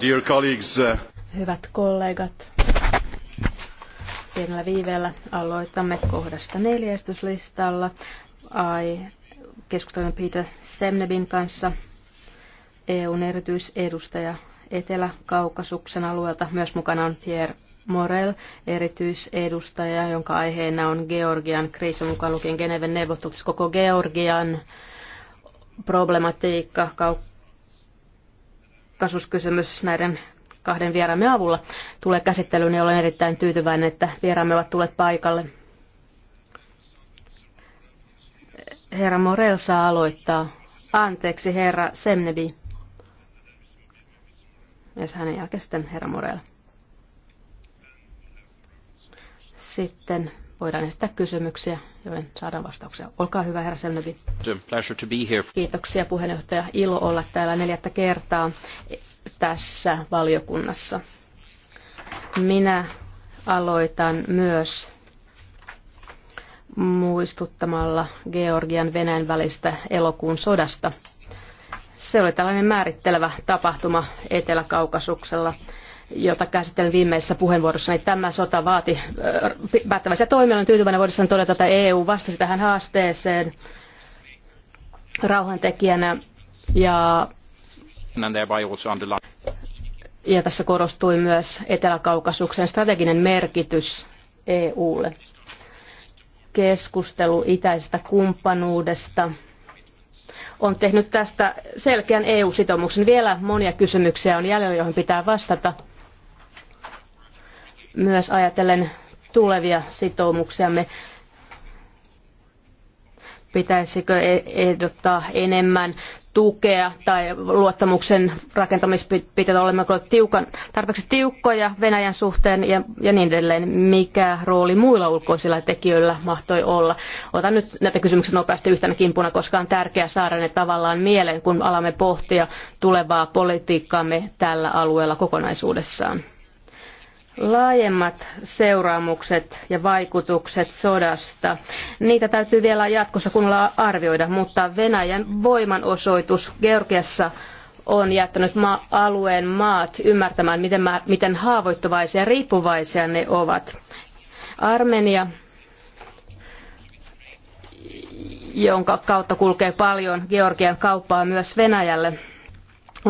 Dear colleagues, uh, Hyvät kollegat, pienellä viiveellä aloitamme kohdasta neljästyslistalla. Ai, keskustelemme Peter Semnebin kanssa, EUn erityisedustaja Etelä-Kaukasuksen alueelta. Myös mukana on Pierre Morel, erityisedustaja, jonka aiheena on Georgian kriisi mukaan lukien Geneven neuvottelut, siis koko Georgian problematiikka, kauppa monimutkaisuuskysymys näiden kahden vieraamme avulla tulee käsittelyyn, niin olen erittäin tyytyväinen, että vieraamme ovat tulleet paikalle. Herra Morel saa aloittaa. Anteeksi, herra Semnebi. Ja hänen jälkeen sitten herra Morel. Sitten voidaan esittää kysymyksiä, joihin saadaan vastauksia. Olkaa hyvä, herra Selmevi. Kiitoksia puheenjohtaja. Ilo olla täällä neljättä kertaa tässä valiokunnassa. Minä aloitan myös muistuttamalla Georgian Venäjän välistä elokuun sodasta. Se oli tällainen määrittelevä tapahtuma Etelä-Kaukasuksella jota käsittelen viimeisessä puheenvuorossani. Niin tämä sota vaati päättäväisiä toimia. Olen tyytyväinen voidaan todeta, että EU vastasi tähän haasteeseen rauhantekijänä ja ja tässä korostui myös Etelä-Kaukasuksen strateginen merkitys EUlle. Keskustelu itäisestä kumppanuudesta on tehnyt tästä selkeän EU-sitoumuksen. Vielä monia kysymyksiä on jäljellä, joihin pitää vastata myös ajatellen tulevia sitoumuksiamme. Pitäisikö e- ehdottaa enemmän tukea tai luottamuksen rakentamispiteitä olemmeko tiukan, tarpeeksi tiukkoja Venäjän suhteen ja, ja niin edelleen. Mikä rooli muilla ulkoisilla tekijöillä mahtoi olla? Otan nyt näitä kysymyksiä nopeasti yhtenä kimpuna, koska on tärkeää saada ne tavallaan mieleen, kun alamme pohtia tulevaa politiikkaamme tällä alueella kokonaisuudessaan laajemmat seuraamukset ja vaikutukset sodasta. Niitä täytyy vielä jatkossa kunnolla arvioida, mutta Venäjän voimanosoitus Georgiassa on jättänyt ma- alueen maat ymmärtämään, miten, mä, miten haavoittuvaisia ja riippuvaisia ne ovat. Armenia, jonka kautta kulkee paljon Georgian kauppaa myös Venäjälle,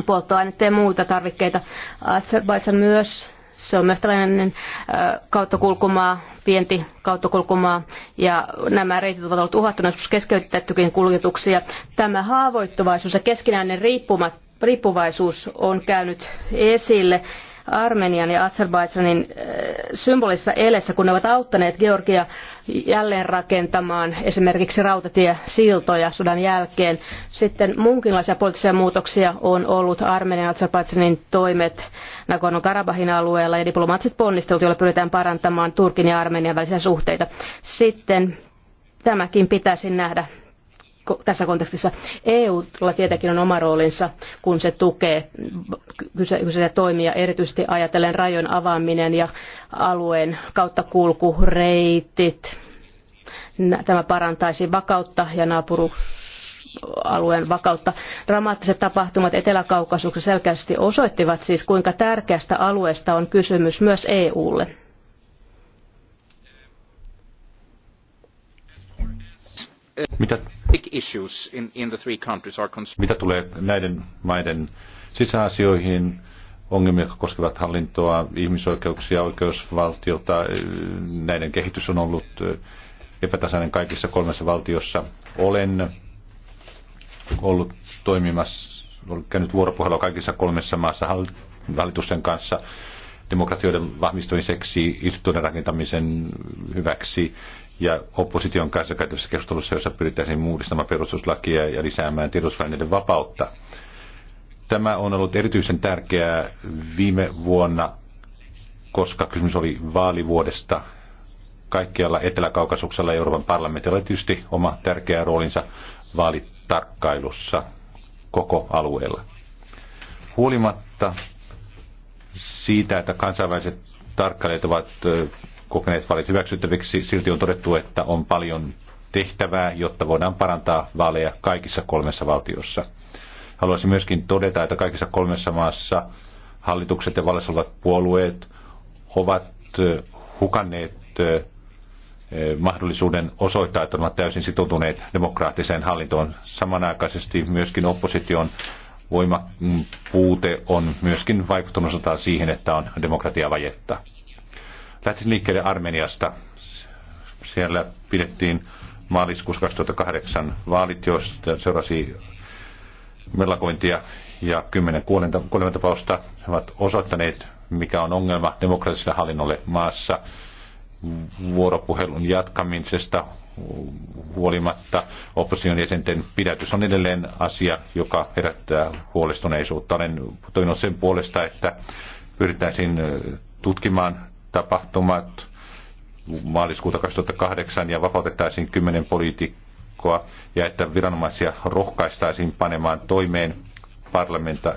polttoainetta ja muita tarvikkeita. Azerbaidsan myös se on myös tällainen äh, kauttakulkumaa, vienti kauttakulkumaa, ja nämä reitit ovat olleet uhattuna joskus keskeytettykin kuljetuksia. Tämä haavoittuvaisuus ja keskinäinen riippuvaisuus on käynyt esille Armenian ja Azerbaidsanin eh, symbolisessa elessä, kun ne ovat auttaneet Georgia jälleen rakentamaan esimerkiksi rautatiesiltoja sodan jälkeen. Sitten munkinlaisia poliittisia muutoksia on ollut Armenian ja Azerbaidsanin toimet Nagorno-Karabahin alueella ja diplomaattiset ponnistelut, joilla pyritään parantamaan Turkin ja Armenian välisiä suhteita. Sitten tämäkin pitäisi nähdä tässä kontekstissa EU tietenkin on oma roolinsa, kun se tukee kyseisiä toimia, erityisesti ajatellen rajojen avaaminen ja alueen kautta kulkureitit. Tämä parantaisi vakautta ja naapuruus alueen vakautta. Dramaattiset tapahtumat Etelä-Kaukasuksessa selkeästi osoittivat siis, kuinka tärkeästä alueesta on kysymys myös EUlle. Mitä mitä tulee näiden maiden sisäasioihin, ongelmia, jotka koskevat hallintoa, ihmisoikeuksia, oikeusvaltiota, eh, näiden kehitys on ollut eh, epätasainen kaikissa kolmessa valtiossa. Olen ollut toimimassa, olen käynyt vuoropuhelua kaikissa kolmessa maassa hallitusten kanssa demokratioiden vahvistumiseksi, instituutioiden rakentamisen hyväksi ja opposition kanssa käytävässä keskustelussa, jossa pyritään uudistamaan perustuslakia ja lisäämään tiedotusvälineiden vapautta. Tämä on ollut erityisen tärkeää viime vuonna, koska kysymys oli vaalivuodesta. Kaikkialla Etelä-Kaukasuksella Euroopan parlamentilla oli tietysti oma tärkeä roolinsa vaalitarkkailussa koko alueella. Huolimatta siitä, että kansainväliset tarkkailijat ovat kokeneet vaalit hyväksyttäviksi. Silti on todettu, että on paljon tehtävää, jotta voidaan parantaa vaaleja kaikissa kolmessa valtiossa. Haluaisin myöskin todeta, että kaikissa kolmessa maassa hallitukset ja vallassa olevat puolueet ovat hukanneet mahdollisuuden osoittaa, että ovat täysin sitoutuneet demokraattiseen hallintoon. Samanaikaisesti myöskin opposition voimapuute on myöskin vaikuttanut siihen, että on demokratiavajetta. Lähtisin liikkeelle Armeniasta. Siellä pidettiin maaliskuussa 2008 vaalit, joista seurasi melakointia ja kymmenen kuolemantapausta. He ovat osoittaneet, mikä on ongelma demokraattiselle hallinnolle maassa vuoropuhelun jatkamisesta huolimatta opposition jäsenten pidätys on edelleen asia, joka herättää huolestuneisuutta. Olen toiminut sen puolesta, että pyrittäisiin tutkimaan tapahtumat maaliskuuta 2008 ja vapautettaisiin kymmenen poliitikkoa ja että viranomaisia rohkaistaisiin panemaan toimeen parlamenta,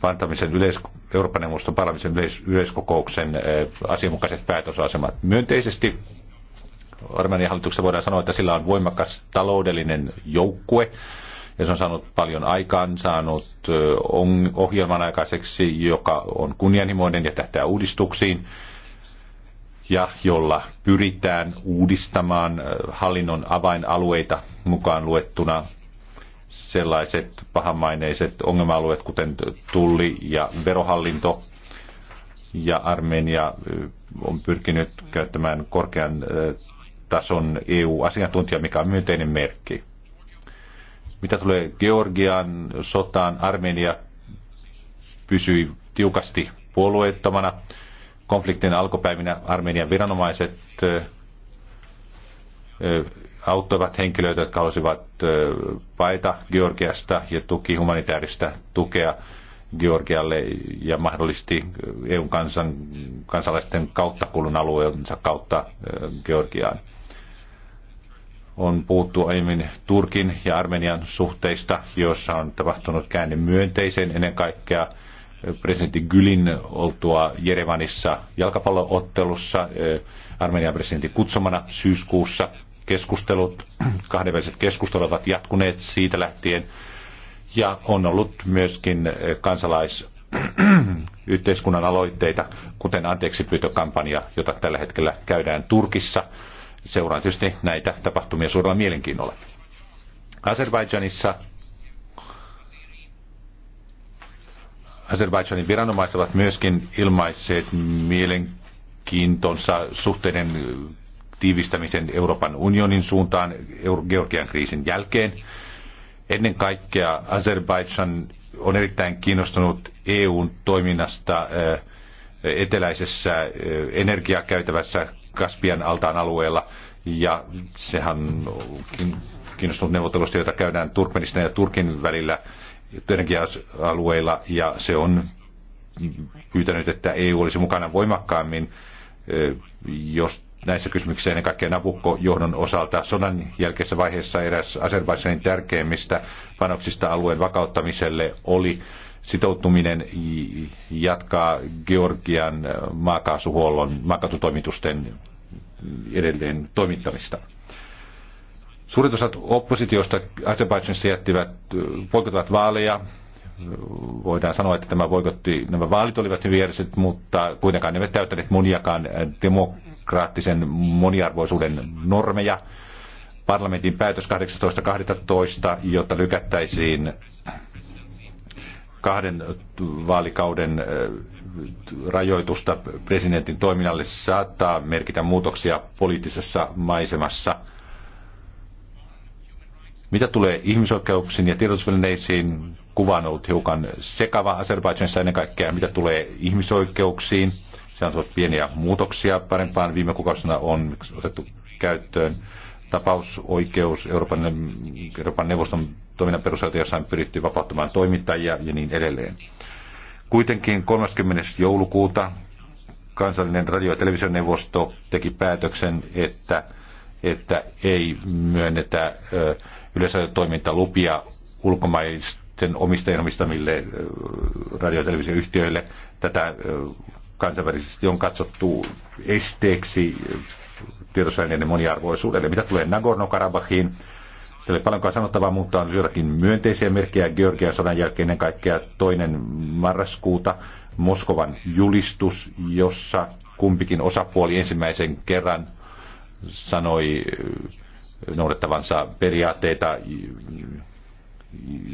pantamisen yleis, Euroopan neuvoston parlamentin yleis, yleiskokouksen eh, asianmukaiset päätösasemat. Myönteisesti Armenian hallituksesta voidaan sanoa, että sillä on voimakas taloudellinen joukkue, ja se on saanut paljon aikaan, saanut ohjelman aikaiseksi, joka on kunnianhimoinen ja tähtää uudistuksiin ja jolla pyritään uudistamaan hallinnon avainalueita mukaan luettuna sellaiset pahamaineiset ongelma-alueet, kuten tulli ja verohallinto, ja Armenia on pyrkinyt käyttämään korkean tason EU-asiantuntija, mikä on myönteinen merkki. Mitä tulee Georgian sotaan, Armenia pysyi tiukasti puolueettomana. Konfliktin alkupäivinä Armenian viranomaiset auttoivat henkilöitä, jotka halusivat paita Georgiasta ja tuki humanitaarista tukea Georgialle ja mahdollisti eu kansan, kansalaisten kautta kulun alueensa kautta Georgiaan on puhuttu aiemmin Turkin ja Armenian suhteista, joissa on tapahtunut käänne myönteisen ennen kaikkea presidentti Gylin oltua Jerevanissa jalkapalloottelussa eh, Armenian presidentin kutsumana syyskuussa. Keskustelut, kahdenväliset keskustelut ovat jatkuneet siitä lähtien ja on ollut myöskin eh, kansalais yhteiskunnan aloitteita, kuten anteeksi pyytökampanja, jota tällä hetkellä käydään Turkissa – Seuraan tietysti näitä tapahtumia suurella mielenkiinnolla. Azerbaidžanissa Azerbaidžanin viranomaiset ovat myöskin ilmaisseet mielenkiintonsa suhteiden tiivistämisen Euroopan unionin suuntaan Georgian kriisin jälkeen. Ennen kaikkea Azerbaidžan on erittäin kiinnostunut EUn toiminnasta eh, eteläisessä eh, energiakäytävässä Kaspian altaan alueella. Ja sehän on kiinnostunut neuvottelusta, joita käydään Turkmenistan ja Turkin välillä alueilla Ja se on pyytänyt, että EU olisi mukana voimakkaammin, jos näissä kysymyksissä ennen kaikkea Nabukko-johdon osalta sodan jälkeisessä vaiheessa eräs Azerbaidsanin tärkeimmistä panoksista alueen vakauttamiselle oli sitoutuminen jatkaa Georgian maakaasuhuollon, maakaasutoimitusten edelleen toimittamista. Suurin osa oppositiosta Azerbaidžanissa jättivät, poikotivat vaaleja. Voidaan sanoa, että tämä voikotti, nämä vaalit olivat hyvin järjestet, mutta kuitenkaan ne eivät täyttäneet moniakaan demokraattisen moniarvoisuuden normeja. Parlamentin päätös 18.12., jotta lykättäisiin kahden vaalikauden rajoitusta presidentin toiminnalle saattaa merkitä muutoksia poliittisessa maisemassa. Mitä tulee ihmisoikeuksiin ja tiedotusvälineisiin, kuva on ollut hiukan sekava Azerbaidžanissa ennen kaikkea. Mitä tulee ihmisoikeuksiin, se on ollut pieniä muutoksia parempaan. Viime kuukausina on otettu käyttöön tapausoikeus, Euroopan, Euroopan neuvoston toiminnan perusteella, jossain on pyritty vapauttamaan toimittajia ja niin edelleen. Kuitenkin 30. joulukuuta kansallinen radio- ja televisioneuvosto teki päätöksen, että, että ei myönnetä lupia ulkomaisten omistajien omistamille radio- ja televisioyhtiöille. Tätä kansainvälisesti on katsottu esteeksi tiedotusvälineiden moniarvoisuudelle. Mitä tulee nagorno karabakhiin siellä oli paljonkaan sanottavaa, mutta on jotakin myönteisiä merkkejä Georgian sodan jälkeen, ennen kaikkea toinen marraskuuta Moskovan julistus, jossa kumpikin osapuoli ensimmäisen kerran sanoi äh, noudattavansa periaatteita,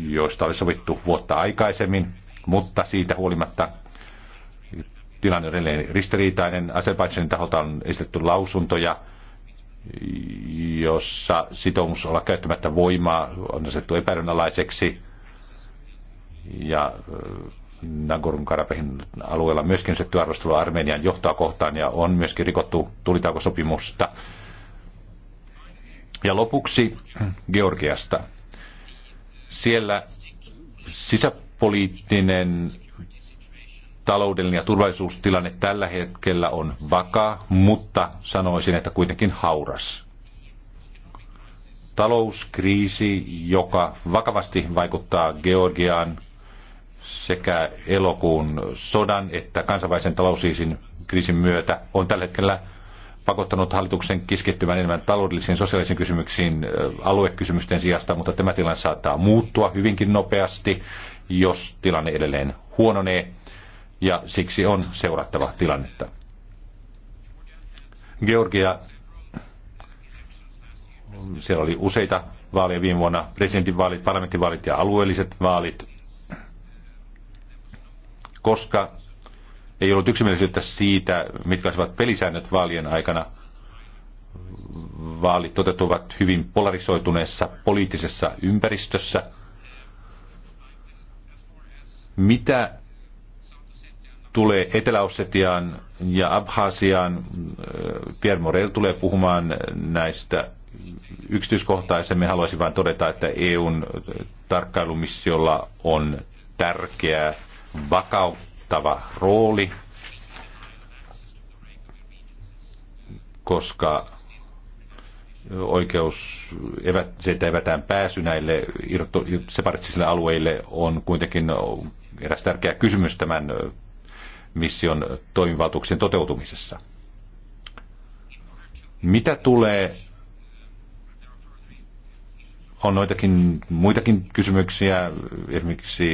joista oli sovittu vuotta aikaisemmin, mutta siitä huolimatta tilanne on edelleen ristiriitainen. Aserbaidsanin taholta on esitetty lausuntoja, jossa sitoumus olla käyttämättä voimaa on asettu epäilynalaiseksi. Ja äh, Nagorun Karapehin alueella myöskin asettu arvostelua Armenian johtoa kohtaan ja on myöskin rikottu tulitaukosopimusta. Ja lopuksi Georgiasta. Siellä sisäpoliittinen taloudellinen ja turvallisuustilanne tällä hetkellä on vakaa, mutta sanoisin, että kuitenkin hauras. Talouskriisi, joka vakavasti vaikuttaa Georgiaan sekä elokuun sodan että kansainvälisen talouskriisin kriisin myötä, on tällä hetkellä pakottanut hallituksen kiskittymään enemmän taloudellisiin sosiaalisiin kysymyksiin aluekysymysten sijasta, mutta tämä tilanne saattaa muuttua hyvinkin nopeasti, jos tilanne edelleen huononee ja siksi on seurattava tilannetta. Georgia, siellä oli useita vaaleja viime vuonna, presidentinvaalit, parlamenttivaalit ja alueelliset vaalit, koska ei ollut yksimielisyyttä siitä, mitkä olisivat pelisäännöt vaalien aikana. Vaalit toteutuvat hyvin polarisoituneessa poliittisessa ympäristössä. Mitä tulee Etelä-Ossetiaan ja Abhaasiaan. Pierre Morel tulee puhumaan näistä yksityiskohtaisemmin. Haluaisin vain todeta, että EUn tarkkailumissiolla on tärkeä vakauttava rooli, koska oikeus, se, että evätään pääsy näille separatistisille alueille on kuitenkin eräs tärkeä kysymys tämän mission toimivaltuuksien toteutumisessa. Mitä tulee, on noitakin muitakin kysymyksiä, esimerkiksi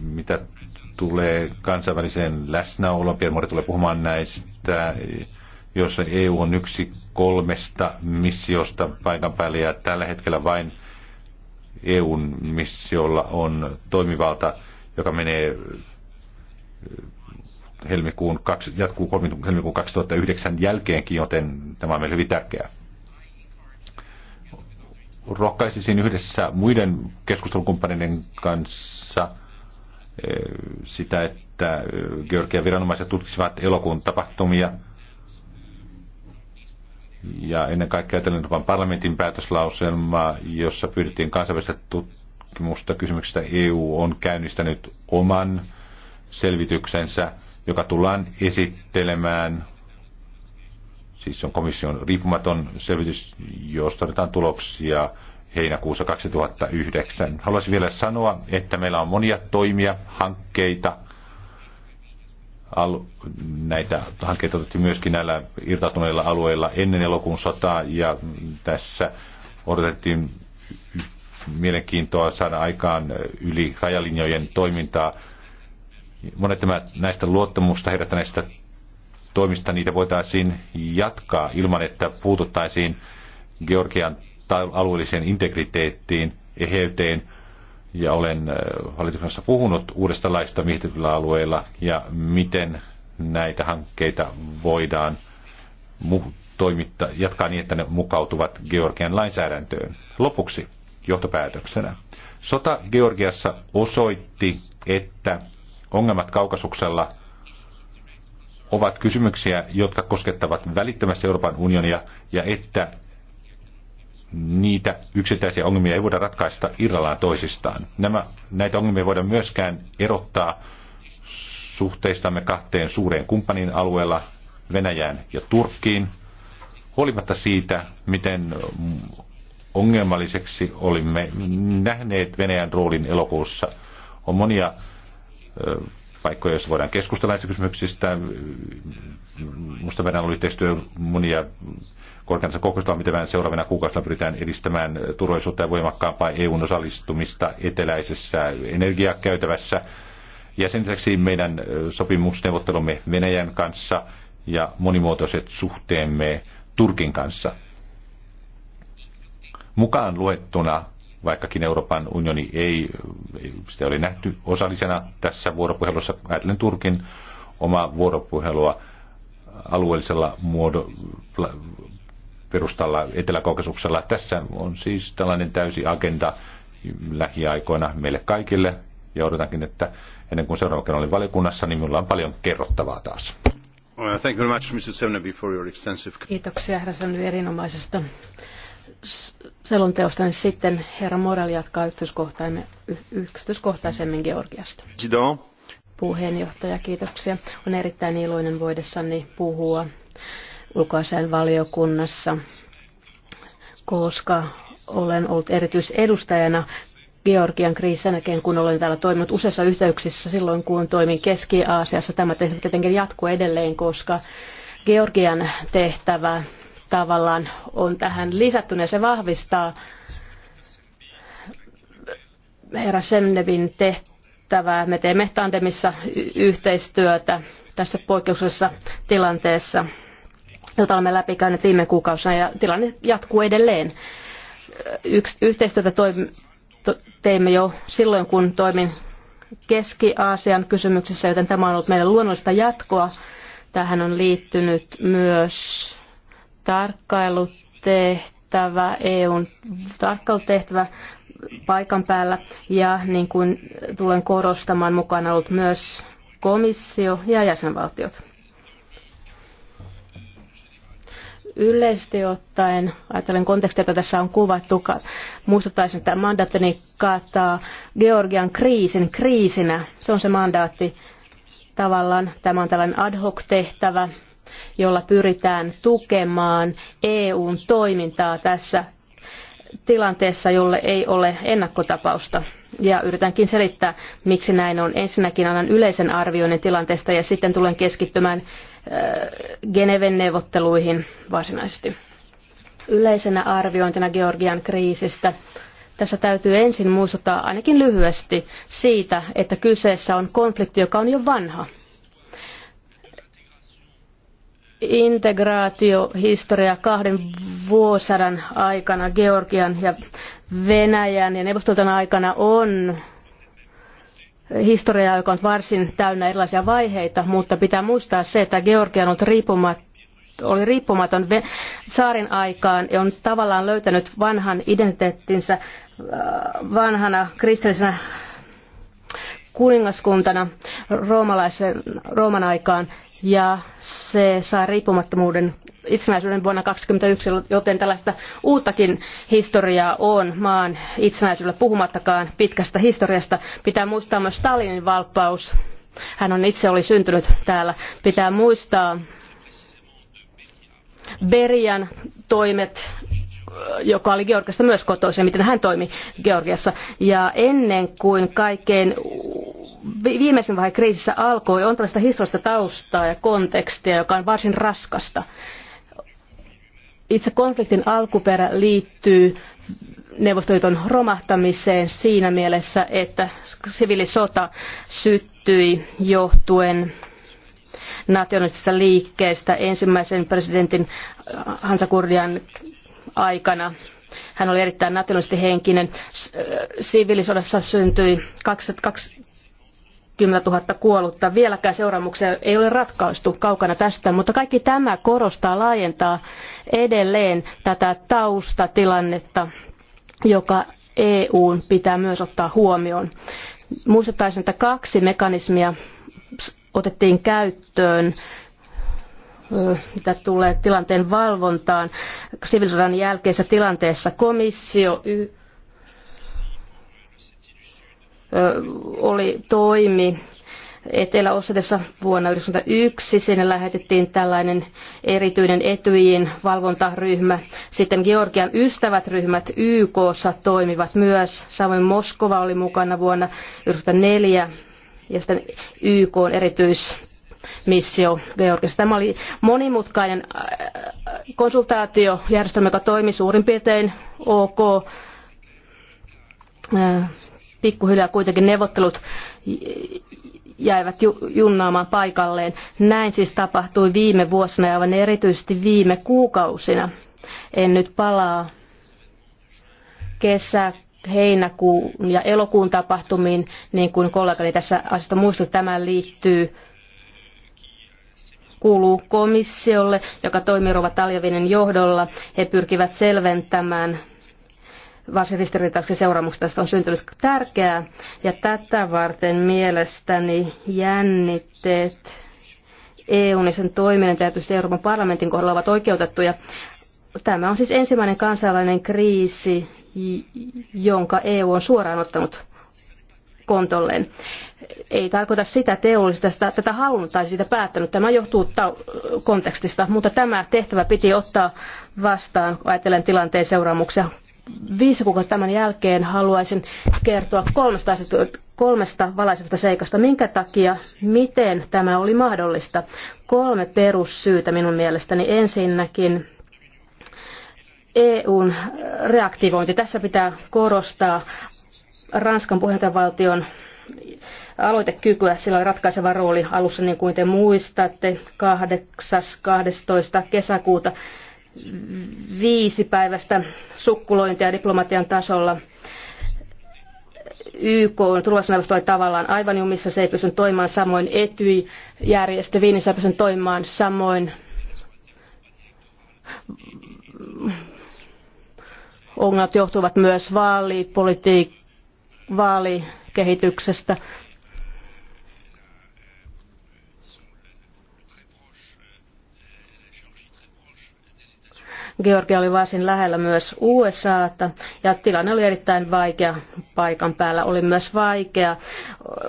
mitä tulee kansainväliseen läsnäoloon, Pierre tulee puhumaan näistä, jossa EU on yksi kolmesta missiosta paikan päällä ja tällä hetkellä vain EUn missiolla on toimivalta, joka menee äh, helmikuun, jatkuu helmikuun 2009 jälkeenkin, joten tämä on meille hyvin tärkeää. Rohkaisisin yhdessä muiden keskustelukumppaneiden kanssa äh, sitä, että äh, Georgian viranomaiset tutkisivat elokuun tapahtumia – ja ennen kaikkea Euroopan parlamentin päätöslauselma, jossa pyydettiin kansainvälistä tutkimusta kysymyksestä EU on käynnistänyt oman selvityksensä, joka tullaan esittelemään. Siis on komission riippumaton selvitys, josta otetaan tuloksia heinäkuussa 2009. Haluaisin vielä sanoa, että meillä on monia toimia, hankkeita, al- näitä hankkeita otettiin myöskin näillä irtautuneilla alueilla ennen elokuun sotaa ja tässä odotettiin mielenkiintoa saada aikaan yli rajalinjojen toimintaa. Monet tämä, näistä luottamusta herättäneistä toimista niitä voitaisiin jatkaa ilman, että puututtaisiin Georgian alueelliseen integriteettiin, eheyteen ja olen äh, hallituksessa puhunut uudesta laista miehityksellä alueilla ja miten näitä hankkeita voidaan toimittaa, jatkaa niin, että ne mukautuvat Georgian lainsäädäntöön. Lopuksi johtopäätöksenä. Sota Georgiassa osoitti, että ongelmat kaukasuksella ovat kysymyksiä, jotka koskettavat välittömästi Euroopan unionia ja että niitä yksittäisiä ongelmia ei voida ratkaista irrallaan toisistaan. Nämä, näitä ongelmia voidaan myöskään erottaa suhteistamme kahteen suureen kumppanin alueella, Venäjään ja Turkkiin, huolimatta siitä, miten ongelmalliseksi olimme nähneet Venäjän roolin elokuussa. On monia paikkoja, joissa voidaan keskustella näistä kysymyksistä. Musta on yhteistyö monia korkeansa kokousta, mitä seuraavina kuukausina pyritään edistämään turvallisuutta ja voimakkaampaa EUn osallistumista eteläisessä energiakäytävässä. Ja sen lisäksi meidän sopimusneuvottelumme Venäjän kanssa ja monimuotoiset suhteemme Turkin kanssa. Mukaan luettuna vaikkakin Euroopan unioni ei, sitä oli nähty osallisena tässä vuoropuhelussa, ajatellen Turkin omaa vuoropuhelua alueellisella muodo, perustalla etelä -Kaukasuksella. Tässä on siis tällainen täysi agenda lähiaikoina meille kaikille, ja odotankin, että ennen kuin seuraava kerran olin valiokunnassa, niin minulla on paljon kerrottavaa taas. Thank you very much, Mr. Semneby, for your extensive... Kiitoksia, herra Semneby, erinomaisesta selonteosta, niin sitten herra Morel jatkaa yksityiskohtaisemmin Georgiasta. Puheenjohtaja, kiitoksia. On erittäin iloinen voidessani puhua ulkoasian valiokunnassa, koska olen ollut erityisedustajana Georgian kriisin jälkeen, kun olen täällä toiminut useissa yhteyksissä silloin, kun toimin Keski-Aasiassa. Tämä tietenkin jatkuu edelleen, koska Georgian tehtävä tavallaan on tähän lisätty ja se vahvistaa herra Semnevin tehtävää. Me teemme tandemissa yhteistyötä tässä poikkeuksellisessa tilanteessa, jota olemme läpikäyneet viime kuukausina ja tilanne jatkuu edelleen. Yks, yhteistyötä toim, to, teimme jo silloin, kun toimin Keski-Aasian kysymyksessä, joten tämä on ollut meille luonnollista jatkoa. Tähän on liittynyt myös tarkkailutehtävä, EUn tarkkailutehtävä paikan päällä ja niin kuin tulen korostamaan mukana ollut myös komissio ja jäsenvaltiot. Yleisesti ottaen, ajattelen kontekstia, jota tässä on kuvattu, muistuttaisin, että mandaattini kattaa Georgian kriisin kriisinä. Se on se mandaatti. Tavallaan tämä on tällainen ad hoc tehtävä, jolla pyritään tukemaan EUn toimintaa tässä tilanteessa, jolle ei ole ennakkotapausta. Ja yritänkin selittää, miksi näin on. Ensinnäkin annan yleisen arvioinnin tilanteesta ja sitten tulen keskittymään äh, Geneven neuvotteluihin varsinaisesti. Yleisenä arviointina Georgian kriisistä tässä täytyy ensin muistuttaa ainakin lyhyesti siitä, että kyseessä on konflikti, joka on jo vanha integraatiohistoria kahden vuosadan aikana Georgian ja Venäjän ja neuvostoton aikana on historiaa, joka on varsin täynnä erilaisia vaiheita, mutta pitää muistaa se, että Georgia on ollut oli riippumaton saarin aikaan ja on tavallaan löytänyt vanhan identiteettinsä äh, vanhana kristillisenä kuningaskuntana roomalaisen, Rooman aikaan ja se sai riippumattomuuden itsenäisyyden vuonna 1921, joten tällaista uuttakin historiaa on maan itsenäisyydellä puhumattakaan pitkästä historiasta. Pitää muistaa myös Stalinin valppaus. Hän on itse oli syntynyt täällä. Pitää muistaa Berian toimet joka oli Georgiasta myös kotoisin, miten hän toimi Georgiassa. Ja ennen kuin kaikkein viimeisin vaihe kriisissä alkoi, on tällaista historiallista taustaa ja kontekstia, joka on varsin raskasta. Itse konfliktin alkuperä liittyy Neuvostoliiton romahtamiseen siinä mielessä, että siviilisota syttyi johtuen nationalistisesta liikkeestä ensimmäisen presidentin Hansa Kurdian aikana. Hän oli erittäin nationalisti henkinen. Äh, siviilisodassa syntyi 20 000 kuollutta. Vieläkään seuraamuksia ei ole ratkaistu kaukana tästä, mutta kaikki tämä korostaa, laajentaa edelleen tätä taustatilannetta, joka EUn pitää myös ottaa huomioon. Muistettaisiin, että kaksi mekanismia otettiin käyttöön mitä tulee tilanteen valvontaan siviilisodan jälkeisessä tilanteessa. Komissio oli toimi Etelä-Ossetessa vuonna 1991. Sinne lähetettiin tällainen erityinen Etyjin valvontaryhmä. Sitten Georgian ystävät-ryhmät YKssa toimivat myös. Samoin Moskova oli mukana vuonna 1994 ja sitten YK erityis missio Georgiassa. Tämä oli monimutkainen äh, konsultaatiojärjestelmä, joka toimi suurin piirtein ok. Äh, pikkuhiljaa kuitenkin neuvottelut jäivät junnaamaan paikalleen. Näin siis tapahtui viime vuosina ja aivan erityisesti viime kuukausina. En nyt palaa kesä, heinäkuun ja elokuun tapahtumiin, niin kuin kollegani tässä asiasta muistutti, tämä liittyy kuuluu komissiolle, joka toimii Rova Taljavinen johdolla. He pyrkivät selventämään varsin ristiriitaisen seuraamuksen tästä on syntynyt tärkeää. Ja tätä varten mielestäni jännitteet EUn ja sen toiminnan tietysti Euroopan parlamentin kohdalla ovat oikeutettuja. Tämä on siis ensimmäinen kansainvälinen kriisi, jonka EU on suoraan ottanut kontolleen ei tarkoita sitä teollista, sitä, tätä halunnut tai siitä päättänyt. Tämä johtuu kontekstista, mutta tämä tehtävä piti ottaa vastaan, ajatellen tilanteen seuraamuksia. Viisi kuukautta tämän jälkeen haluaisin kertoa kolmesta, kolmesta valaisevasta seikasta, minkä takia, miten tämä oli mahdollista. Kolme perussyytä minun mielestäni. Ensinnäkin EUn reaktivointi. Tässä pitää korostaa Ranskan puheenjohtajavaltion aloitekykyä. Sillä oli ratkaiseva rooli alussa, niin kuin te muistatte, 8.12. kesäkuuta viisi päivästä sukkulointia diplomatian tasolla. YK on turvallisuusneuvosto oli tavallaan aivan jumissa, se ei pystynyt toimimaan samoin Etyj-järjestö, Viinissä pystynyt toimimaan samoin ongelmat johtuvat myös vaalipolitiik- vaalikehityksestä. Georgia oli varsin lähellä myös USAta ja tilanne oli erittäin vaikea paikan päällä. Oli myös vaikea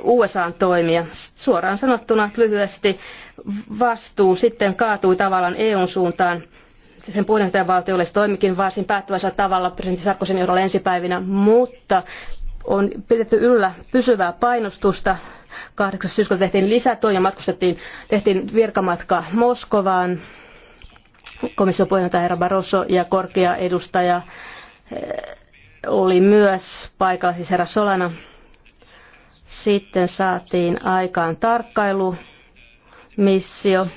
USAn toimia. Suoraan sanottuna lyhyesti vastuu sitten kaatui tavallaan EUn suuntaan sen puheenjohtajavaltiolle se toimikin varsin päättäväisellä tavalla presidentti Sarkosin johdolla ensipäivinä, mutta on pidetty yllä pysyvää painostusta. 8. syyskuuta tehtiin lisätoimia, matkustettiin, tehtiin virkamatka Moskovaan, komission puheenjohtaja herra Barroso ja korkea edustaja eh, oli myös paikalla, siis herra Solana. Sitten saatiin aikaan tarkkailumissio.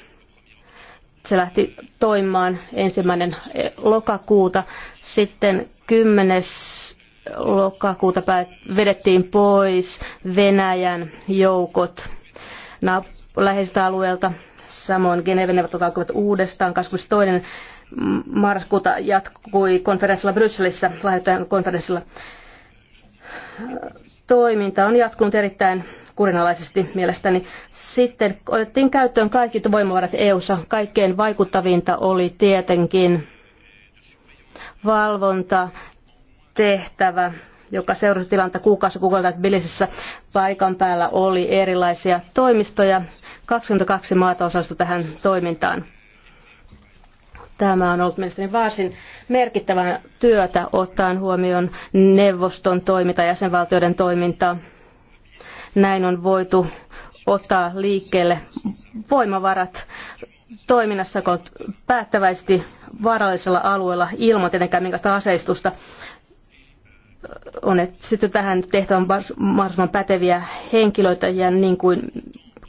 Se lähti toimimaan ensimmäinen eh, lokakuuta. Sitten 10. lokakuuta vedettiin pois Venäjän joukot läheisiltä alueelta Samoin Geneven neuvottelut alkoivat uudestaan 22. marraskuuta jatkui konferenssilla Brysselissä, lahjoittajan konferenssilla. Toiminta on jatkunut erittäin kurinalaisesti mielestäni. Sitten otettiin käyttöön kaikki voimavarat EU-ssa. Kaikkein vaikuttavinta oli tietenkin valvonta tehtävä joka seurasi tilannetta kuukausi kuukaudelta Tbilisissä. Paikan päällä oli erilaisia toimistoja. 22 maata osallistui tähän toimintaan. Tämä on ollut mielestäni varsin merkittävää työtä ottaen huomioon neuvoston toiminta ja jäsenvaltioiden toimintaa. Näin on voitu ottaa liikkeelle voimavarat toiminnassa päättäväisesti vaarallisella alueella ilman tietenkään minkäänlaista aseistusta on etsitty tähän tehtävän mahdollisimman päteviä henkilöitä ja niin kuin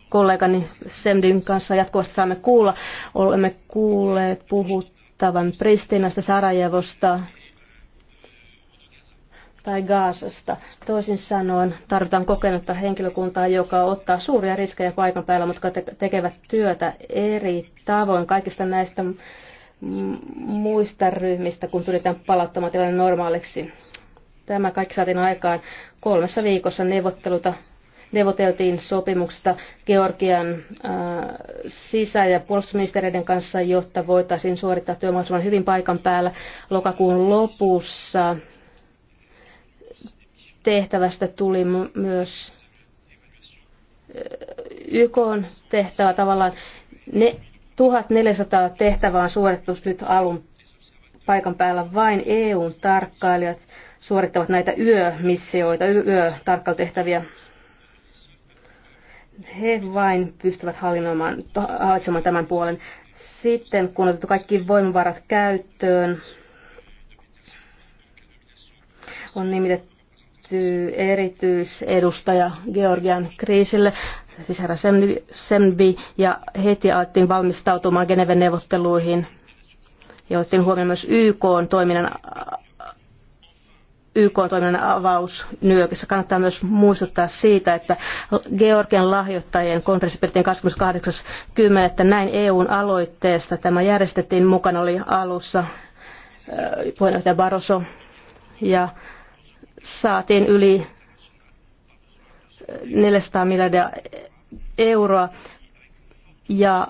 kollegani Semdin kanssa jatkuvasti saamme kuulla, olemme kuulleet puhuttavan Pristinasta, Sarajevosta tai Gaasasta. Toisin sanoen tarvitaan kokenutta henkilökuntaa, joka ottaa suuria riskejä paikan päällä, mutta tekevät työtä eri tavoin kaikista näistä muista ryhmistä, kun pyritään palauttamaan tilanne normaaliksi. Tämä kaikki saatiin aikaan kolmessa viikossa neuvotteluta neuvoteltiin sopimuksesta Georgian ää, äh, sisä- ja puolustusministeriöiden kanssa, jotta voitaisiin suorittaa työmahdollisuuden hyvin paikan päällä lokakuun lopussa. Tehtävästä tuli myös äh, YK tehtävä tavallaan. Ne 1400 tehtävää on suoritettu nyt alun paikan päällä vain EUn tarkkailijat suorittavat näitä yömissioita, yötarkkailutehtäviä. He vain pystyvät hallinnoimaan, hallitsemaan tämän puolen. Sitten kun on otettu kaikki voimavarat käyttöön, on nimitetty erityisedustaja Georgian kriisille, siis herra Sembi, ja heti alettiin valmistautumaan Geneven neuvotteluihin. Ja otettiin huomioon myös YK toiminnan YK-toiminnan avaus New Yorkissa. Kannattaa myös muistuttaa siitä, että Georgian lahjoittajien konferenssi pidettiin 28.10. Näin EUn aloitteesta tämä järjestettiin. Mukana oli alussa äh, puheenjohtaja Barroso ja saatiin yli 400 äh, miljardia euroa ja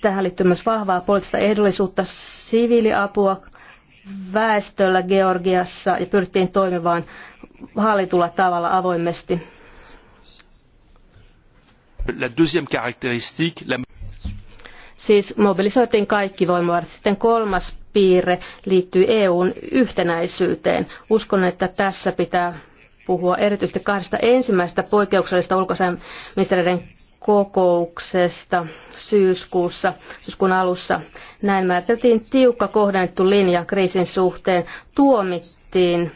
tähän liittyy myös vahvaa poliittista ehdollisuutta, siviiliapua väestöllä Georgiassa ja pyrittiin toimimaan hallitulla tavalla avoimesti. La deuxième caractéristique, la... Siis mobilisoitiin kaikki voimavarat. Sitten kolmas piirre liittyy EUn yhtenäisyyteen. Uskon, että tässä pitää puhua erityisesti kahdesta ensimmäisestä poikkeuksellisesta ministeriöiden kokouksesta syyskuussa, syyskuun alussa. Näin määriteltiin tiukka kohdennettu linja kriisin suhteen. Tuomittiin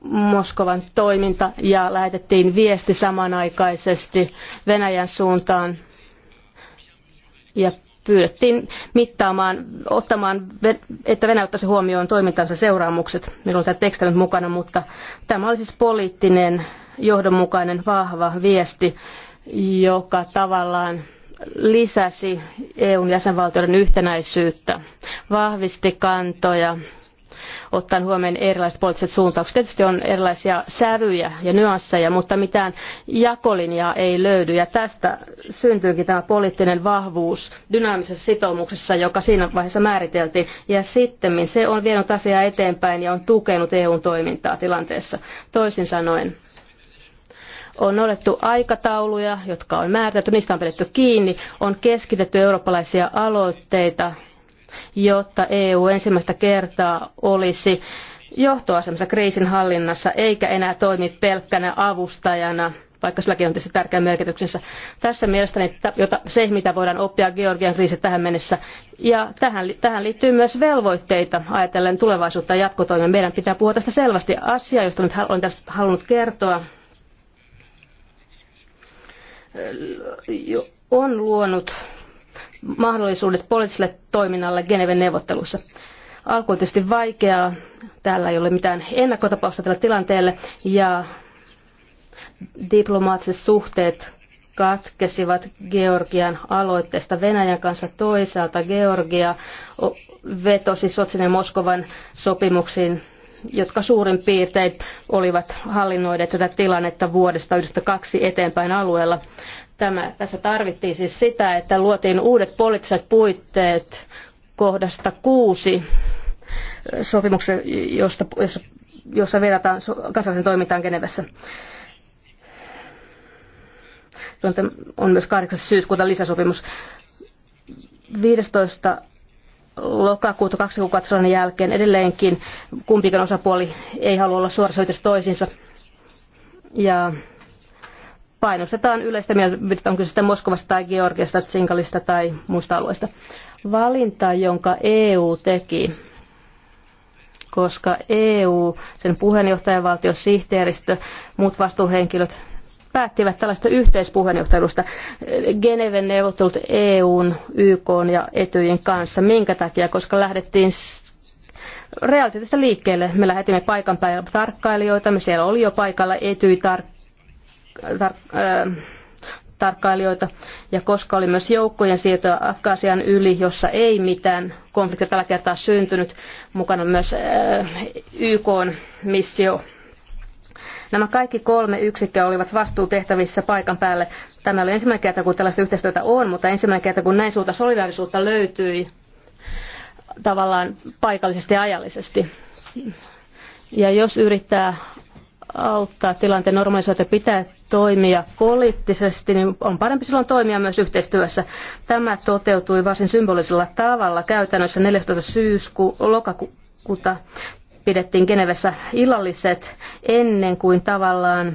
Moskovan toiminta ja lähetettiin viesti samanaikaisesti Venäjän suuntaan ja pyydettiin mittaamaan, ottamaan, että Venäjä ottaisi huomioon toimintansa seuraamukset. Minulla on tämä teksti nyt mukana, mutta tämä oli siis poliittinen johdonmukainen vahva viesti, joka tavallaan lisäsi EUn jäsenvaltioiden yhtenäisyyttä, vahvisti kantoja, ottaen huomioon erilaiset poliittiset suuntaukset. Tietysti on erilaisia sävyjä ja nyansseja, mutta mitään jakolinjaa ei löydy. Ja tästä syntyykin tämä poliittinen vahvuus dynaamisessa sitoumuksessa, joka siinä vaiheessa määriteltiin. Ja sitten se on vienyt asiaa eteenpäin ja on tukenut EUn toimintaa tilanteessa. Toisin sanoen, on noudattu aikatauluja, jotka on määritelty, niistä on pidetty kiinni, on keskitetty eurooppalaisia aloitteita, jotta EU ensimmäistä kertaa olisi johtoasemassa kriisin hallinnassa eikä enää toimi pelkkänä avustajana vaikka silläkin on tietysti tärkeä merkityksensä. Tässä mielestäni jota, se, mitä voidaan oppia Georgian kriisistä tähän mennessä. Ja tähän, tähän liittyy myös velvoitteita ajatellen tulevaisuutta ja jatkotoimia. Meidän pitää puhua tästä selvästi. Asia, josta nyt olen tästä halunnut kertoa, on luonut mahdollisuudet poliittiselle toiminnalle Geneven neuvottelussa. Alku on tietysti vaikeaa, täällä ei ole mitään ennakkotapausta tällä tilanteelle ja diplomaattiset suhteet katkesivat Georgian aloitteesta Venäjän kanssa toisaalta. Georgia vetosi Sotsin ja Moskovan sopimuksiin jotka suurin piirtein olivat hallinnoineet tätä tilannetta vuodesta 1992 eteenpäin alueella. Tämä, tässä tarvittiin siis sitä, että luotiin uudet poliittiset puitteet kohdasta kuusi sopimuksen, josta, jossa, jossa verrataan kansainvälisen toimintaan Genevessä. On myös 8. syyskuuta lisäsopimus. 15 lokakuuta kaksi kuukautta sodan jälkeen edelleenkin kumpikin osapuoli ei halua olla suorasoitus toisinsa. Ja painostetaan yleistä mielipidettä, on kyse sitten Moskovasta tai Georgiasta, Tsinkalista tai muista alueista. Valinta, jonka EU teki, koska EU, sen puheenjohtajavaltio, sihteeristö, muut vastuuhenkilöt päättivät tällaista yhteispuheenjohtajuudesta Geneven neuvottelut EUn, YK ja Etyjin kanssa. Minkä takia? Koska lähdettiin realiteetista liikkeelle. Me lähetimme paikan päälle tarkkailijoita, me siellä oli jo paikalla Etyj tar- tar- äh, tarkkailijoita, ja koska oli myös joukkojen siirtoa Afgasian yli, jossa ei mitään konfliktia tällä kertaa syntynyt, mukana myös äh, YK missio Nämä kaikki kolme yksikköä olivat vastuutehtävissä paikan päälle. Tämä oli ensimmäinen kerta, kun tällaista yhteistyötä on, mutta ensimmäinen kerta, kun näin suurta solidaarisuutta löytyi tavallaan paikallisesti ja ajallisesti. Ja jos yrittää auttaa tilanteen normalisoitua, pitää toimia poliittisesti, niin on parempi silloin toimia myös yhteistyössä. Tämä toteutui varsin symbolisella tavalla käytännössä 14. syyskuuta lokakuuta pidettiin Genevessä illalliset ennen kuin tavallaan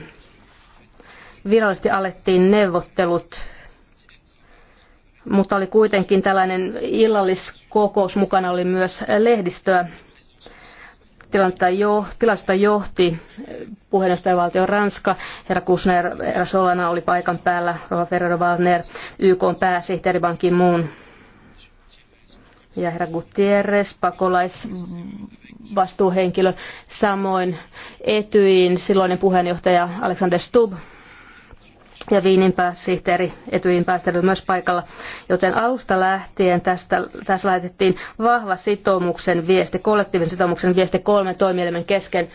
virallisesti alettiin neuvottelut mutta oli kuitenkin tällainen illalliskokous, mukana oli myös lehdistöä. Tilannetta jo, tilasta johti puheenjohtajavaltio Ranska, herra Kusner, herra Solana oli paikan päällä, Rova Ferrero Wagner, YK pääsihteeri Ban Ki-moon, ja herra Gutierrez, pakolaisvastuuhenkilö, samoin Etyin silloinen puheenjohtaja Alexander Stubb ja Viinin pääsihteeri, Etyin pääsihteeri myös paikalla, joten alusta lähtien tästä, tässä lähetettiin vahva sitoumuksen viesti, kollektiivisen sitoumuksen viesti kolmen toimielimen kesken.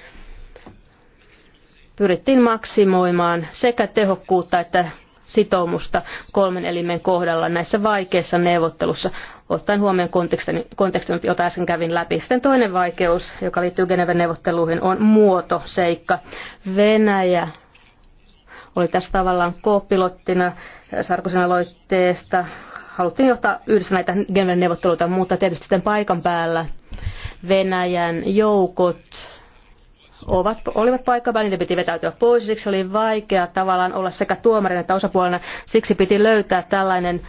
Pyrittiin maksimoimaan sekä tehokkuutta että sitoumusta kolmen elimen kohdalla näissä vaikeissa neuvottelussa, ottaen huomioon kontekstin, kontekstin jota äsken kävin läpi. Sitten toinen vaikeus, joka liittyy Geneven neuvotteluihin, on muotoseikka. Venäjä oli tässä tavallaan koopilottina Sarkosin aloitteesta. Haluttiin johtaa yhdessä näitä Geneven neuvotteluita, mutta tietysti sitten paikan päällä Venäjän joukot ovat, olivat paikalla, niiden piti vetäytyä pois, siksi oli vaikea tavallaan olla sekä tuomarina että osapuolena, siksi piti löytää tällainen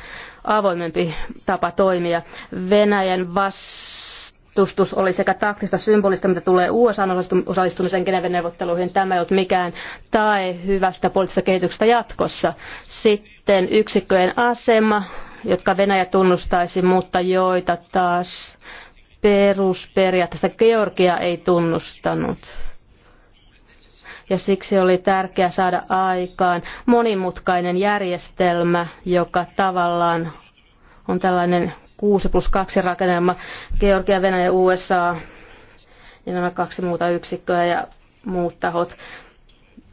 avoimempi tapa toimia. Venäjän vastustus oli sekä taktista symbolista, mitä tulee USA osallistumisen Geneven neuvotteluihin. Tämä ei ollut mikään tae hyvästä poliittisesta kehityksestä jatkossa. Sitten yksikköjen asema, jotka Venäjä tunnustaisi, mutta joita taas perusperiaatteesta Georgia ei tunnustanut ja siksi oli tärkeää saada aikaan monimutkainen järjestelmä, joka tavallaan on tällainen 6 plus 2 rakennelma, Georgia, Venäjä USA ja nämä kaksi muuta yksikköä ja muut tahot.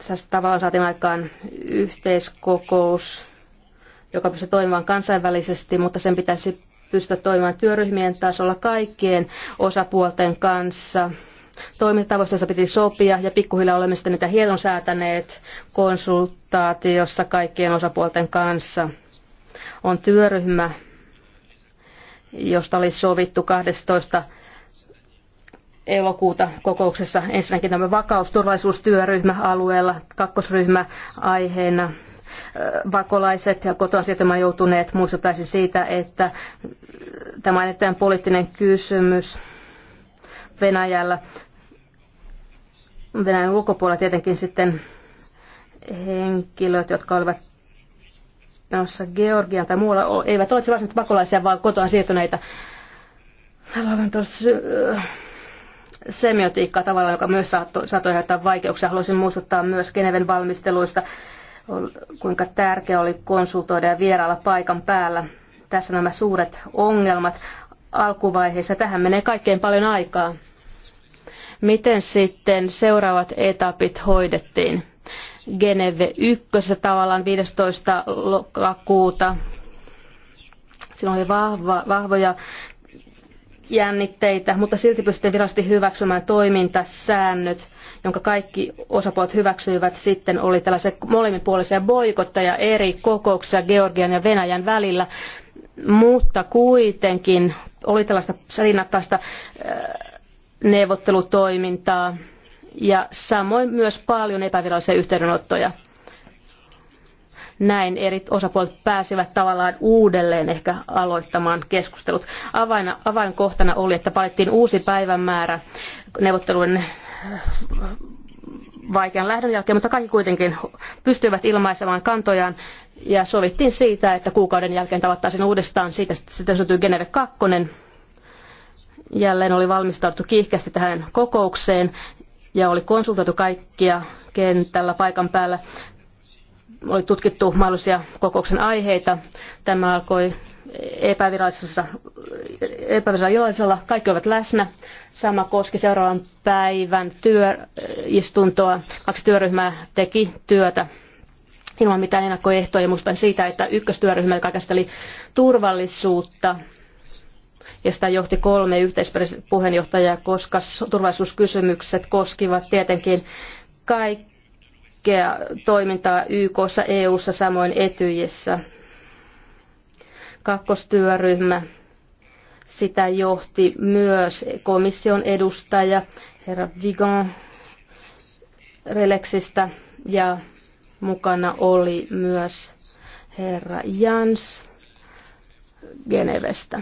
Tässä tavallaan saatiin aikaan yhteiskokous, joka pystyy toimimaan kansainvälisesti, mutta sen pitäisi pystyä toimimaan työryhmien tasolla kaikkien osapuolten kanssa toimintatavoista, joista piti sopia, ja pikkuhiljaa olemme sitten niitä hienon säätäneet konsultaatiossa kaikkien osapuolten kanssa. On työryhmä, josta oli sovittu 12 elokuuta kokouksessa ensinnäkin tämä vakausturvallisuustyöryhmä alueella, kakkosryhmä aiheena vakolaiset ja kotoa siirtymään joutuneet. Muistuttaisin siitä, että tämä on erittäin poliittinen kysymys Venäjällä. Venäjän ulkopuolella tietenkin sitten henkilöt, jotka olivat menossa Georgian tai muualla, eivät ole välttämättä pakolaisia, vaan kotoa siirtyneitä. Haluan tuossa semiotiikkaa tavalla, joka myös saattoi, saattoi aiheuttaa vaikeuksia. Haluaisin muistuttaa myös Geneven valmisteluista, kuinka tärkeää oli konsultoida ja vierailla paikan päällä. Tässä nämä suuret ongelmat alkuvaiheessa. Tähän menee kaikkein paljon aikaa. Miten sitten seuraavat etapit hoidettiin? Geneve 1 tavallaan 15. lokakuuta. Silloin oli vahva, vahvoja jännitteitä, mutta silti pystyttiin virallisesti hyväksymään toimintasäännöt, jonka kaikki osapuolet hyväksyivät. Sitten oli tällaisia molemminpuolisia boikotteja eri kokouksia Georgian ja Venäjän välillä, mutta kuitenkin oli tällaista rinnakkaista äh, neuvottelutoimintaa ja samoin myös paljon epävirallisia yhteydenottoja. Näin eri osapuolet pääsivät tavallaan uudelleen ehkä aloittamaan keskustelut. Avain, avainkohtana oli, että valittiin uusi päivämäärä neuvotteluiden äh, vaikean lähdön jälkeen, mutta kaikki kuitenkin pystyivät ilmaisemaan kantojaan ja sovittiin siitä, että kuukauden jälkeen tavattaisiin uudestaan. Siitä sitten syntyi Geneve 2 jälleen oli valmistauduttu kiihkeästi tähän kokoukseen ja oli konsultoitu kaikkia kentällä paikan päällä. Oli tutkittu mahdollisia kokouksen aiheita. Tämä alkoi epävirallisessa, epävirallisella illallisella. Kaikki olivat läsnä. Sama koski seuraavan päivän työistuntoa. Kaksi työryhmää teki työtä ilman mitään ennakkoehtoja. Muistan siitä, että ykköstyöryhmä, joka käsitteli turvallisuutta, ja sitä johti kolme yhteispuheenjohtajaa, koska turvallisuuskysymykset koskivat tietenkin kaikkea toimintaa YKssa, EUssa, samoin Etyjissä. Kakkostyöryhmä, sitä johti myös komission edustaja herra Vigan Relexistä ja mukana oli myös herra Jans Genevestä.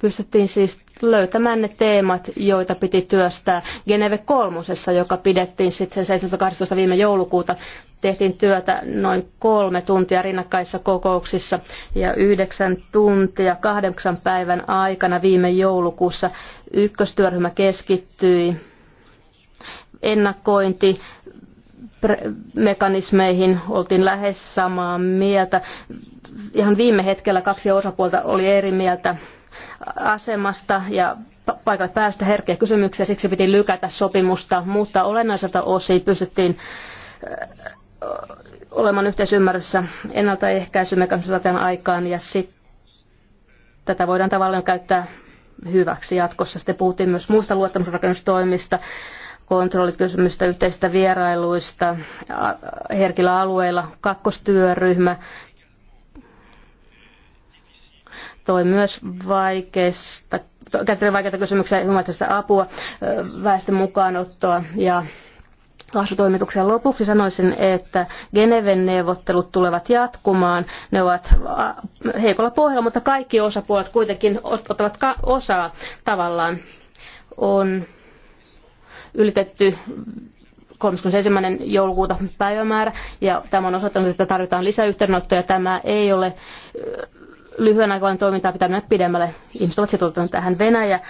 Pystyttiin siis löytämään ne teemat, joita piti työstää Geneve kolmosessa, joka pidettiin sitten 17. viime joulukuuta. Tehtiin työtä noin kolme tuntia rinnakkaissa kokouksissa ja yhdeksän tuntia kahdeksan päivän aikana viime joulukuussa ykköstyöryhmä keskittyi ennakointi, mekanismeihin oltiin lähes samaa mieltä. Ihan viime hetkellä kaksi osapuolta oli eri mieltä asemasta ja paikalle päästä herkkiä kysymyksiä, siksi piti lykätä sopimusta, mutta olennaiselta osin pystyttiin olemaan yhteisymmärryssä ennaltaehkäisymekanismin aikaan ja sit tätä voidaan tavallaan käyttää hyväksi jatkossa. Sitten puhuttiin myös muista luottamusrakennustoimista, kontrollikysymystä, yhteisistä vierailuista herkillä alueilla, kakkostyöryhmä, toi myös vaikeista, käsittelee vaikeita kysymyksiä humanitaarista apua, väestön mukaanottoa ja kaasutoimituksen lopuksi sanoisin, että Geneven neuvottelut tulevat jatkumaan. Ne ovat heikolla pohjalla, mutta kaikki osapuolet kuitenkin ottavat osaa tavallaan. On ylitetty 31. joulukuuta päivämäärä ja tämä on osoittanut, että tarvitaan lisäyhteydenottoja. Tämä ei ole lyhyen aikavälin toimintaa pitää mennä pidemmälle. Ihmiset ovat sitoutuneet tähän. Venäjä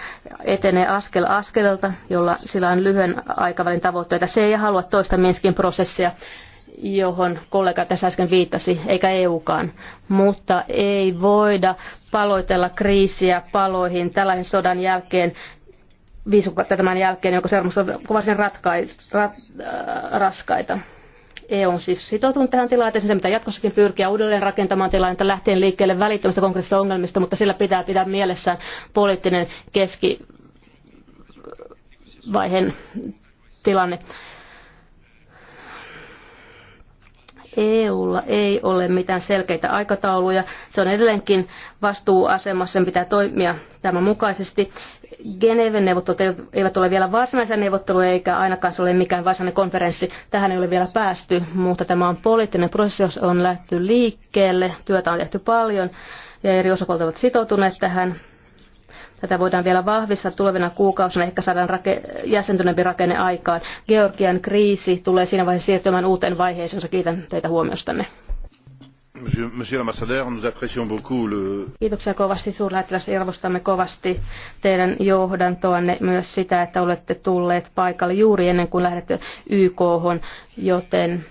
etenee askel askelelta, jolla sillä on lyhyen aikavälin tavoitteita. Se ei halua toista Minskin prosessia, johon kollega tässä äsken viittasi, eikä EUkaan. Mutta ei voida paloitella kriisiä paloihin tällaisen sodan jälkeen, viisi tämän jälkeen, jonka seuraamukset ovat varsin ratkais, rat, äh, raskaita. EU on siis sitoutunut tähän tilanteeseen, se mitä jatkossakin pyrkiä uudelleen rakentamaan tilannetta lähtien liikkeelle välittömistä konkreettisista ongelmista, mutta sillä pitää pitää mielessään poliittinen keskivaiheen tilanne. EUlla ei ole mitään selkeitä aikatauluja. Se on edelleenkin vastuuasemassa, sen pitää toimia tämän mukaisesti. Geneven neuvottelut eivät ole vielä varsinaisia neuvotteluja, eikä ainakaan se ole mikään varsinainen konferenssi. Tähän ei ole vielä päästy, mutta tämä on poliittinen prosessi, jossa on lähty liikkeelle. Työtä on tehty paljon ja eri osapuolet ovat sitoutuneet tähän. Tätä voidaan vielä vahvistaa tulevina kuukausina, ehkä saadaan rake- jäsentyneempi rakenne aikaan. Georgian kriisi tulee siinä vaiheessa siirtymään uuteen vaiheeseensa. Kiitän teitä huomiostanne. Kiitoksia kovasti suurlähettiläs. Arvostamme kovasti teidän johdantoanne myös sitä, että olette tulleet paikalle juuri ennen kuin lähdette YK, joten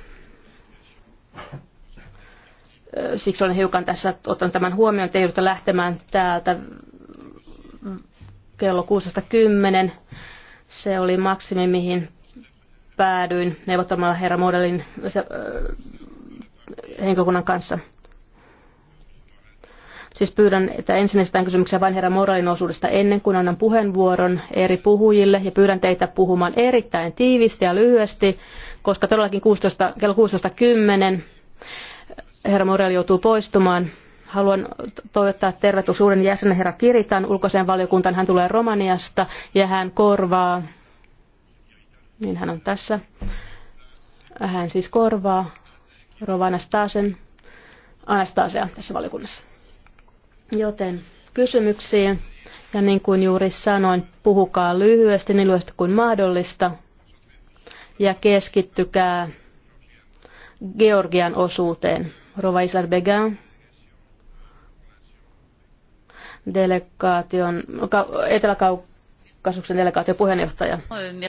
siksi olen hiukan tässä ottanut tämän huomioon, että joudutte lähtemään täältä kello kymmenen, Se oli maksimi, mihin päädyin neuvottelemalla herra Modelin henkilökunnan kanssa. Siis pyydän, että ensin esitän kysymyksiä vain herra moraalin osuudesta ennen kuin annan puheenvuoron eri puhujille ja pyydän teitä puhumaan erittäin tiivisti ja lyhyesti, koska todellakin 16, kello 16.10 herra Morel joutuu poistumaan. Haluan toivottaa tervetuloa uuden jäsenen herra Kiritan ulkoiseen valiokuntaan. Hän tulee Romaniasta ja hän korvaa, niin hän on tässä, hän siis korvaa Rova Anastasen, Anastasia tässä valiokunnassa. Joten kysymyksiin. Ja niin kuin juuri sanoin, puhukaa lyhyesti, niin lyhyesti kuin mahdollista. Ja keskittykää Georgian osuuteen. Rova Began, delegaation, Etelä-Kaukasuksen delegaation puheenjohtaja.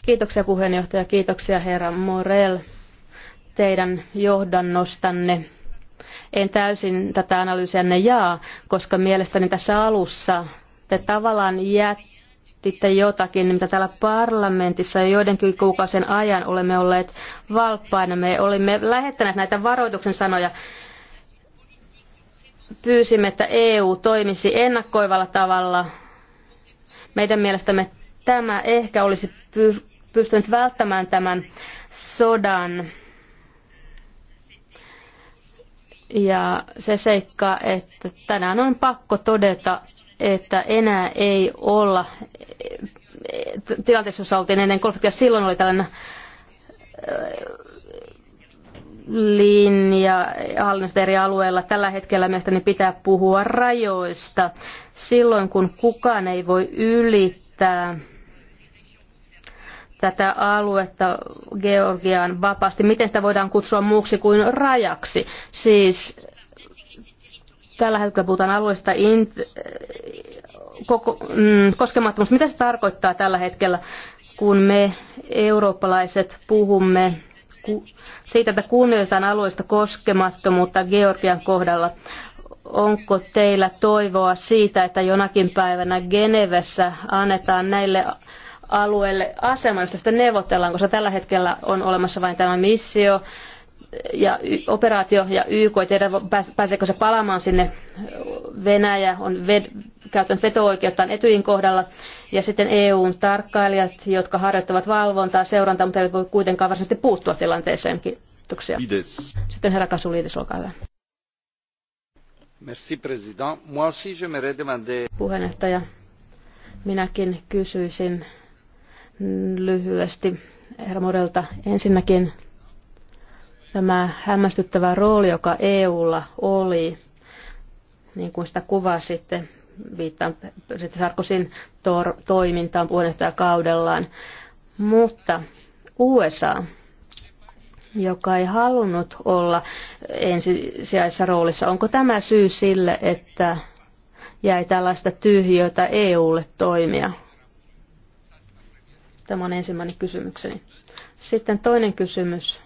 Kiitoksia puheenjohtaja, kiitoksia herra Morel teidän johdannostanne. En täysin tätä analyysianne jaa, koska mielestäni tässä alussa te tavallaan jättitte jotakin, mitä täällä parlamentissa joidenkin kuukausien ajan olemme olleet valppaina. Me olimme lähettäneet näitä varoituksen sanoja pyysimme, että EU toimisi ennakoivalla tavalla. Meidän mielestämme tämä ehkä olisi pystynyt välttämään tämän sodan Ja se seikka, että tänään on pakko todeta, että enää ei olla tilanteessa, jossa oltiin ennen konfliktia. Silloin oli tällainen äh, linja hallinnosta eri alueilla. Tällä hetkellä mielestäni pitää puhua rajoista silloin, kun kukaan ei voi ylittää tätä aluetta Georgiaan vapaasti. Miten sitä voidaan kutsua muuksi kuin rajaksi? Siis tällä hetkellä puhutaan alueesta int koko, mm, koskemattomuus. Mitä se tarkoittaa tällä hetkellä, kun me eurooppalaiset puhumme ku, siitä, että kunnioitetaan alueesta koskemattomuutta Georgian kohdalla? Onko teillä toivoa siitä, että jonakin päivänä Genevessä annetaan näille alueelle aseman, josta sitä neuvotellaan, koska tällä hetkellä on olemassa vain tämä missio ja operaatio ja YK, ei tiedä pääseekö se palaamaan sinne. Venäjä on ved, käytännössä veto-oikeuttaan etyin kohdalla ja sitten EUn tarkkailijat, jotka harjoittavat valvontaa, seurantaa, mutta eivät voi kuitenkaan varsinaisesti puuttua tilanteeseen. Kiitoksia. Sitten herra Kasuliitis, olkaa hyvä. Merci, Moi aussi, je me Puheenjohtaja, minäkin kysyisin lyhyesti herra Morelta. Ensinnäkin tämä hämmästyttävä rooli, joka EUlla oli, niin kuin sitä sitten, viittaan sitten Sarkosin tor- toimintaan puheenjohtajakaudellaan, mutta USA joka ei halunnut olla ensisijaisessa roolissa. Onko tämä syy sille, että jäi tällaista tyhjötä EUlle toimia? Tämä on ensimmäinen kysymykseni. Sitten toinen kysymys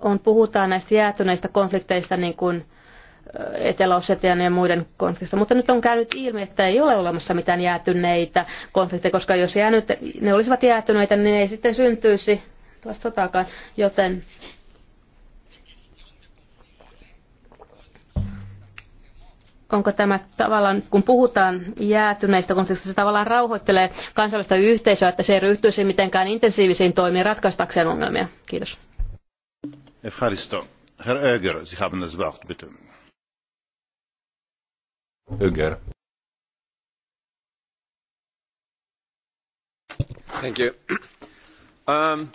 on, puhutaan näistä jäätyneistä konflikteista niin kuin etelä ja muiden konflikteista, mutta nyt on käynyt ilmi, että ei ole olemassa mitään jäätyneitä konflikteja, koska jos jäänyt, ne olisivat jäätyneitä, niin ei sitten syntyisi tuosta sotaakaan, joten onko tämä tavallaan, kun puhutaan jäätyneistä konflikteista, se tavallaan rauhoittelee kansainvälistä yhteisöä, että se ei ryhtyisi mitenkään intensiivisiin toimiin ratkaistakseen ongelmia. Kiitos. Herr Öger, Sie haben das Wort, bitte. Öger. Thank you. Um,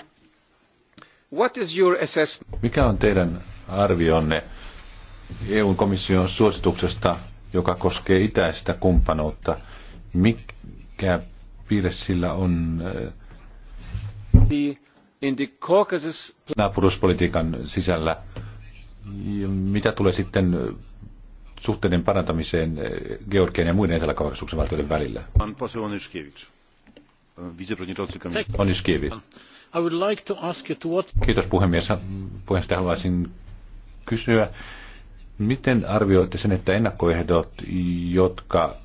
what is your assessment? Mikä on teidän arvionne EUn komission suosituksesta, joka koskee itäistä kumppanuutta. Mikä piirre sillä on äh, naapuruspolitiikan sisällä? Mitä tulee sitten äh, suhteiden parantamiseen äh, Georgian ja muiden etelä valtioiden välillä? Kiitos puhemies. Puheenjohtaja haluaisin kysyä, Miten arvioitte sen, että ennakkoehdot, jotka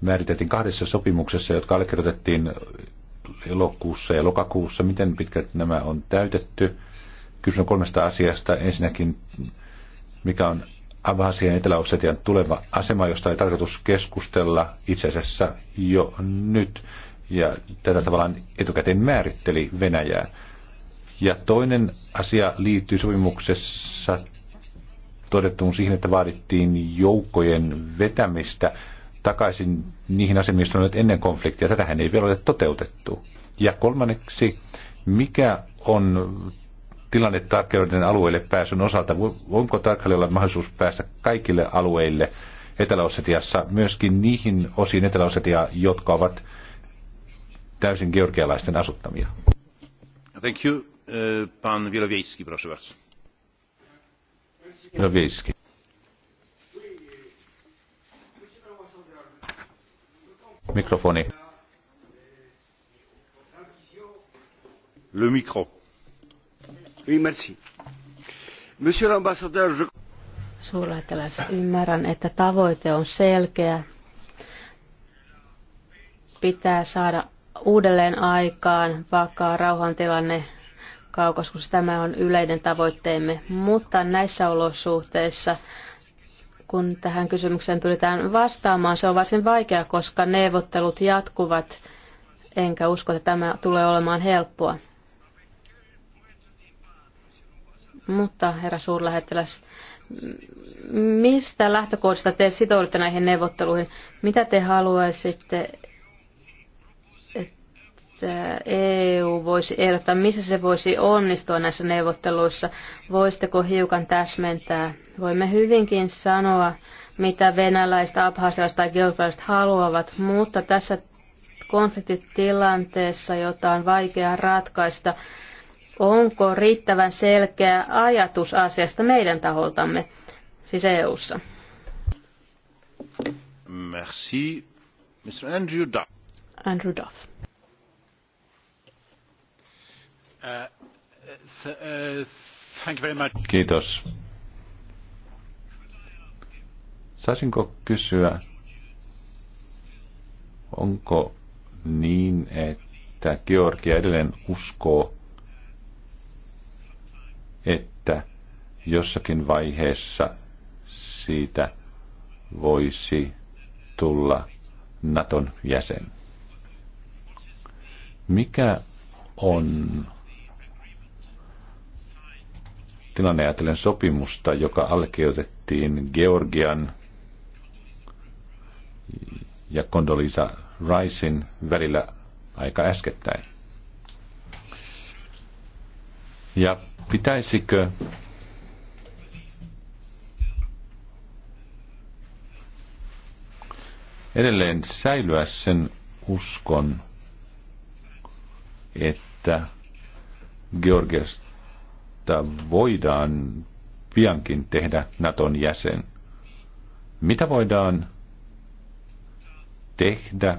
määriteltiin kahdessa sopimuksessa, jotka allekirjoitettiin elokuussa ja lokakuussa, miten pitkät nämä on täytetty? Kysyn kolmesta asiasta. Ensinnäkin, mikä on Abhasian etelä tuleva asema, josta ei tarkoitus keskustella itse asiassa jo nyt. Ja tätä tavallaan etukäteen määritteli Venäjää. Ja toinen asia liittyy sopimuksessa todettuun siihen, että vaadittiin joukkojen vetämistä takaisin niihin asemiin, joissa olivat ennen konfliktia. Tätähän ei vielä ole toteutettu. Ja kolmanneksi, mikä on tilanne tarkkailijoiden alueelle pääsyn osalta? Onko tarkkailijoilla mahdollisuus päästä kaikille alueille Etelä-Ossetiassa, myöskin niihin osiin etelä jotka ovat täysin georgialaisten asuttamia? Thank you. Eh, pan Wielowiejski, proszę bardzo Nowiejski. Mikrofoni. Le micro. Oui, merci. Monsieur l'ambassadeur, je... Suurlähettiläs, ymmärrän, että tavoite on selkeä. Pitää saada uudelleen aikaan vakaa rauhantilanne koska Tämä on yleinen tavoitteemme, mutta näissä olosuhteissa kun tähän kysymykseen pyritään vastaamaan, se on varsin vaikea, koska neuvottelut jatkuvat, enkä usko, että tämä tulee olemaan helppoa. Mutta herra suurlähettiläs, mistä lähtökohdista te sitoudutte näihin neuvotteluihin? Mitä te haluaisitte että EU voisi ehdottaa, missä se voisi onnistua näissä neuvotteluissa. Voisitteko hiukan täsmentää? Voimme hyvinkin sanoa, mitä venäläiset, abhasialaiset tai georgialaiset haluavat, mutta tässä konfliktitilanteessa, jota on vaikea ratkaista, onko riittävän selkeä ajatus asiasta meidän taholtamme, siis EU-ssa? Merci. Mr. Andrew Duff. Andrew Duff. Kiitos. Saisinko kysyä, onko niin, että Georgia edelleen uskoo, että jossakin vaiheessa siitä voisi tulla Naton jäsen? Mikä on tilanne ajatellen sopimusta, joka allekirjoitettiin Georgian ja Kondolisa Ricein välillä aika äskettäin. Ja pitäisikö edelleen säilyä sen uskon, että Georgiasta että voidaan piankin tehdä Naton jäsen. Mitä voidaan tehdä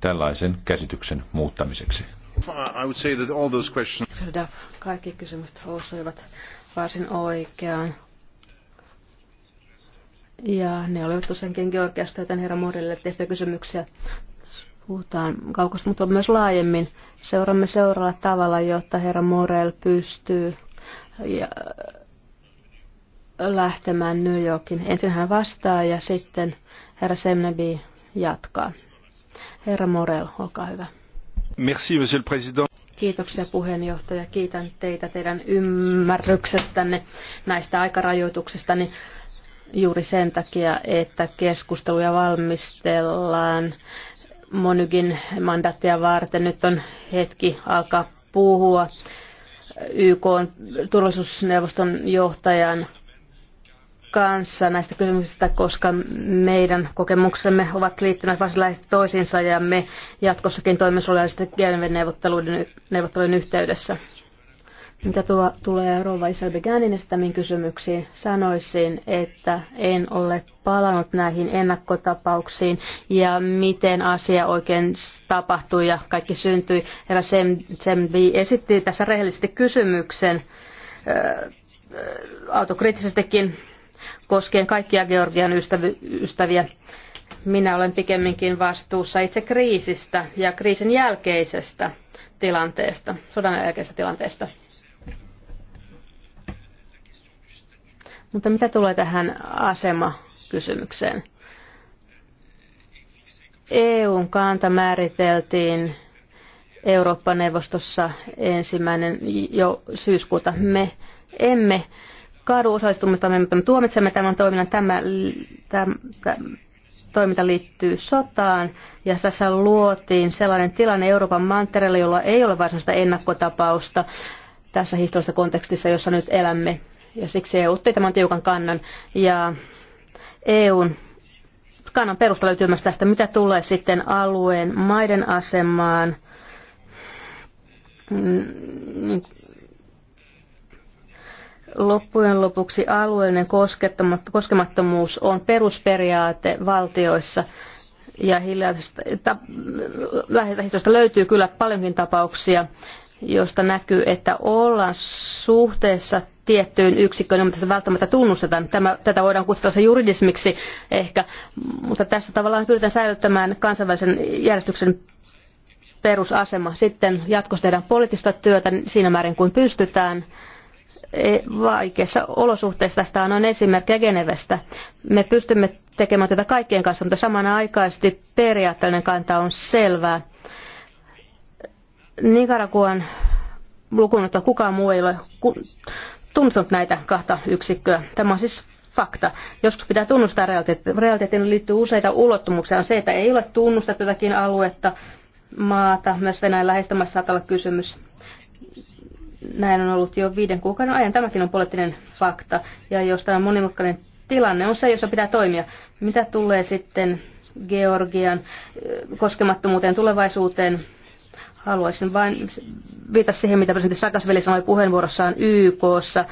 tällaisen käsityksen muuttamiseksi? I would say that all those questions... Kaikki kysymykset osuivat varsin oikeaan. Ja ne olivat useinkin oikeastaan joten herra Morille tehtyjä kysymyksiä puhutaan kaukosta, mutta myös laajemmin. Seuraamme seuraavalla tavalla, jotta herra Morel pystyy ja, lähtemään New Yorkin. Ensin hän vastaa ja sitten herra Semnebi jatkaa. Herra Morel, olkaa hyvä. Merci, monsieur le président. Kiitoksia puheenjohtaja. Kiitän teitä teidän ymmärryksestänne näistä aikarajoituksista juuri sen takia, että keskusteluja valmistellaan Monykin mandaattia varten. Nyt on hetki alkaa puhua YK turvallisuusneuvoston johtajan kanssa näistä kysymyksistä, koska meidän kokemuksemme ovat liittyneet varsin läheisesti toisiinsa ja me jatkossakin toimme solidaarisesti neuvotteluiden, neuvottelujen yhteydessä. Mitä tuo, tulee Rova Isabegänin esittämiin kysymyksiin, sanoisin, että en ole palannut näihin ennakkotapauksiin ja miten asia oikein tapahtui ja kaikki syntyi. Herra Sembi esitti tässä rehellisesti kysymyksen äh, äh autokriittisestikin koskien kaikkia Georgian ystäviä. Minä olen pikemminkin vastuussa itse kriisistä ja kriisin jälkeisestä tilanteesta, sodan jälkeisestä tilanteesta Mutta mitä tulee tähän asemakysymykseen? EUn kanta määriteltiin Eurooppa-neuvostossa ensimmäinen jo syyskuuta. Me emme kaadu osallistumista, mutta me tuomitsemme tämän toiminnan. Tämä, tämä, tämä toiminta liittyy sotaan ja tässä luotiin sellainen tilanne Euroopan mantereella, jolla ei ole varsinaista ennakkotapausta tässä historiallisessa kontekstissa, jossa nyt elämme ja siksi EU otti tämän tiukan kannan. Ja EUn kannan perusta löytyy myös tästä, mitä tulee sitten alueen maiden asemaan. Loppujen lopuksi alueellinen koskemattomuus on perusperiaate valtioissa ja historiasta löytyy kyllä paljonkin tapauksia, josta näkyy, että ollaan suhteessa tiettyyn yksikköön, niin, mutta se välttämättä tunnustetaan. Tämä, tätä voidaan kutsua se juridismiksi ehkä, mutta tässä tavallaan pyritään säilyttämään kansainvälisen järjestyksen perusasema. Sitten jatkossa tehdään poliittista työtä siinä määrin kuin pystytään e, vaikeissa olosuhteissa. Tästä on esimerkkejä Genevestä. Me pystymme tekemään tätä kaikkien kanssa, mutta samanaikaisesti periaatteellinen kanta on selvää. Nicaraguan lukuun, että kukaan muu ei ole tunnustanut näitä kahta yksikköä. Tämä on siis fakta. Joskus pitää tunnustaa realiteetti. Realiteettiin liittyy useita ulottumuksia. On se, että ei ole tunnustettu jotakin aluetta, maata. Myös Venäjän lähestymässä saattaa olla kysymys. Näin on ollut jo viiden kuukauden ajan. Tämäkin on poliittinen fakta. Ja jos tämä monimutkainen tilanne on se, jossa pitää toimia. Mitä tulee sitten Georgian koskemattomuuteen tulevaisuuteen, Haluaisin vain viitata siihen, mitä presidentti Sakasveli sanoi puheenvuorossaan YKssa,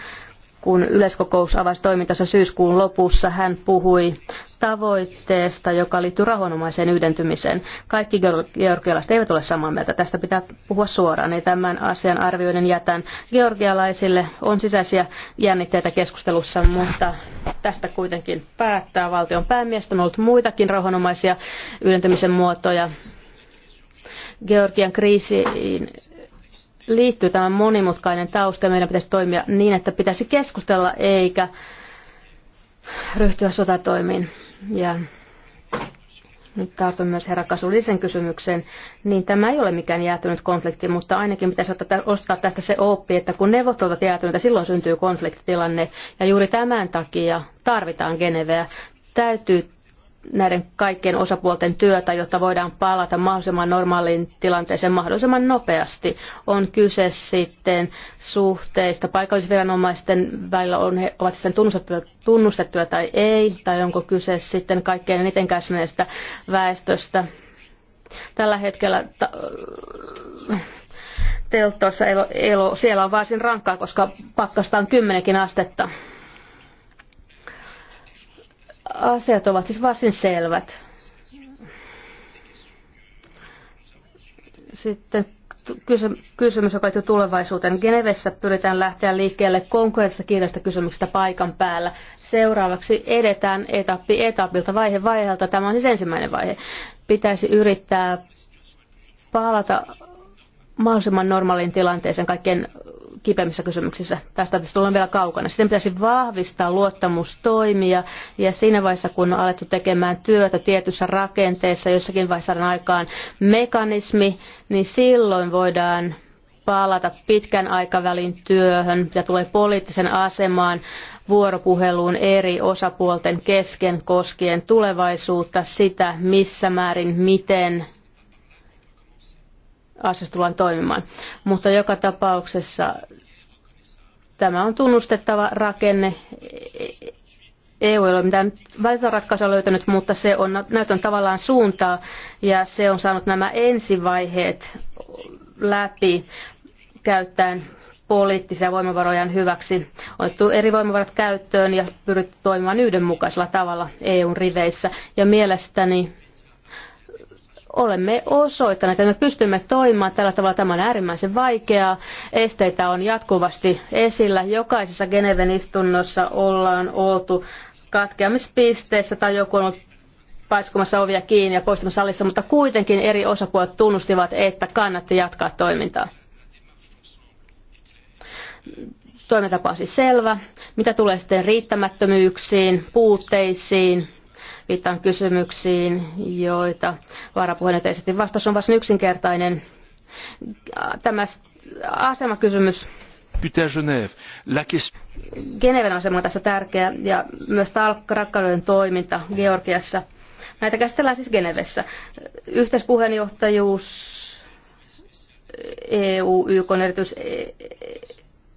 kun yleiskokous avasi toimintansa syyskuun lopussa. Hän puhui tavoitteesta, joka liittyy rahoinomaiseen yhdentymiseen. Kaikki georgialaiset eivät ole samaa mieltä. Tästä pitää puhua suoraan. Ei tämän asian arvioiden jätän georgialaisille. On sisäisiä jännitteitä keskustelussa, mutta tästä kuitenkin päättää valtion päämies. On ollut muitakin rahonomaisia yhdentymisen muotoja. Georgian kriisiin liittyy tämä monimutkainen tausta ja meidän pitäisi toimia niin, että pitäisi keskustella eikä ryhtyä sotatoimiin. Ja nyt tartun myös herra Kasulisen kysymykseen, niin tämä ei ole mikään jäätynyt konflikti, mutta ainakin pitäisi ottaa, ostaa tästä se oppi, että kun neuvottelut ovat jäätyneitä, silloin syntyy konfliktitilanne, ja juuri tämän takia tarvitaan Geneveä. Täytyy näiden kaikkien osapuolten työtä, jotta voidaan palata mahdollisimman normaaliin tilanteeseen mahdollisimman nopeasti. On kyse sitten suhteista paikallisviranomaisten välillä, on he, ovat sitten tunnustettuja, tunnustettuja tai ei, tai onko kyse sitten kaikkein eniten kärsineestä väestöstä. Tällä hetkellä ta- teltoissa elo, elo, siellä on varsin rankkaa, koska pakkasta on kymmenekin astetta. Asiat ovat siis varsin selvät. Sitten kysymys, joka liittyy tulevaisuuteen. Genevessä pyritään lähteä liikkeelle konkreettisesta kirjallisesta kysymyksestä paikan päällä. Seuraavaksi edetään etappi etapilta, vaihe vaiheelta. Tämä on siis ensimmäinen vaihe. Pitäisi yrittää palata mahdollisimman normaaliin tilanteeseen kaikkien kipeimmissä kysymyksissä. Tästä tietysti ollaan vielä kaukana. Sitten pitäisi vahvistaa luottamustoimia ja siinä vaiheessa, kun on alettu tekemään työtä tietyssä rakenteessa, jossakin vaiheessa on aikaan mekanismi, niin silloin voidaan palata pitkän aikavälin työhön ja tulee poliittisen asemaan vuoropuheluun eri osapuolten kesken koskien tulevaisuutta, sitä missä määrin, miten asiassa tullaan toimimaan. Mutta joka tapauksessa tämä on tunnustettava rakenne. EU ei ole mitään välitä ratkaisua löytänyt, mutta se on näytön tavallaan suuntaa ja se on saanut nämä ensivaiheet läpi käyttäen poliittisia voimavaroja hyväksi. On otettu eri voimavarat käyttöön ja pyritty toimimaan yhdenmukaisella tavalla EUn riveissä. Ja mielestäni olemme osoittaneet, että me pystymme toimimaan tällä tavalla. Tämä on äärimmäisen vaikeaa. Esteitä on jatkuvasti esillä. Jokaisessa Geneven istunnossa ollaan oltu katkeamispisteessä tai joku on ollut paiskumassa ovia kiinni ja poistumassa salissa, mutta kuitenkin eri osapuolet tunnustivat, että kannatti jatkaa toimintaa. Toimintatapa on siis selvä. Mitä tulee sitten riittämättömyyksiin, puutteisiin, Viittaan kysymyksiin, joita varapuheenjohtaja esitti. Vastaus on varsin yksinkertainen. Tämä asemakysymys Geneven asema on tässä tärkeä ja myös rakkauden toiminta Georgiassa. Näitä käsitellään siis Genevessä. Yhteispuheenjohtajuus EU, YK erityis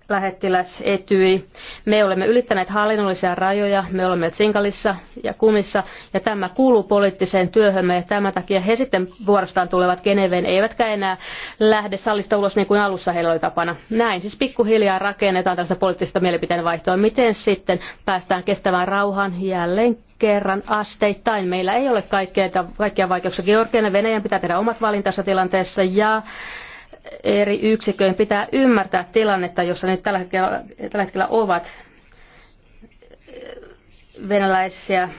lähettiläs Etyi. Me olemme ylittäneet hallinnollisia rajoja, me olemme Tsinkalissa ja Kumissa, ja tämä kuuluu poliittiseen työhömme, ja tämän takia he sitten vuorostaan tulevat Geneveen, eivätkä enää lähde salista ulos niin kuin alussa heillä oli tapana. Näin siis pikkuhiljaa rakennetaan tällaista poliittista mielipiteen vaihtoa. Miten sitten päästään kestävään rauhaan jälleen kerran asteittain. Meillä ei ole kaikkea, kaikkia vaikeuksia. Georgian ja Venäjän pitää tehdä omat valintansa tilanteessa ja eri yksiköjen pitää ymmärtää tilannetta, jossa nyt tällä hetkellä, tällä hetkellä ovat venäläisiä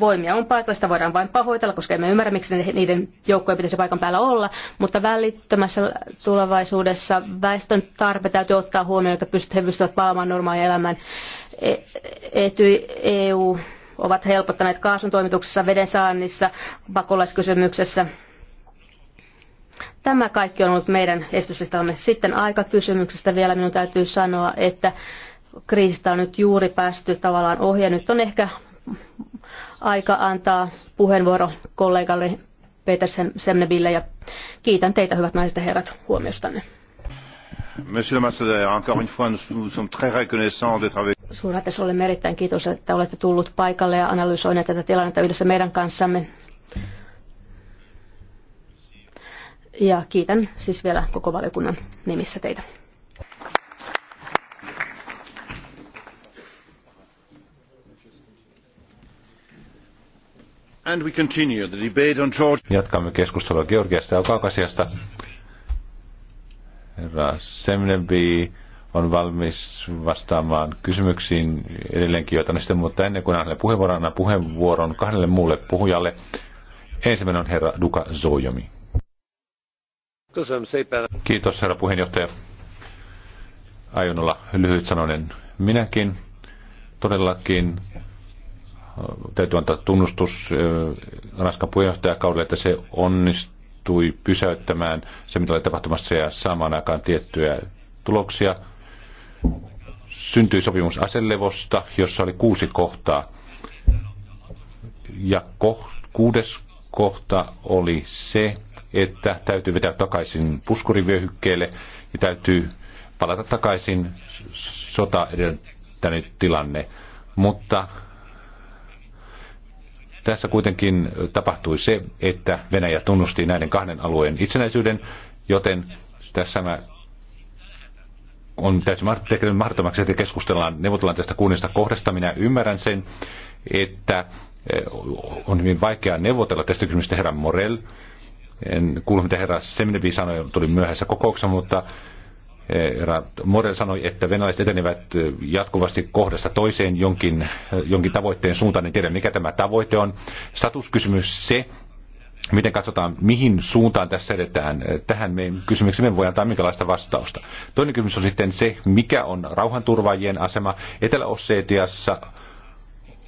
voimia on paikalla, sitä voidaan vain pahoitella, koska emme ymmärrä, miksi niiden joukkojen pitäisi paikan päällä olla, mutta välittömässä tulevaisuudessa väestön tarve täytyy ottaa huomioon, että he pystyvät palaamaan normaaliin elämään. E-, Ety, EU ovat helpottaneet kaasun toimituksessa, veden saannissa, pakolaiskysymyksessä, Tämä kaikki on ollut meidän esityslistallamme. Sitten aikakysymyksestä vielä minun täytyy sanoa, että kriisistä on nyt juuri päästy tavallaan ohi nyt on ehkä aika antaa puheenvuoro kollegalle Peter Semneville ja kiitän teitä hyvät naiset ja herrat huomiostanne. Monsieur le encore une fois, nous sommes très reconnaissants d'être avec Suurlähettiläs, olemme erittäin kiitos, että olette tullut paikalle ja analysoineet tätä tilannetta yhdessä meidän kanssamme. Ja kiitän siis vielä koko valiokunnan nimissä teitä. And we continue the debate on George. Jatkamme keskustelua Georgiasta ja Kaukasiasta. Herra Semneby on valmis vastaamaan kysymyksiin edelleenkin joita sitten, mutta ennen kuin annan puheenvuoron, puheenvuoron kahdelle muulle puhujalle. Ensimmäinen on herra Duka Zojomi. Kiitos herra puheenjohtaja. Aion olla lyhyt sanoinen. minäkin. Todellakin äh, täytyy antaa tunnustus äh, Ranskan puheenjohtajakaudelle, että se onnistui pysäyttämään se, mitä oli tapahtumassa ja saamaan aikaan tiettyjä tuloksia. Syntyi sopimus aselevosta, jossa oli kuusi kohtaa. Ja kuudes kohta oli se, että täytyy vetää takaisin puskurivyöhykkeelle ja täytyy palata takaisin sota edeltänyt tilanne. Mutta tässä kuitenkin tapahtui se, että Venäjä tunnusti näiden kahden alueen itsenäisyyden, joten tässä mä on täysin mahdottomaksi, että keskustellaan, neuvotellaan tästä kuudesta kohdasta. Minä ymmärrän sen, että eh, on hyvin vaikea neuvotella tästä kysymystä herran Morel en kuullut, mitä herra Semnevi sanoi, tuli myöhässä kokouksessa, mutta eh, herra Morel sanoi, että venäläiset etenevät eh, jatkuvasti kohdasta toiseen jonkin, eh, jonkin tavoitteen suuntaan. En tiedä, mikä tämä tavoite on. Statuskysymys se, miten katsotaan, mihin suuntaan tässä edetään. Tähän me, kysymykseen me voi antaa minkälaista vastausta. Toinen kysymys on sitten se, mikä on rauhanturvaajien asema. etelä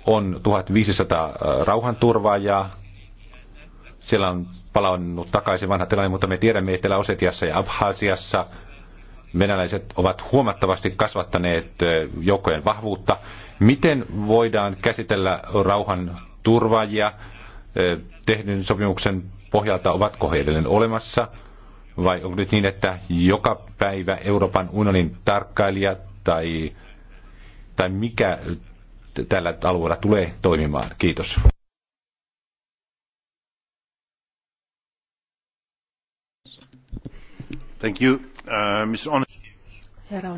on 1500 rauhanturvaajaa. Siellä on palannut takaisin vanha tilanne, mutta me tiedämme Etelä-Osetiassa ja Abhaasiassa venäläiset ovat huomattavasti kasvattaneet joukkojen vahvuutta. Miten voidaan käsitellä rauhan turvaajia tehdyn sopimuksen pohjalta, ovatko he edelleen olemassa? Vai onko nyt niin, että joka päivä Euroopan unionin tarkkailija tai, tai mikä tällä alueella tulee toimimaan? Kiitos. Uh, Herra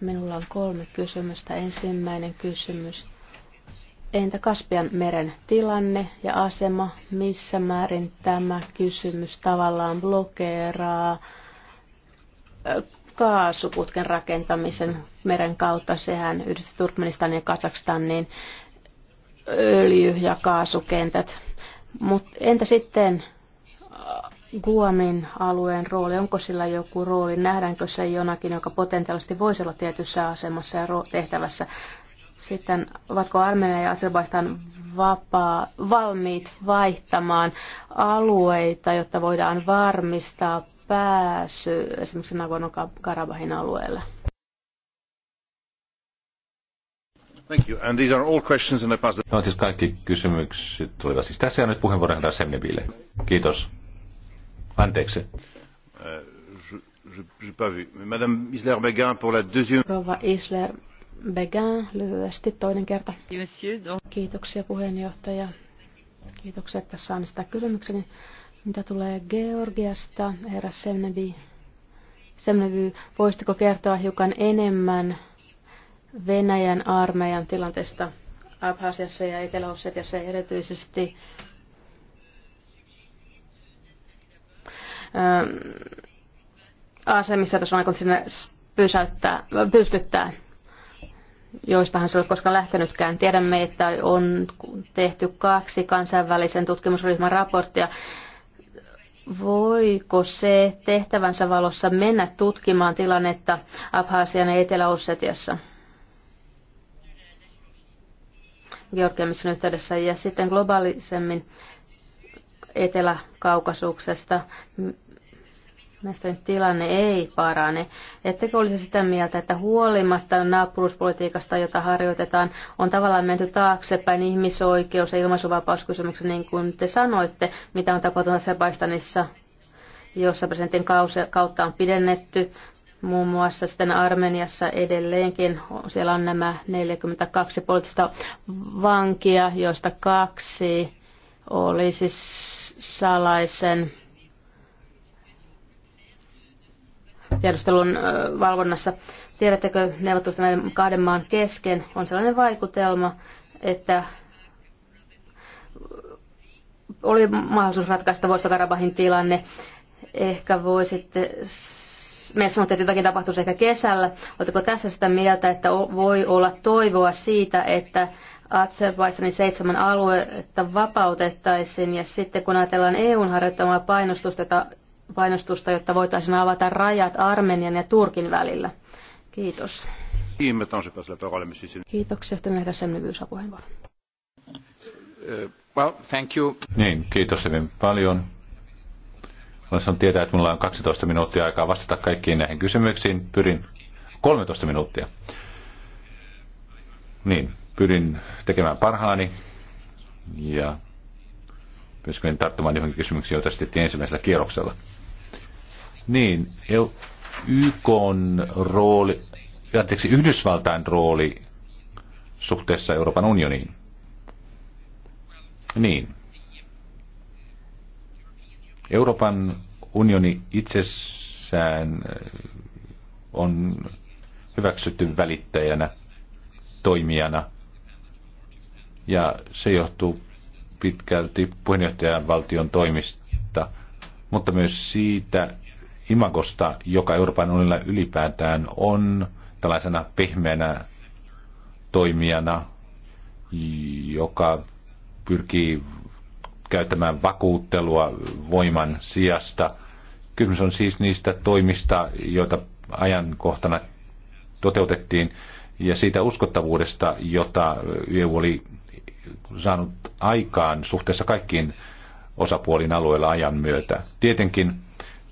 Minulla on kolme kysymystä. Ensimmäinen kysymys. Entä Kaspian meren tilanne ja asema? Missä määrin tämä kysymys tavallaan blokeeraa kaasuputken rakentamisen meren kautta? Sehän yhdistää Turkmenistanin ja Kazakstanin öljy- ja kaasukentät. entä sitten Guamin alueen rooli, onko sillä joku rooli, nähdäänkö se jonakin, joka potentiaalisesti voisi olla tietyssä asemassa ja tehtävässä. Sitten ovatko Armenia ja Azerbaistan vapaa, valmiit vaihtamaan alueita, jotta voidaan varmistaa pääsy esimerkiksi Nagorno-Karabahin alueelle? Thank you. And these are all questions in the past. No, siis kaikki kysymykset tulivat siis tässä ja nyt puheenvuoron herra Semneville. Kiitos. Anteeksi. Madame Isler beguin pour la deuxième. Isler lyhyesti toinen kerta. Kiitoksia puheenjohtaja. Kiitoksia, että saan sitä kysymykseni. Mitä tulee Georgiasta, herra Semnevi, Semnevi, voisitteko kertoa hiukan enemmän Venäjän armeijan tilanteesta Abhasiassa ja Etelä-Ossetiassa erityisesti asemissa, tuossa on sinne pysäyttää, pystyttää joistahan se ei ole koskaan lähtenytkään. Tiedämme, että on tehty kaksi kansainvälisen tutkimusryhmän raporttia. Voiko se tehtävänsä valossa mennä tutkimaan tilannetta Abhaasian ja Etelä-Ossetiassa? Georgiamissa yhteydessä ja sitten globaalisemmin Etelä-Kaukasuksesta näistä nyt tilanne ei parane. Ettekö olisi sitä mieltä, että huolimatta naapuruuspolitiikasta, jota harjoitetaan, on tavallaan menty taaksepäin ihmisoikeus- ja ilmaisuvapauskysymyksen, niin kuin te sanoitte, mitä on tapahtunut Sebastianissa, jossa presidentin kautta on pidennetty, muun muassa sitten Armeniassa edelleenkin. Siellä on nämä 42 poliittista vankia, joista kaksi oli siis salaisen tiedustelun valvonnassa. Tiedättekö, neuvottelusta näiden kahden maan kesken on sellainen vaikutelma, että oli mahdollisuus ratkaista Karabahin tilanne. Ehkä voisitte me sanottiin, että jotakin tapahtuisi ehkä kesällä. Oletteko tässä sitä mieltä, että voi olla toivoa siitä, että Azerbaidžanin seitsemän aluetta vapautettaisiin ja sitten kun ajatellaan EUn harjoittamaa painostusta, jota painostusta, jotta voitaisiin avata rajat Armenian ja Turkin välillä. Kiitos. Kiitoksia. Sitten nähdään sen puheenvuoron. Well, thank you. Niin, kiitos hyvin paljon. Olen saanut tietää, että minulla on 12 minuuttia aikaa vastata kaikkiin näihin kysymyksiin. Pyrin 13 minuuttia. Niin, pyrin tekemään parhaani ja myös tarttumaan johonkin kysymyksiin, joita sitten ensimmäisellä kierroksella. Niin, YK on rooli, anteeksi, Yhdysvaltain rooli suhteessa Euroopan unioniin. Niin. Euroopan unioni itsessään äh, on hyväksytty välittäjänä, toimijana. Ja se johtuu pitkälti puheenjohtajan valtion toimista, mutta myös siitä, imagosta, joka Euroopan unionilla ylipäätään on tällaisena pehmeänä toimijana, joka pyrkii käyttämään vakuuttelua voiman sijasta. Kysymys on siis niistä toimista, joita ajankohtana toteutettiin, ja siitä uskottavuudesta, jota EU oli saanut aikaan suhteessa kaikkiin osapuolin alueella ajan myötä. Tietenkin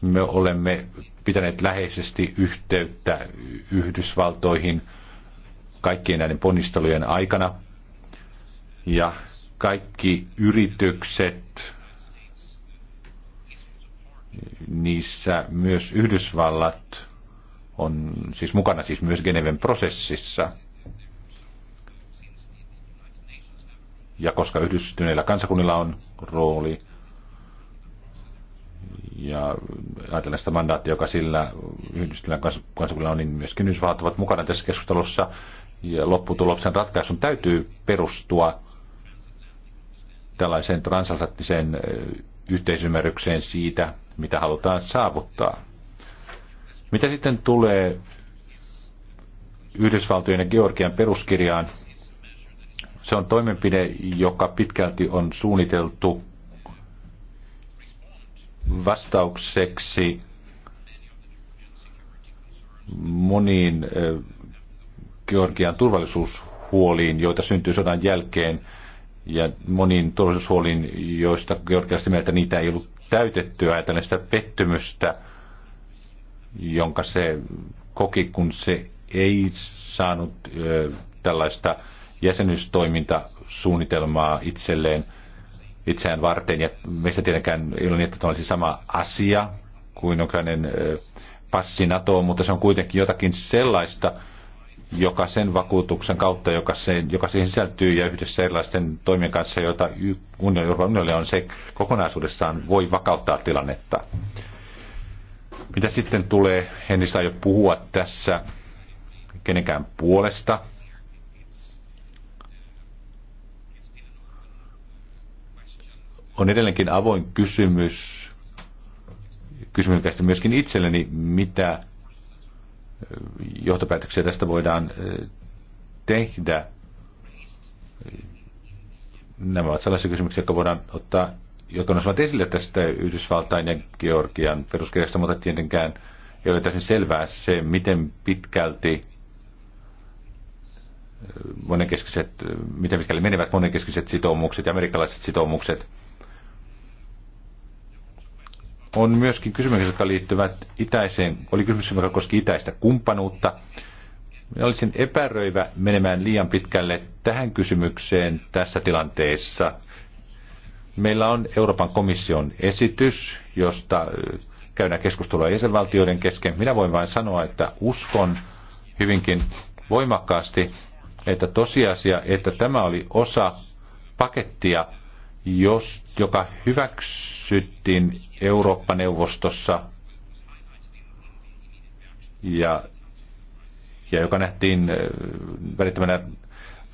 me olemme pitäneet läheisesti yhteyttä Yhdysvaltoihin kaikkien näiden ponnistelujen aikana. Ja kaikki yritykset, niissä myös Yhdysvallat on siis mukana siis myös Geneven prosessissa. Ja koska yhdistyneillä kansakunnilla on rooli, ja ajatellaan sitä mandaattia, joka sillä yhdistyneen kansakunnalla on, niin myöskin Yhdysvallat ovat mukana tässä keskustelussa. Ja lopputuloksen ratkaisun täytyy perustua tällaiseen transatlanttiseen yhteisymmärrykseen siitä, mitä halutaan saavuttaa. Mitä sitten tulee Yhdysvaltojen ja Georgian peruskirjaan, se on toimenpide, joka pitkälti on suunniteltu vastaukseksi moniin Georgian turvallisuushuoliin, joita syntyi sodan jälkeen, ja moniin turvallisuushuoliin, joista Georgiasta mieltä niitä ei ollut täytettyä, ajatellen sitä pettymystä, jonka se koki, kun se ei saanut ö, tällaista jäsenyystoimintasuunnitelmaa itselleen – itseään varten. Ja meistä tietenkään ei ole niin, että olisi sama asia kuin jokainen passi NATO, mutta se on kuitenkin jotakin sellaista, joka sen vakuutuksen kautta, joka, se, joka siihen sisältyy ja yhdessä erilaisten toimien kanssa, joita Euroopan unionille on, se kokonaisuudessaan voi vakauttaa tilannetta. Mitä sitten tulee, en saa jo puhua tässä kenenkään puolesta – on edelleenkin avoin kysymys, kysymyksestä myöskin itselleni, mitä johtopäätöksiä tästä voidaan tehdä. Nämä ovat sellaisia kysymyksiä, jotka voidaan ottaa, jotka nousivat esille tästä Yhdysvaltain ja Georgian peruskirjasta, mutta tietenkään ei ole täysin selvää se, miten pitkälti monenkeskiset, miten pitkälle menevät monenkeskiset sitoumukset ja amerikkalaiset sitoumukset – on myöskin kysymyksiä, jotka liittyvät itäiseen, oli kysymys, joka koski itäistä kumppanuutta. Minä olisin epäröivä menemään liian pitkälle tähän kysymykseen tässä tilanteessa. Meillä on Euroopan komission esitys, josta käydään keskustelua jäsenvaltioiden kesken. Minä voin vain sanoa, että uskon hyvinkin voimakkaasti, että tosiasia, että tämä oli osa pakettia, jos, joka hyväksyttiin Eurooppa-neuvostossa ja, ja joka nähtiin äh, välittömänä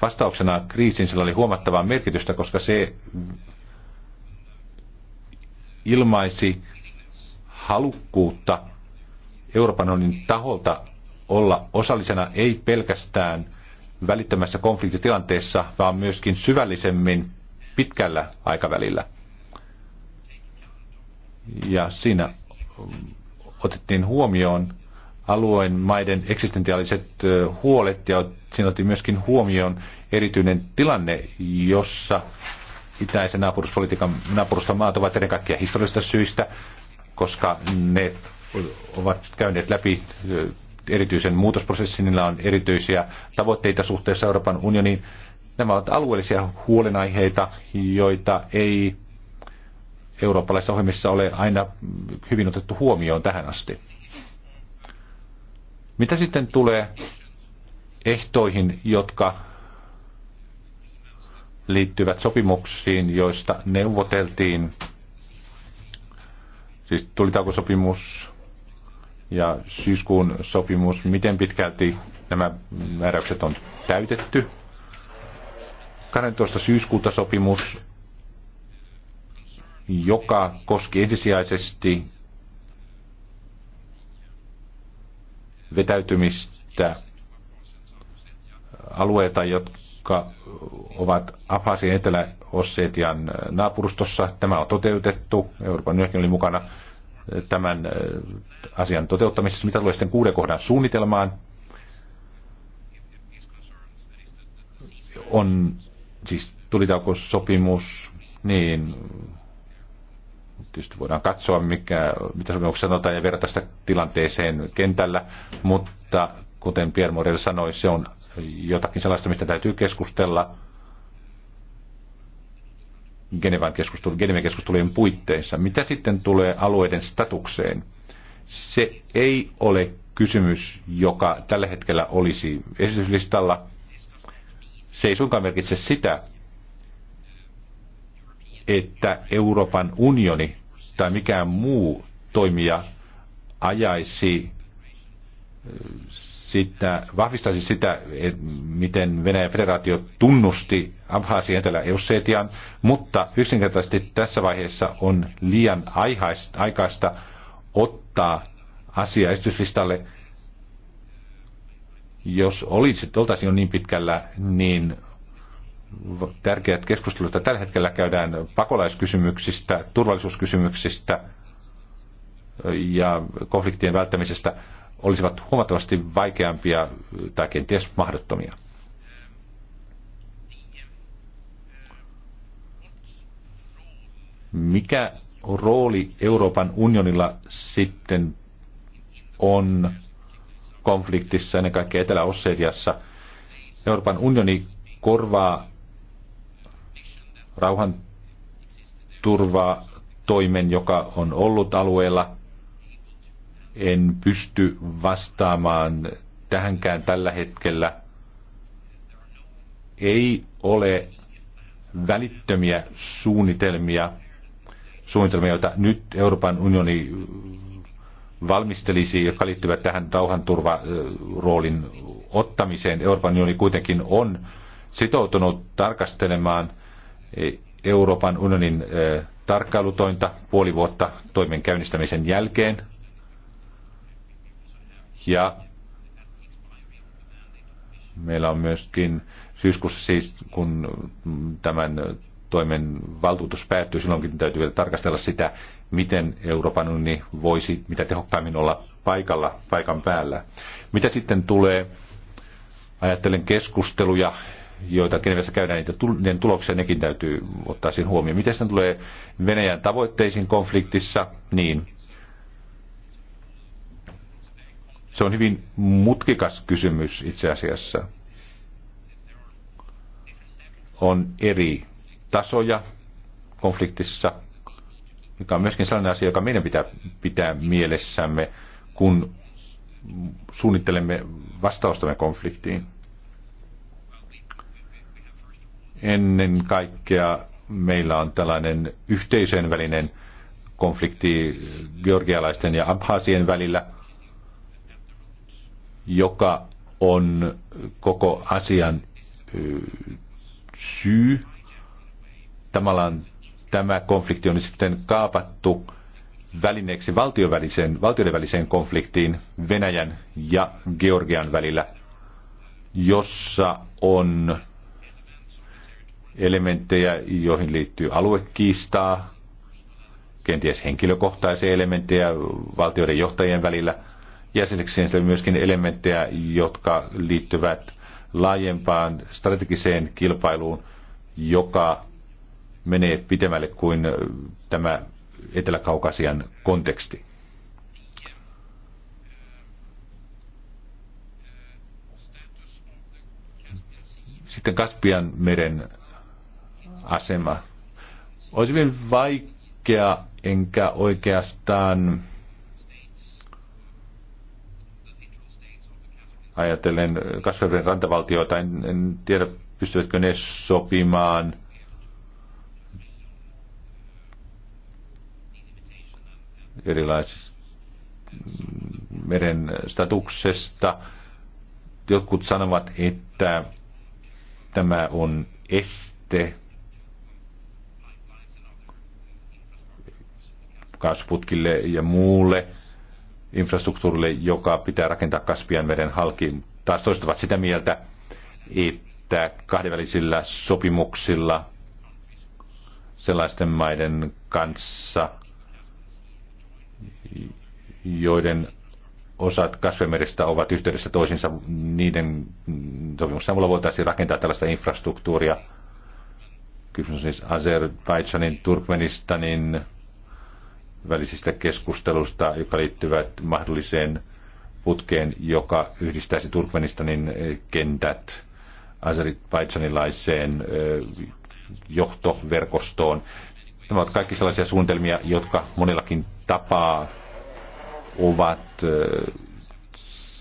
vastauksena kriisiin, sillä oli huomattavaa merkitystä, koska se ilmaisi halukkuutta Euroopan unionin taholta olla osallisena ei pelkästään välittömässä konfliktitilanteessa, vaan myöskin syvällisemmin pitkällä aikavälillä. Ja siinä otettiin huomioon alueen maiden eksistentiaaliset huolet ja siinä otettiin myöskin huomioon erityinen tilanne, jossa itäisen naapuruspolitiikan naapurusta maat ovat ennen kaikkea historiallisista syistä, koska ne ovat käyneet läpi erityisen muutosprosessin, niillä on erityisiä tavoitteita suhteessa Euroopan unioniin, Nämä ovat alueellisia huolenaiheita, joita ei eurooppalaisissa ohjelmissa ole aina hyvin otettu huomioon tähän asti. Mitä sitten tulee ehtoihin, jotka liittyvät sopimuksiin, joista neuvoteltiin, siis tulitaukosopimus ja syyskuun sopimus, miten pitkälti nämä määräykset on täytetty. 12. syyskuuta sopimus, joka koski ensisijaisesti vetäytymistä alueita, jotka ovat Afasin etelä-Ossetian naapurustossa. Tämä on toteutettu. Euroopan unioni oli mukana tämän äh, asian toteuttamisessa. Mitä tulee sitten kuuden kohdan suunnitelmaan, on siis tulitaukosopimus, niin tietysti voidaan katsoa, mikä, mitä sopimuksessa sanotaan ja verrata sitä tilanteeseen kentällä, mutta kuten Pierre Morel sanoi, se on jotakin sellaista, mistä täytyy keskustella Genevan keskustelu, Geneven keskustelujen puitteissa. Mitä sitten tulee alueiden statukseen? Se ei ole kysymys, joka tällä hetkellä olisi esityslistalla – se ei suinkaan merkitse sitä, että Euroopan unioni tai mikään muu toimija ajaisi äh, sitä, vahvistaisi sitä, miten Venäjän federaatio tunnusti Abhaasi etelä Eusetian, mutta yksinkertaisesti tässä vaiheessa on liian aikaista ottaa asia esityslistalle jos olisi, oltaisiin jo niin pitkällä, niin tärkeät keskustelut, että tällä hetkellä käydään pakolaiskysymyksistä, turvallisuuskysymyksistä ja konfliktien välttämisestä, olisivat huomattavasti vaikeampia tai kenties mahdottomia. Mikä rooli Euroopan unionilla sitten on konfliktissa, ennen kaikkea Etelä-Ossetiassa. Euroopan unioni korvaa rauhan turvaa toimen, joka on ollut alueella. En pysty vastaamaan tähänkään tällä hetkellä. Ei ole välittömiä suunnitelmia, suunnitelmia, joita nyt Euroopan unioni valmistelisi, jotka liittyvät tähän rauhanturvaroolin ottamiseen. Euroopan unioni kuitenkin on sitoutunut tarkastelemaan Euroopan unionin eh, tarkkailutointa puoli vuotta toimen käynnistämisen jälkeen. Ja meillä on myöskin syyskuussa siis, kun tämän toimen valtuutus päättyy, silloinkin täytyy vielä tarkastella sitä, miten Euroopan unioni voisi mitä tehokkaimmin olla paikalla, paikan päällä. Mitä sitten tulee, ajattelen keskusteluja, joita Genevessä käydään, niitä niiden tuloksia nekin täytyy ottaa siinä huomioon. Miten sitten tulee Venäjän tavoitteisiin konfliktissa, niin se on hyvin mutkikas kysymys itse asiassa. On eri tasoja konfliktissa, mikä on myöskin sellainen asia, joka meidän pitää pitää mielessämme, kun suunnittelemme vastaustamme konfliktiin. Ennen kaikkea meillä on tällainen yhteisön välinen konflikti georgialaisten ja abhaasien välillä, joka on koko asian syy Tavallaan tämä konflikti on sitten kaapattu välineeksi valtioväliseen, valtioiden väliseen konfliktiin Venäjän ja Georgian välillä, jossa on elementtejä, joihin liittyy aluekiistaa, kenties henkilökohtaisia elementtejä valtioiden johtajien välillä. Jäseneksi on myöskin elementtejä, jotka liittyvät laajempaan strategiseen kilpailuun, joka menee pitemmälle kuin tämä Etelä-Kaukasian konteksti. Sitten Kaspian meren asema. Olisi hyvin vaikea, enkä oikeastaan ajatellen Kaspian rantavaltioita, en, en tiedä pystyvätkö ne sopimaan – erilaisista mm, meren statuksesta. Jotkut sanovat, että tämä on este kaasuputkille ja muulle infrastruktuurille, joka pitää rakentaa Kaspian meren halki. Taas toiset ovat sitä mieltä, että kahdenvälisillä sopimuksilla sellaisten maiden kanssa, joiden osat kasvimeristä ovat yhteydessä toisiinsa, niiden sopimuksen avulla voitaisiin rakentaa tällaista infrastruktuuria. Kysymys on siis Azerbaidžanin, Turkmenistanin välisistä keskustelusta, joka liittyvät mahdolliseen putkeen, joka yhdistäisi Turkmenistanin eh, kentät Azerbaidsanilaiseen eh, johtoverkostoon. Nämä ovat kaikki sellaisia suunnitelmia, jotka monellakin tapaa ovat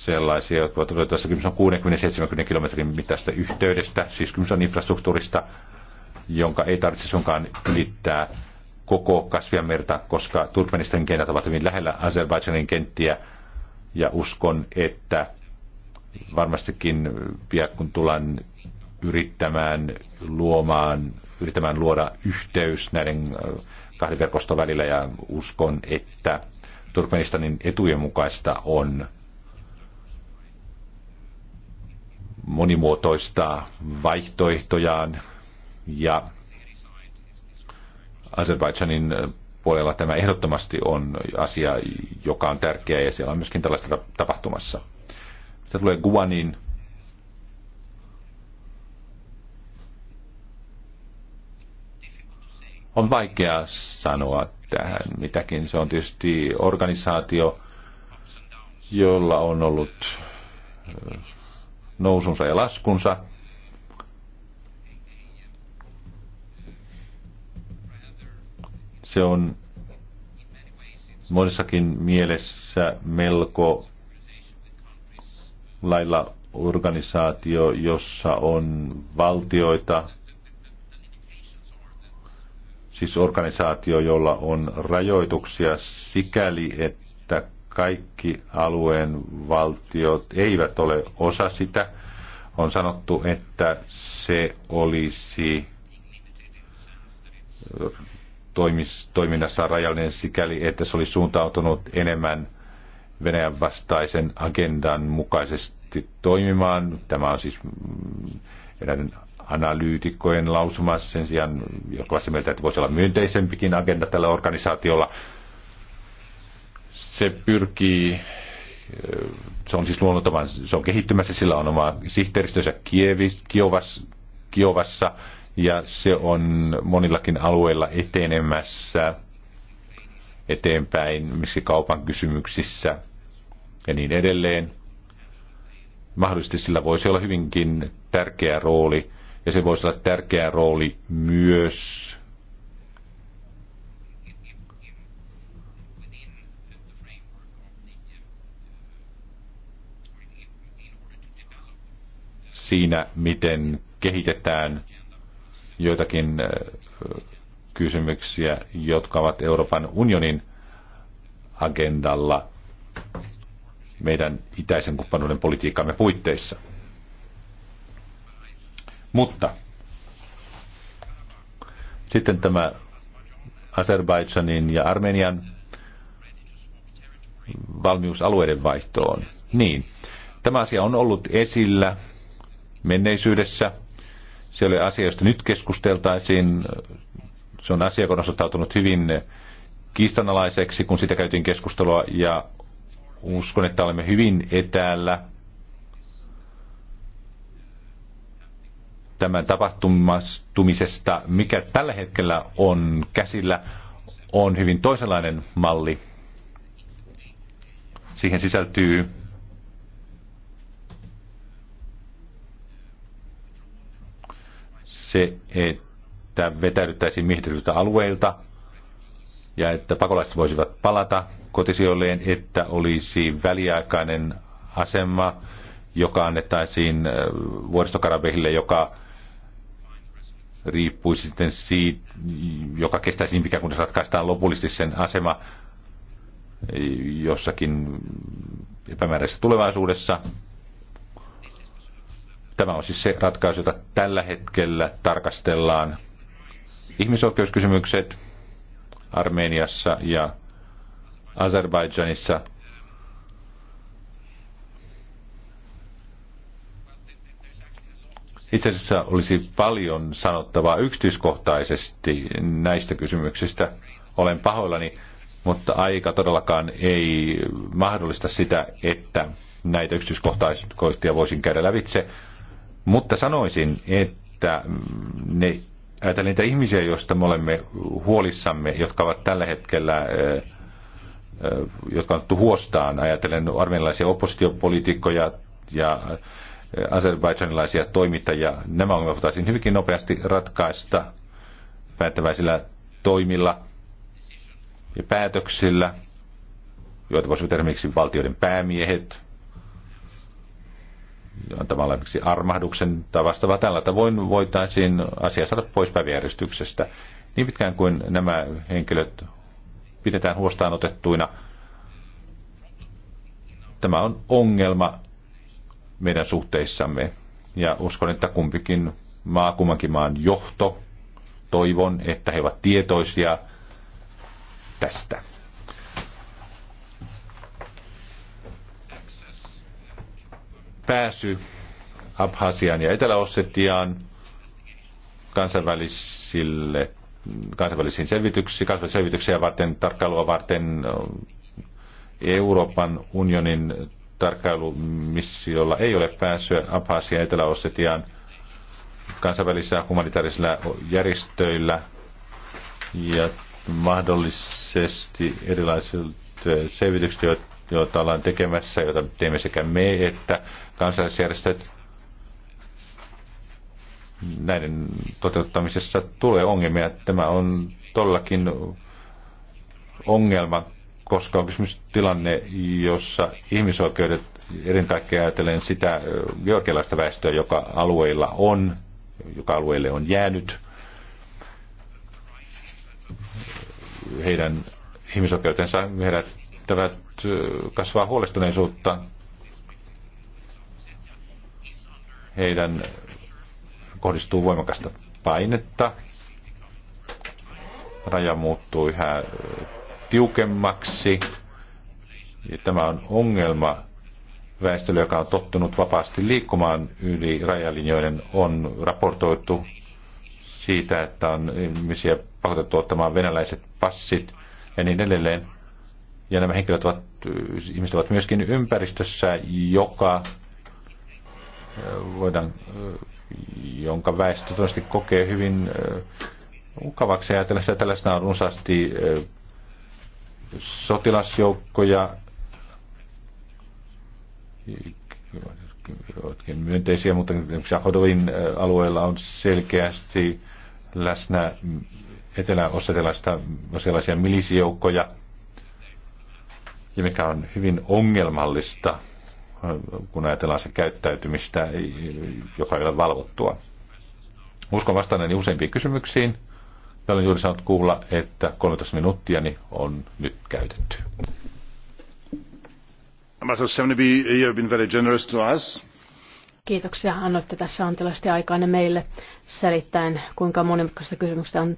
sellaisia, jotka ovat tässä 60-70 kilometrin mittaista yhteydestä, siis kymmenen on infrastruktuurista, jonka ei tarvitse sunkaan ylittää koko Kaspianmerta, koska Turkmenistanin kentät ovat hyvin lähellä Azerbaidžanin kenttiä, ja uskon, että varmastikin vielä kun tullaan yrittämään luomaan, yrittämään luoda yhteys näiden kahden verkoston välillä ja uskon, että Turkmenistanin etujen mukaista on monimuotoistaa vaihtoehtojaan ja Azerbaidžanin puolella tämä ehdottomasti on asia, joka on tärkeä ja siellä on myöskin tällaista tapahtumassa. Mitä tulee Guanin on vaikea sanoa tähän mitäkin. Se on tietysti organisaatio, jolla on ollut nousunsa ja laskunsa. Se on monissakin mielessä melko lailla organisaatio, jossa on valtioita, siis organisaatio, jolla on rajoituksia sikäli, että kaikki alueen valtiot eivät ole osa sitä. On sanottu, että se olisi toimis, toiminnassa rajallinen sikäli, että se oli suuntautunut enemmän Venäjän vastaisen agendan mukaisesti toimimaan. Tämä on siis mm, eräiden analyytikkojen lausuma sen sijaan, on se mieltä, että voisi olla myönteisempikin agenda tällä organisaatiolla. Se pyrkii, se on siis luonnottoman, se on kehittymässä, sillä on oma sihteeristönsä Kiovas, Kiovassa ja se on monillakin alueilla etenemässä eteenpäin, missä kaupan kysymyksissä ja niin edelleen. Mahdollisesti sillä voisi olla hyvinkin tärkeä rooli ja se voisi olla tärkeä rooli myös siinä, miten kehitetään joitakin äh, kysymyksiä, jotka ovat Euroopan unionin agendalla meidän itäisen kumppanuuden politiikkamme puitteissa. Mutta sitten tämä Azerbaidžanin ja Armenian valmiusalueiden vaihtoon. Niin, tämä asia on ollut esillä menneisyydessä. Se oli asia, josta nyt keskusteltaisiin. Se on asia, joka on osoittautunut hyvin kiistanalaiseksi, kun sitä käytiin keskustelua, ja uskon, että olemme hyvin etäällä tämän tapahtumisesta, mikä tällä hetkellä on käsillä, on hyvin toisenlainen malli. Siihen sisältyy se, että vetäydyttäisiin miehitetyltä alueilta ja että pakolaiset voisivat palata kotisijoilleen, että olisi väliaikainen asema, joka annettaisiin äh, vuoristokarabehille, joka riippuisi sitten siitä, joka kestäisi niin pitkään, kunnes ratkaistaan lopullisesti sen asema jossakin epämääräisessä tulevaisuudessa. Tämä on siis se ratkaisu, jota tällä hetkellä tarkastellaan. Ihmisoikeuskysymykset Armeniassa ja Azerbaidžanissa Itse asiassa olisi paljon sanottavaa yksityiskohtaisesti näistä kysymyksistä. Olen pahoillani, mutta aika todellakaan ei mahdollista sitä, että näitä yksityiskohtaisia voisin käydä lävitse. Mutta sanoisin, että ne, ajatellen niitä ihmisiä, joista me olemme huolissamme, jotka ovat tällä hetkellä jotka on otettu huostaan, ajatellen armenilaisia oppositiopolitiikkoja ja aserbaidsanilaisia toimittajia. Nämä ongelmat voitaisiin hyvinkin nopeasti ratkaista päättäväisillä toimilla ja päätöksillä, joita voisivat esimerkiksi valtioiden päämiehet antamalla esimerkiksi armahduksen tai vastaavaa tällä tavoin voitaisiin asia saada pois päiväjärjestyksestä. Niin pitkään kuin nämä henkilöt pidetään huostaan otettuina, tämä on ongelma meidän suhteissamme. Ja uskon, että kumpikin maa, kummankin maan johto, toivon, että he ovat tietoisia tästä. Pääsy Abhasian ja Etelä-Ossetiaan kansainvälisille kansainvälisiin selvityksiin, kansainvälisiä selvityksiä varten, tarkkailua varten Euroopan unionin tarkkailumissiolla ei ole pääsyä Abhasia ja Etelä-Ossetiaan kansainvälisillä humanitaarisilla järjestöillä ja mahdollisesti erilaisilta selvitykset, joita ollaan tekemässä, joita teemme sekä me että kansalaisjärjestöt. Näiden toteuttamisessa tulee ongelmia. Tämä on todellakin ongelma koska on kysymys tilanne, jossa ihmisoikeudet, erin kaikkea ajatellen sitä georgialaista väestöä, joka alueilla on, joka alueelle on jäänyt, heidän ihmisoikeutensa herättävät kasvaa huolestuneisuutta. Heidän kohdistuu voimakasta painetta. Raja muuttuu yhä tiukemmaksi. Ja tämä on ongelma väestölle, joka on tottunut vapaasti liikkumaan yli rajalinjoiden, on raportoitu siitä, että on ihmisiä pakotettu ottamaan venäläiset passit ja niin edelleen. Ja nämä henkilöt ovat, ihmiset ovat myöskin ympäristössä, joka voidaan, jonka väestö todennäköisesti kokee hyvin mukavaksi ajatella että tällaisena on runsaasti sotilasjoukkoja, myönteisiä, mutta Hodovin alueella on selkeästi läsnä etelä-ossetilaisia milisijoukkoja, ja mikä on hyvin ongelmallista, kun ajatellaan se käyttäytymistä, joka ei ole valvottua. Uskon vastanneeni useimpiin kysymyksiin. Ja olen juuri saanut kuulla, että 13 minuuttia niin on nyt käytetty. Kiitoksia. Annoitte tässä antilasti aikaa meille selittäen, kuinka monimutkaista kysymyksestä on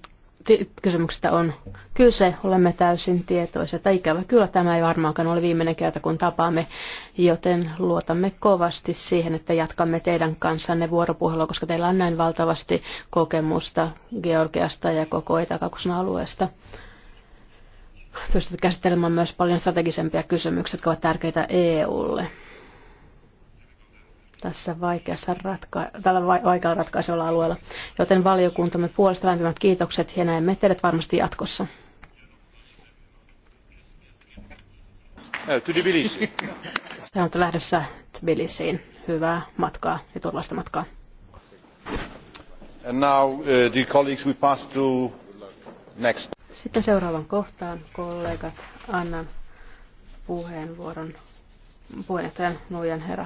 kysymyksestä on kyse, olemme täysin tietoisia. Tai ikävä kyllä tämä ei varmaankaan ole viimeinen kerta, kun tapaamme, joten luotamme kovasti siihen, että jatkamme teidän kanssanne vuoropuhelua, koska teillä on näin valtavasti kokemusta Georgiasta ja koko Etäkakkosen alueesta. Pystyt käsittelemään myös paljon strategisempia kysymyksiä, jotka ovat tärkeitä EUlle tässä vaikeassa ratka- tällä vaikealla ratkaisulla alueella. Joten valiokuntamme puolesta lämpimät kiitokset ja näemme teidät varmasti jatkossa. Äh, Tämä On lähdössä Tbilisiin. Hyvää matkaa ja turvallista matkaa. And now, uh, dear colleagues, we pass to next. Sitten seuraavan kohtaan, kollegat, annan puheenvuoron puheenjohtajan Nuijan herra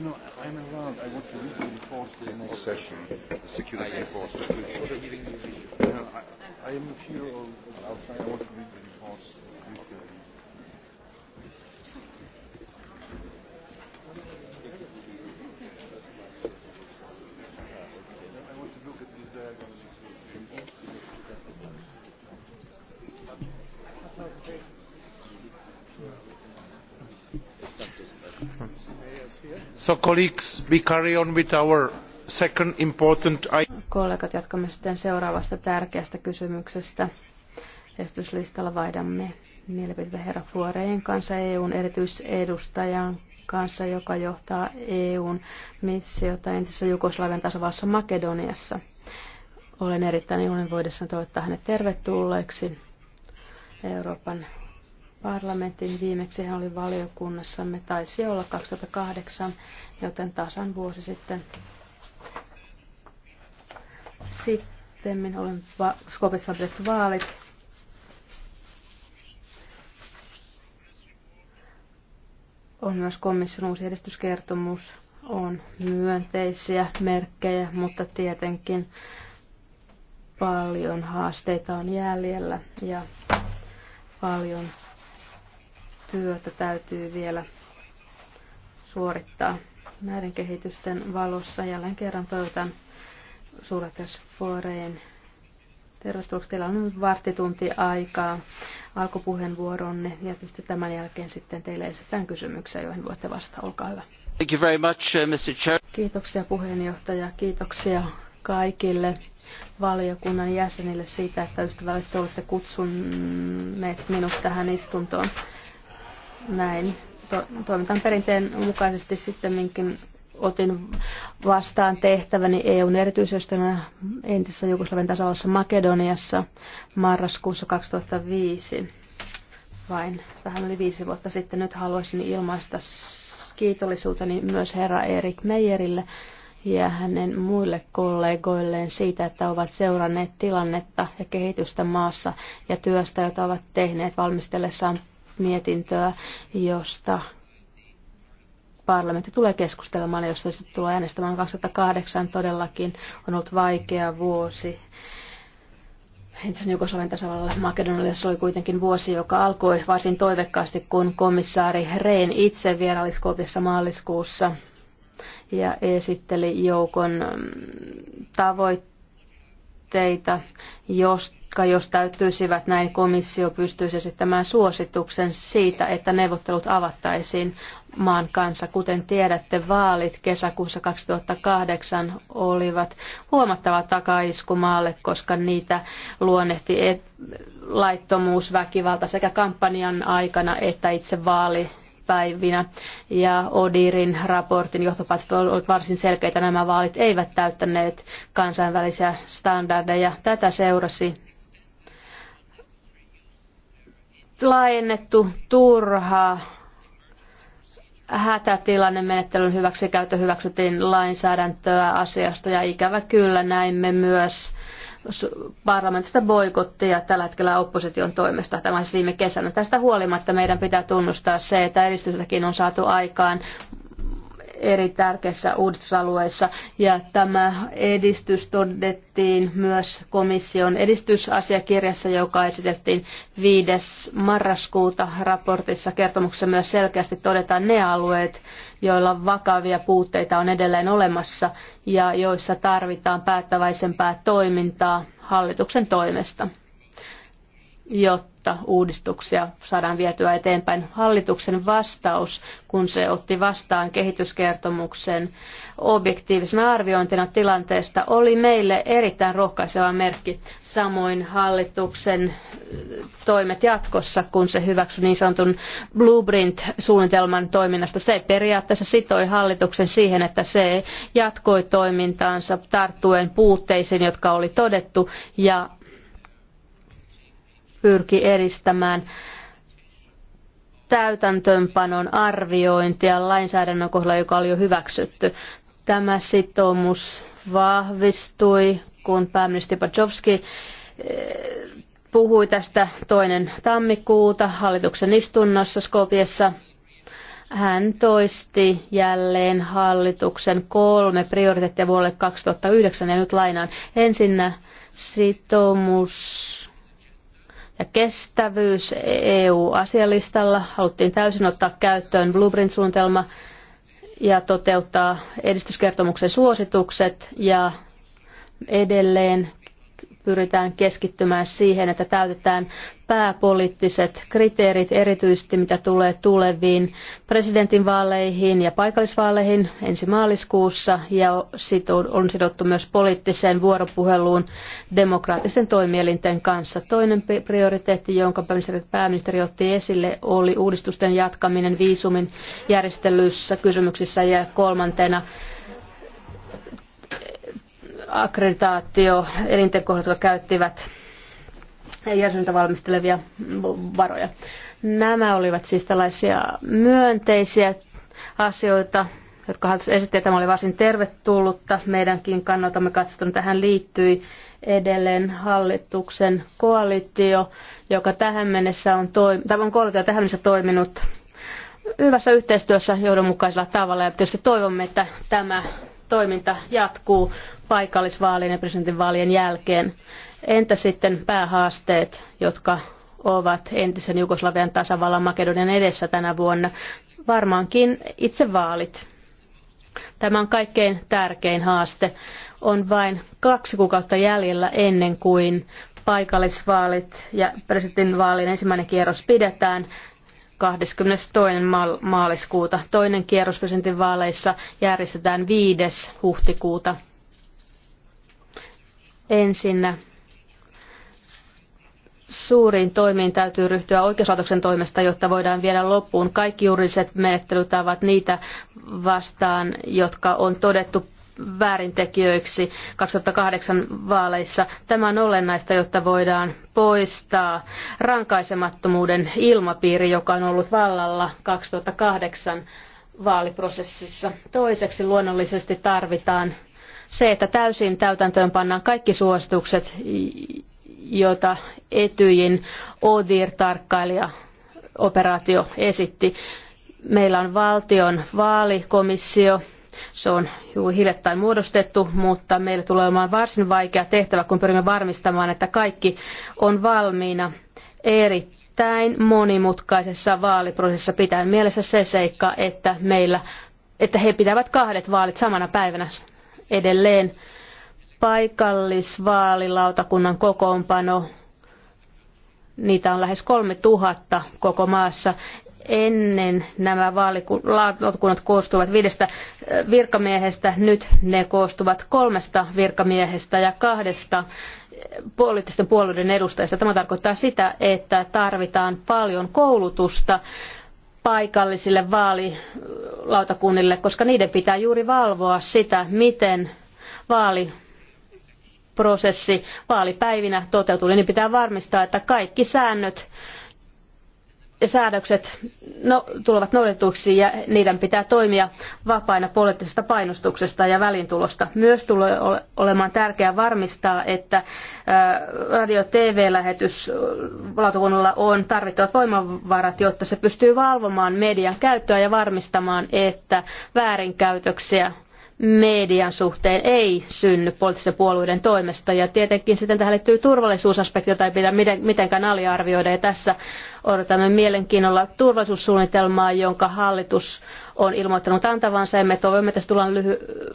No, no, I'm around. I want to reinforce the next session, the security ah, yes. report. No, I, I am here outside. I want to reinforce. Kollegat, jatkamme sitten seuraavasta tärkeästä kysymyksestä. Esityslistalla vaihdamme mielipiteitä herra Fuoreen kanssa EUn erityisedustajan kanssa, joka johtaa EUn missiota entisessä Jugoslavian tasavallassa Makedoniassa. Olen erittäin iloinen voidessaan toivottaa hänet tervetulleeksi Euroopan parlamenttiin. Viimeksi hän oli valiokunnassamme, taisi olla 2008, joten tasan vuosi sitten. Sitten olen va- Skopissa pidetty vaalit. On myös komission uusi edistyskertomus. On myönteisiä merkkejä, mutta tietenkin paljon haasteita on jäljellä ja paljon työtä täytyy vielä suorittaa näiden kehitysten valossa. Jälleen kerran toivotan suuretes Foreen tervetulleeksi. Teillä on nyt varttitunti aikaa alkupuheenvuoronne ja tietysti tämän jälkeen sitten teille esitetään kysymyksiä, joihin voitte vastata. Olkaa hyvä. Thank you very much, uh, Mr. Chair. Kiitoksia puheenjohtaja, kiitoksia kaikille valiokunnan jäsenille siitä, että ystävällisesti olette kutsuneet minut tähän istuntoon näin to- toimitan perinteen mukaisesti sitten minkin otin vastaan tehtäväni EUn erityisjärjestönä entisessä Jugoslavian tasavallassa Makedoniassa marraskuussa 2005. Vain vähän yli viisi vuotta sitten nyt haluaisin ilmaista kiitollisuuteni myös herra Erik Meijerille ja hänen muille kollegoilleen siitä, että ovat seuranneet tilannetta ja kehitystä maassa ja työstä, jota ovat tehneet valmistellessaan mietintöä, josta parlamentti tulee keskustelemaan, josta se tulee äänestämään 2008 todellakin on ollut vaikea vuosi. Entisen Jugoslavian tasavallalla Makedonialle se oli kuitenkin vuosi, joka alkoi varsin toivekkaasti, kun komissaari Rehn itse vieraili maaliskuussa ja esitteli joukon mm, tavoitteita, jos jotka jos täyttyisivät näin komissio pystyisi esittämään suosituksen siitä, että neuvottelut avattaisiin maan kanssa. Kuten tiedätte, vaalit kesäkuussa 2008 olivat huomattava takaisku maalle, koska niitä luonnehti laittomuus, väkivalta sekä kampanjan aikana että itse vaali päivinä ja Odirin raportin johtopäätökset olivat varsin selkeitä. Nämä vaalit eivät täyttäneet kansainvälisiä standardeja. Tätä seurasi laajennettu turha hätätilanne menettelyn hyväksikäyttö hyväksyttiin lainsäädäntöä asiasta ja ikävä kyllä näimme myös parlamentista boikottia tällä hetkellä opposition toimesta, tämä siis viime kesänä. Tästä huolimatta meidän pitää tunnustaa se, että edistystäkin on saatu aikaan eri tärkeissä uudistusalueissa. Ja tämä edistys todettiin myös komission edistysasiakirjassa, joka esitettiin 5. marraskuuta raportissa. Kertomuksessa myös selkeästi todetaan ne alueet, joilla vakavia puutteita on edelleen olemassa ja joissa tarvitaan päättäväisempää toimintaa hallituksen toimesta jotta jotta uudistuksia saadaan vietyä eteenpäin. Hallituksen vastaus, kun se otti vastaan kehityskertomuksen objektiivisena arviointina tilanteesta, oli meille erittäin rohkaiseva merkki. Samoin hallituksen äh, toimet jatkossa, kun se hyväksyi niin sanotun blueprint-suunnitelman toiminnasta. Se periaatteessa sitoi hallituksen siihen, että se jatkoi toimintaansa tarttuen puutteisiin, jotka oli todettu, ja pyrki edistämään täytäntöönpanon arviointia lainsäädännön kohdalla, joka oli jo hyväksytty. Tämä sitoumus vahvistui, kun pääministeri Pachowski eh, puhui tästä toinen tammikuuta hallituksen istunnossa Skopjessa. Hän toisti jälleen hallituksen kolme prioriteettia vuodelle 2009 ja nyt lainaan ensinnä sitoumus ja kestävyys EU-asialistalla. Haluttiin täysin ottaa käyttöön Blueprint-suunnitelma ja toteuttaa edistyskertomuksen suositukset ja edelleen pyritään keskittymään siihen, että täytetään pääpoliittiset kriteerit, erityisesti mitä tulee tuleviin presidentinvaaleihin ja paikallisvaaleihin ensi maaliskuussa, ja on sidottu myös poliittiseen vuoropuheluun demokraattisten toimielinten kanssa. Toinen prioriteetti, jonka pääministeri otti esille, oli uudistusten jatkaminen viisumin järjestelyssä kysymyksissä, ja kolmantena akkreditaatio elinten jotka käyttivät järjestelmää valmistelevia varoja. Nämä olivat siis tällaisia myönteisiä asioita, jotka hallitus esitti. Tämä oli varsin tervetullutta meidänkin kannaltamme katsottuna. Tähän liittyi edelleen hallituksen koalitio, joka tähän mennessä on, toim- tämä on koalitio tähän mennessä toiminut hyvässä yhteistyössä johdonmukaisella tavalla. Ja tietysti toivomme, että tämä toiminta jatkuu paikallisvaalien ja presidentinvaalien jälkeen. Entä sitten päähaasteet, jotka ovat entisen Jugoslavian tasavallan Makedonian edessä tänä vuonna? Varmaankin itse vaalit. Tämä on kaikkein tärkein haaste. On vain kaksi kuukautta jäljellä ennen kuin paikallisvaalit ja presidentinvaalien ensimmäinen kierros pidetään 22. maaliskuuta. Toinen kierros presidentin vaaleissa järjestetään 5. huhtikuuta. Ensinnä suuriin toimiin täytyy ryhtyä oikeuslaitoksen toimesta, jotta voidaan viedä loppuun kaikki juridiset menettelytavat niitä vastaan, jotka on todettu väärintekijöiksi 2008 vaaleissa. Tämä on olennaista, jotta voidaan poistaa rankaisemattomuuden ilmapiiri, joka on ollut vallalla 2008 vaaliprosessissa. Toiseksi luonnollisesti tarvitaan se, että täysin täytäntöön pannaan kaikki suositukset, joita Etyjin ODIR-tarkkailija operaatio esitti. Meillä on valtion vaalikomissio, se on juuri hiljattain muodostettu, mutta meillä tulee olemaan varsin vaikea tehtävä, kun pyrimme varmistamaan, että kaikki on valmiina erittäin monimutkaisessa vaaliprosessissa pitäen mielessä se seikka, että, meillä, että he pitävät kahdet vaalit samana päivänä edelleen. Paikallisvaalilautakunnan kokoonpano niitä on lähes kolme tuhatta koko maassa. Ennen nämä vaalilautakunnat koostuvat viidestä virkamiehestä, nyt ne koostuvat kolmesta virkamiehestä ja kahdesta poliittisten puolueiden edustajista. Tämä tarkoittaa sitä, että tarvitaan paljon koulutusta paikallisille vaalilautakunnille, koska niiden pitää juuri valvoa sitä, miten vaali prosessi vaalipäivinä toteutuu, niin pitää varmistaa, että kaikki säännöt säädökset no, tulevat noudatetuiksi ja niiden pitää toimia vapaina poliittisesta painostuksesta ja välintulosta. Myös tulee olemaan tärkeää varmistaa, että äh, radio- TV-lähetys valtakunnalla äh, on tarvittavat voimavarat, jotta se pystyy valvomaan median käyttöä ja varmistamaan, että väärinkäytöksiä median suhteen ei synny poliittisten puolueiden toimesta. Ja tietenkin sitten tähän liittyy turvallisuusaspekti, jota ei pidä mitenkään aliarvioida. Ja tässä odotamme mielenkiinnolla turvallisuussuunnitelmaa, jonka hallitus on ilmoittanut antavansa. Ja me toivomme, että se tullaan lyhy-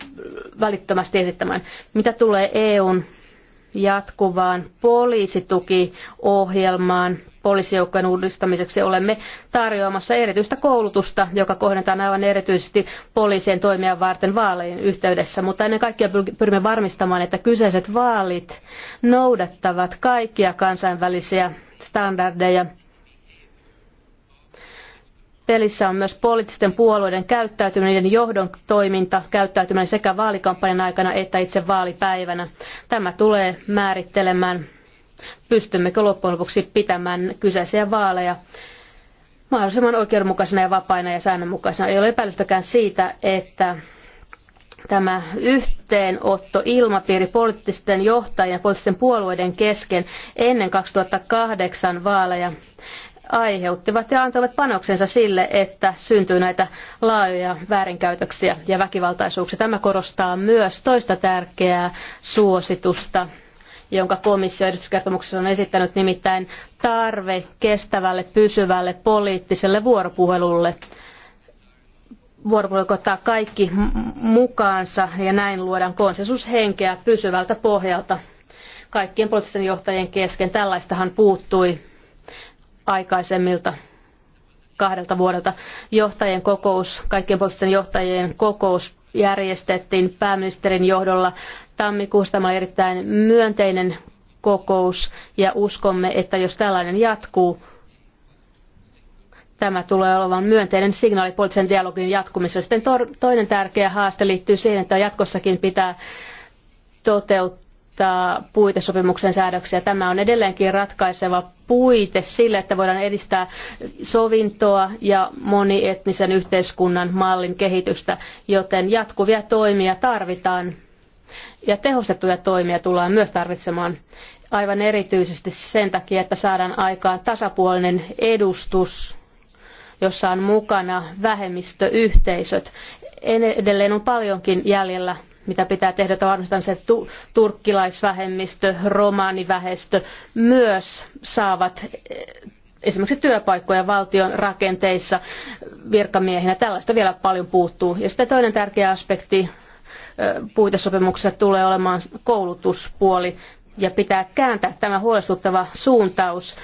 välittömästi esittämään. Mitä tulee EUn jatkuvaan poliisitukiohjelmaan, poliisijoukkojen uudistamiseksi olemme tarjoamassa erityistä koulutusta, joka kohdennetaan aivan erityisesti poliisien toimia varten vaalien yhteydessä. Mutta ennen kaikkea pyrimme varmistamaan, että kyseiset vaalit noudattavat kaikkia kansainvälisiä standardeja Pelissä on myös poliittisten puolueiden käyttäytyminen, niiden johdon toiminta, käyttäytyminen sekä vaalikampanjan aikana että itse vaalipäivänä. Tämä tulee määrittelemään pystymmekö loppujen lopuksi pitämään kyseisiä vaaleja mahdollisimman oikeudenmukaisena ja vapaina ja säännönmukaisena. Ei ole epäilystäkään siitä, että tämä yhteenotto ilmapiiri poliittisten johtajien ja poliittisten puolueiden kesken ennen 2008 vaaleja aiheuttivat ja antoivat panoksensa sille, että syntyy näitä laajoja väärinkäytöksiä ja väkivaltaisuuksia. Tämä korostaa myös toista tärkeää suositusta jonka komissio edistyskertomuksessa on esittänyt, nimittäin tarve kestävälle, pysyvälle, poliittiselle vuoropuhelulle. Vuoropuhelu ottaa kaikki mukaansa ja näin luodaan konsensushenkeä pysyvältä pohjalta kaikkien poliittisten johtajien kesken. Tällaistahan puuttui aikaisemmilta kahdelta vuodelta johtajien kokous, kaikkien poliittisten johtajien kokous järjestettiin pääministerin johdolla Tammikuussa tämä oli erittäin myönteinen kokous ja uskomme, että jos tällainen jatkuu, tämä tulee olemaan myönteinen signaali poliittisen dialogin jatkumiselle. Sitten toinen tärkeä haaste liittyy siihen, että jatkossakin pitää toteuttaa puitesopimuksen säädöksiä. Tämä on edelleenkin ratkaiseva puite sille, että voidaan edistää sovintoa ja monietnisen yhteiskunnan mallin kehitystä, joten jatkuvia toimia tarvitaan ja tehostettuja toimia tullaan myös tarvitsemaan aivan erityisesti sen takia, että saadaan aikaan tasapuolinen edustus, jossa on mukana vähemmistöyhteisöt. Edelleen on paljonkin jäljellä mitä pitää tehdä, että varmistetaan se, että turkkilaisvähemmistö, romaanivähestö myös saavat eh, esimerkiksi työpaikkoja valtion rakenteissa virkamiehinä. Tällaista vielä paljon puuttuu. Ja sitten toinen tärkeä aspekti puitesopimuksessa tulee olemaan koulutuspuoli ja pitää kääntää tämä huolestuttava suuntaus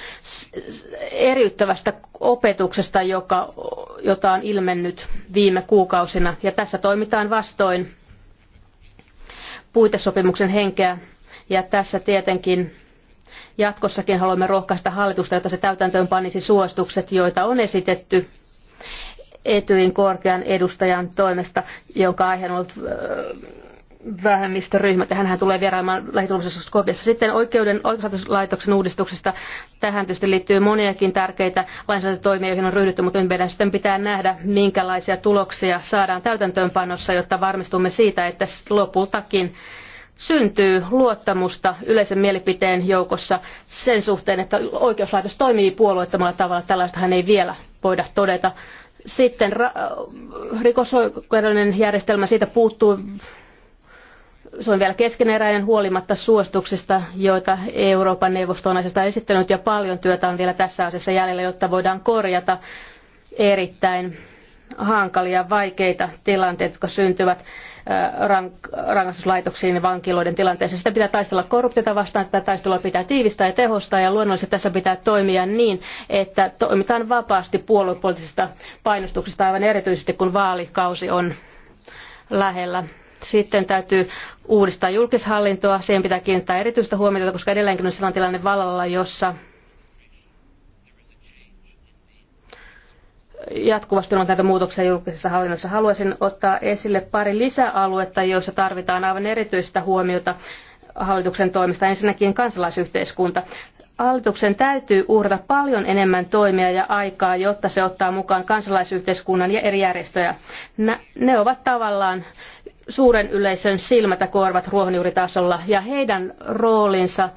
eriyttävästä opetuksesta, joka, jota on ilmennyt viime kuukausina. Ja tässä toimitaan vastoin puitesopimuksen henkeä. Ja tässä tietenkin jatkossakin haluamme rohkaista hallitusta, jotta se täytäntöön panisi suositukset, joita on esitetty Etyin korkean edustajan toimesta, jonka aihe on ollut vähemmistöryhmät, ja hän tulee vierailemaan lähitulomisessa Skopiassa. Sitten oikeuden oikeuslaitoksen uudistuksesta. Tähän tietysti liittyy moniakin tärkeitä lainsäädäntötoimia, joihin on ryhdytty, mutta nyt meidän sitten pitää nähdä, minkälaisia tuloksia saadaan täytäntöönpanossa, jotta varmistumme siitä, että lopultakin syntyy luottamusta yleisen mielipiteen joukossa sen suhteen, että oikeuslaitos toimii puolueettomalla tavalla. Tällaistahan ei vielä voida todeta. Sitten rikosoikeudellinen järjestelmä, siitä puuttuu, se on vielä keskeneräinen huolimatta suosituksista, joita Euroopan neuvosto on asiasta esittänyt, ja paljon työtä on vielä tässä asiassa jäljellä, jotta voidaan korjata erittäin hankalia, vaikeita tilanteita, jotka syntyvät rangaistuslaitoksiin ja vankiloiden tilanteeseen. Sitä pitää taistella korruptiota vastaan, tätä taistelua pitää tiivistää ja tehostaa ja luonnollisesti tässä pitää toimia niin, että toimitaan vapaasti puoluepoliittisista painostuksista aivan erityisesti kun vaalikausi on lähellä. Sitten täytyy uudistaa julkishallintoa, siihen pitää kiinnittää erityistä huomiota, koska edelleenkin on sellainen tilanne vallalla, jossa jatkuvasti on näitä muutoksia julkisessa hallinnossa. Haluaisin ottaa esille pari lisäaluetta, joissa tarvitaan aivan erityistä huomiota hallituksen toimesta. Ensinnäkin kansalaisyhteiskunta. Hallituksen täytyy uhrata paljon enemmän toimia ja aikaa, jotta se ottaa mukaan kansalaisyhteiskunnan ja eri järjestöjä. Ne ovat tavallaan suuren yleisön silmätä korvat ruohonjuuritasolla ja heidän roolinsa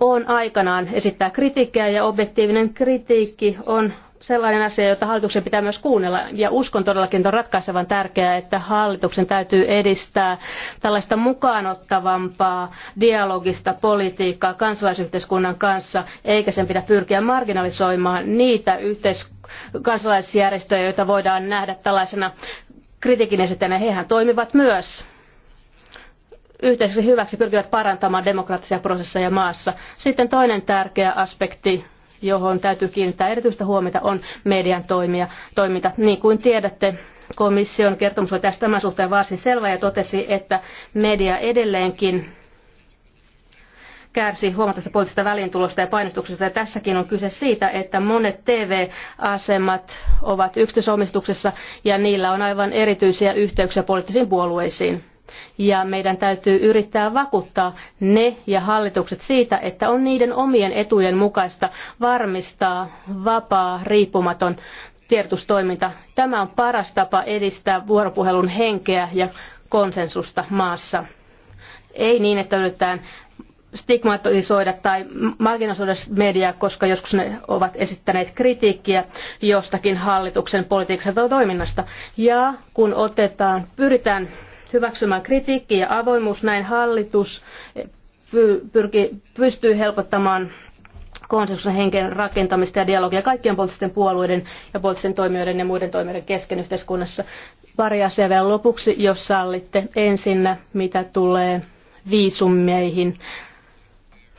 on aikanaan esittää kritiikkiä ja objektiivinen kritiikki on sellainen asia, jota hallituksen pitää myös kuunnella. Ja uskon todellakin, että on ratkaisevan tärkeää, että hallituksen täytyy edistää tällaista mukaanottavampaa dialogista politiikkaa kansalaisyhteiskunnan kanssa, eikä sen pidä pyrkiä marginalisoimaan niitä yhteis- kansalaisjärjestöjä, joita voidaan nähdä tällaisena kritiikin esittäjänä. Hehän toimivat myös yhteiseksi hyväksi pyrkivät parantamaan demokraattisia prosesseja maassa. Sitten toinen tärkeä aspekti johon täytyy kiinnittää erityistä huomiota, on median toimia, toiminta. Niin kuin tiedätte, komission kertomus oli tästä tämän suhteen varsin selvä ja totesi, että media edelleenkin kärsii huomattavasta poliittisesta väliintulosta ja painostuksesta. Ja tässäkin on kyse siitä, että monet TV-asemat ovat yksityisomistuksessa ja niillä on aivan erityisiä yhteyksiä poliittisiin puolueisiin ja meidän täytyy yrittää vakuuttaa ne ja hallitukset siitä, että on niiden omien etujen mukaista varmistaa vapaa, riippumaton tiedotustoiminta. Tämä on paras tapa edistää vuoropuhelun henkeä ja konsensusta maassa. Ei niin, että yritetään stigmatisoida tai marginalisoida mediaa, koska joskus ne ovat esittäneet kritiikkiä jostakin hallituksen politiikasta tai toiminnasta. Ja kun otetaan, pyritään hyväksymään kritiikki ja avoimuus. Näin hallitus pyrki, pystyy helpottamaan konsensuksen henken rakentamista ja dialogia kaikkien poliittisten puolueiden ja poliittisten toimijoiden ja muiden toimijoiden kesken yhteiskunnassa. Pari asiaa vielä lopuksi, jos sallitte. Ensinnä, mitä tulee viisumeihin.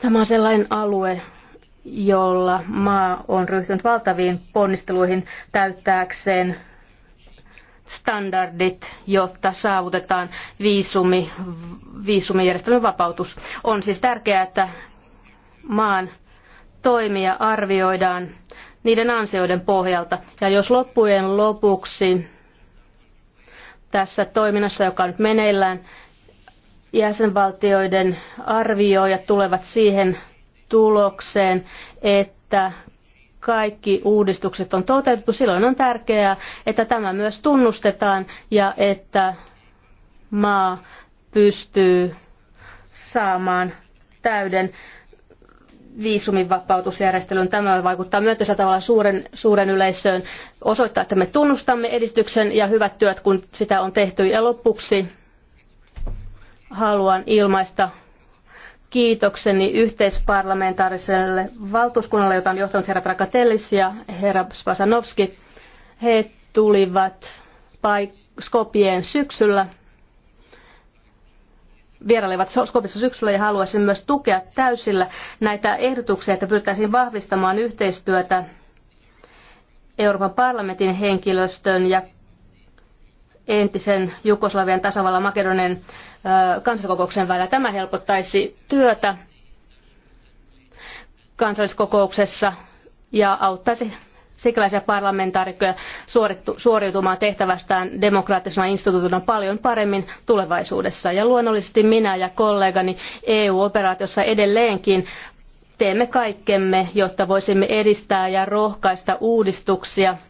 Tämä on sellainen alue, jolla maa on ryhtynyt valtaviin ponnisteluihin täyttääkseen standardit, jotta saavutetaan viisumi, viisumijärjestelmän vapautus. On siis tärkeää, että maan toimia arvioidaan niiden ansioiden pohjalta. Ja jos loppujen lopuksi tässä toiminnassa, joka nyt meneillään, jäsenvaltioiden arvioijat tulevat siihen tulokseen, että kaikki uudistukset on toteutettu, silloin on tärkeää, että tämä myös tunnustetaan ja että maa pystyy saamaan täyden viisumivapautusjärjestelyn. Tämä vaikuttaa myönteisellä tavalla suuren, suuren yleisöön, osoittaa, että me tunnustamme edistyksen ja hyvät työt, kun sitä on tehty. Ja lopuksi haluan ilmaista kiitokseni yhteisparlamentaariselle valtuuskunnalle, jota on johtanut herra Trakatellis ja herra Spasanovski. He tulivat Skopjeen Skopien syksyllä vierailivat Skopissa syksyllä ja haluaisin myös tukea täysillä näitä ehdotuksia, että pyrittäisiin vahvistamaan yhteistyötä Euroopan parlamentin henkilöstön ja entisen Jugoslavian tasavallan Makedonian kansalliskokouksen välillä. Tämä helpottaisi työtä kansalliskokouksessa ja auttaisi sikäläisiä parlamentaarikkoja suoriutumaan tehtävästään demokraattisena instituutiona paljon paremmin tulevaisuudessa. Ja luonnollisesti minä ja kollegani EU-operaatiossa edelleenkin teemme kaikkemme, jotta voisimme edistää ja rohkaista uudistuksia –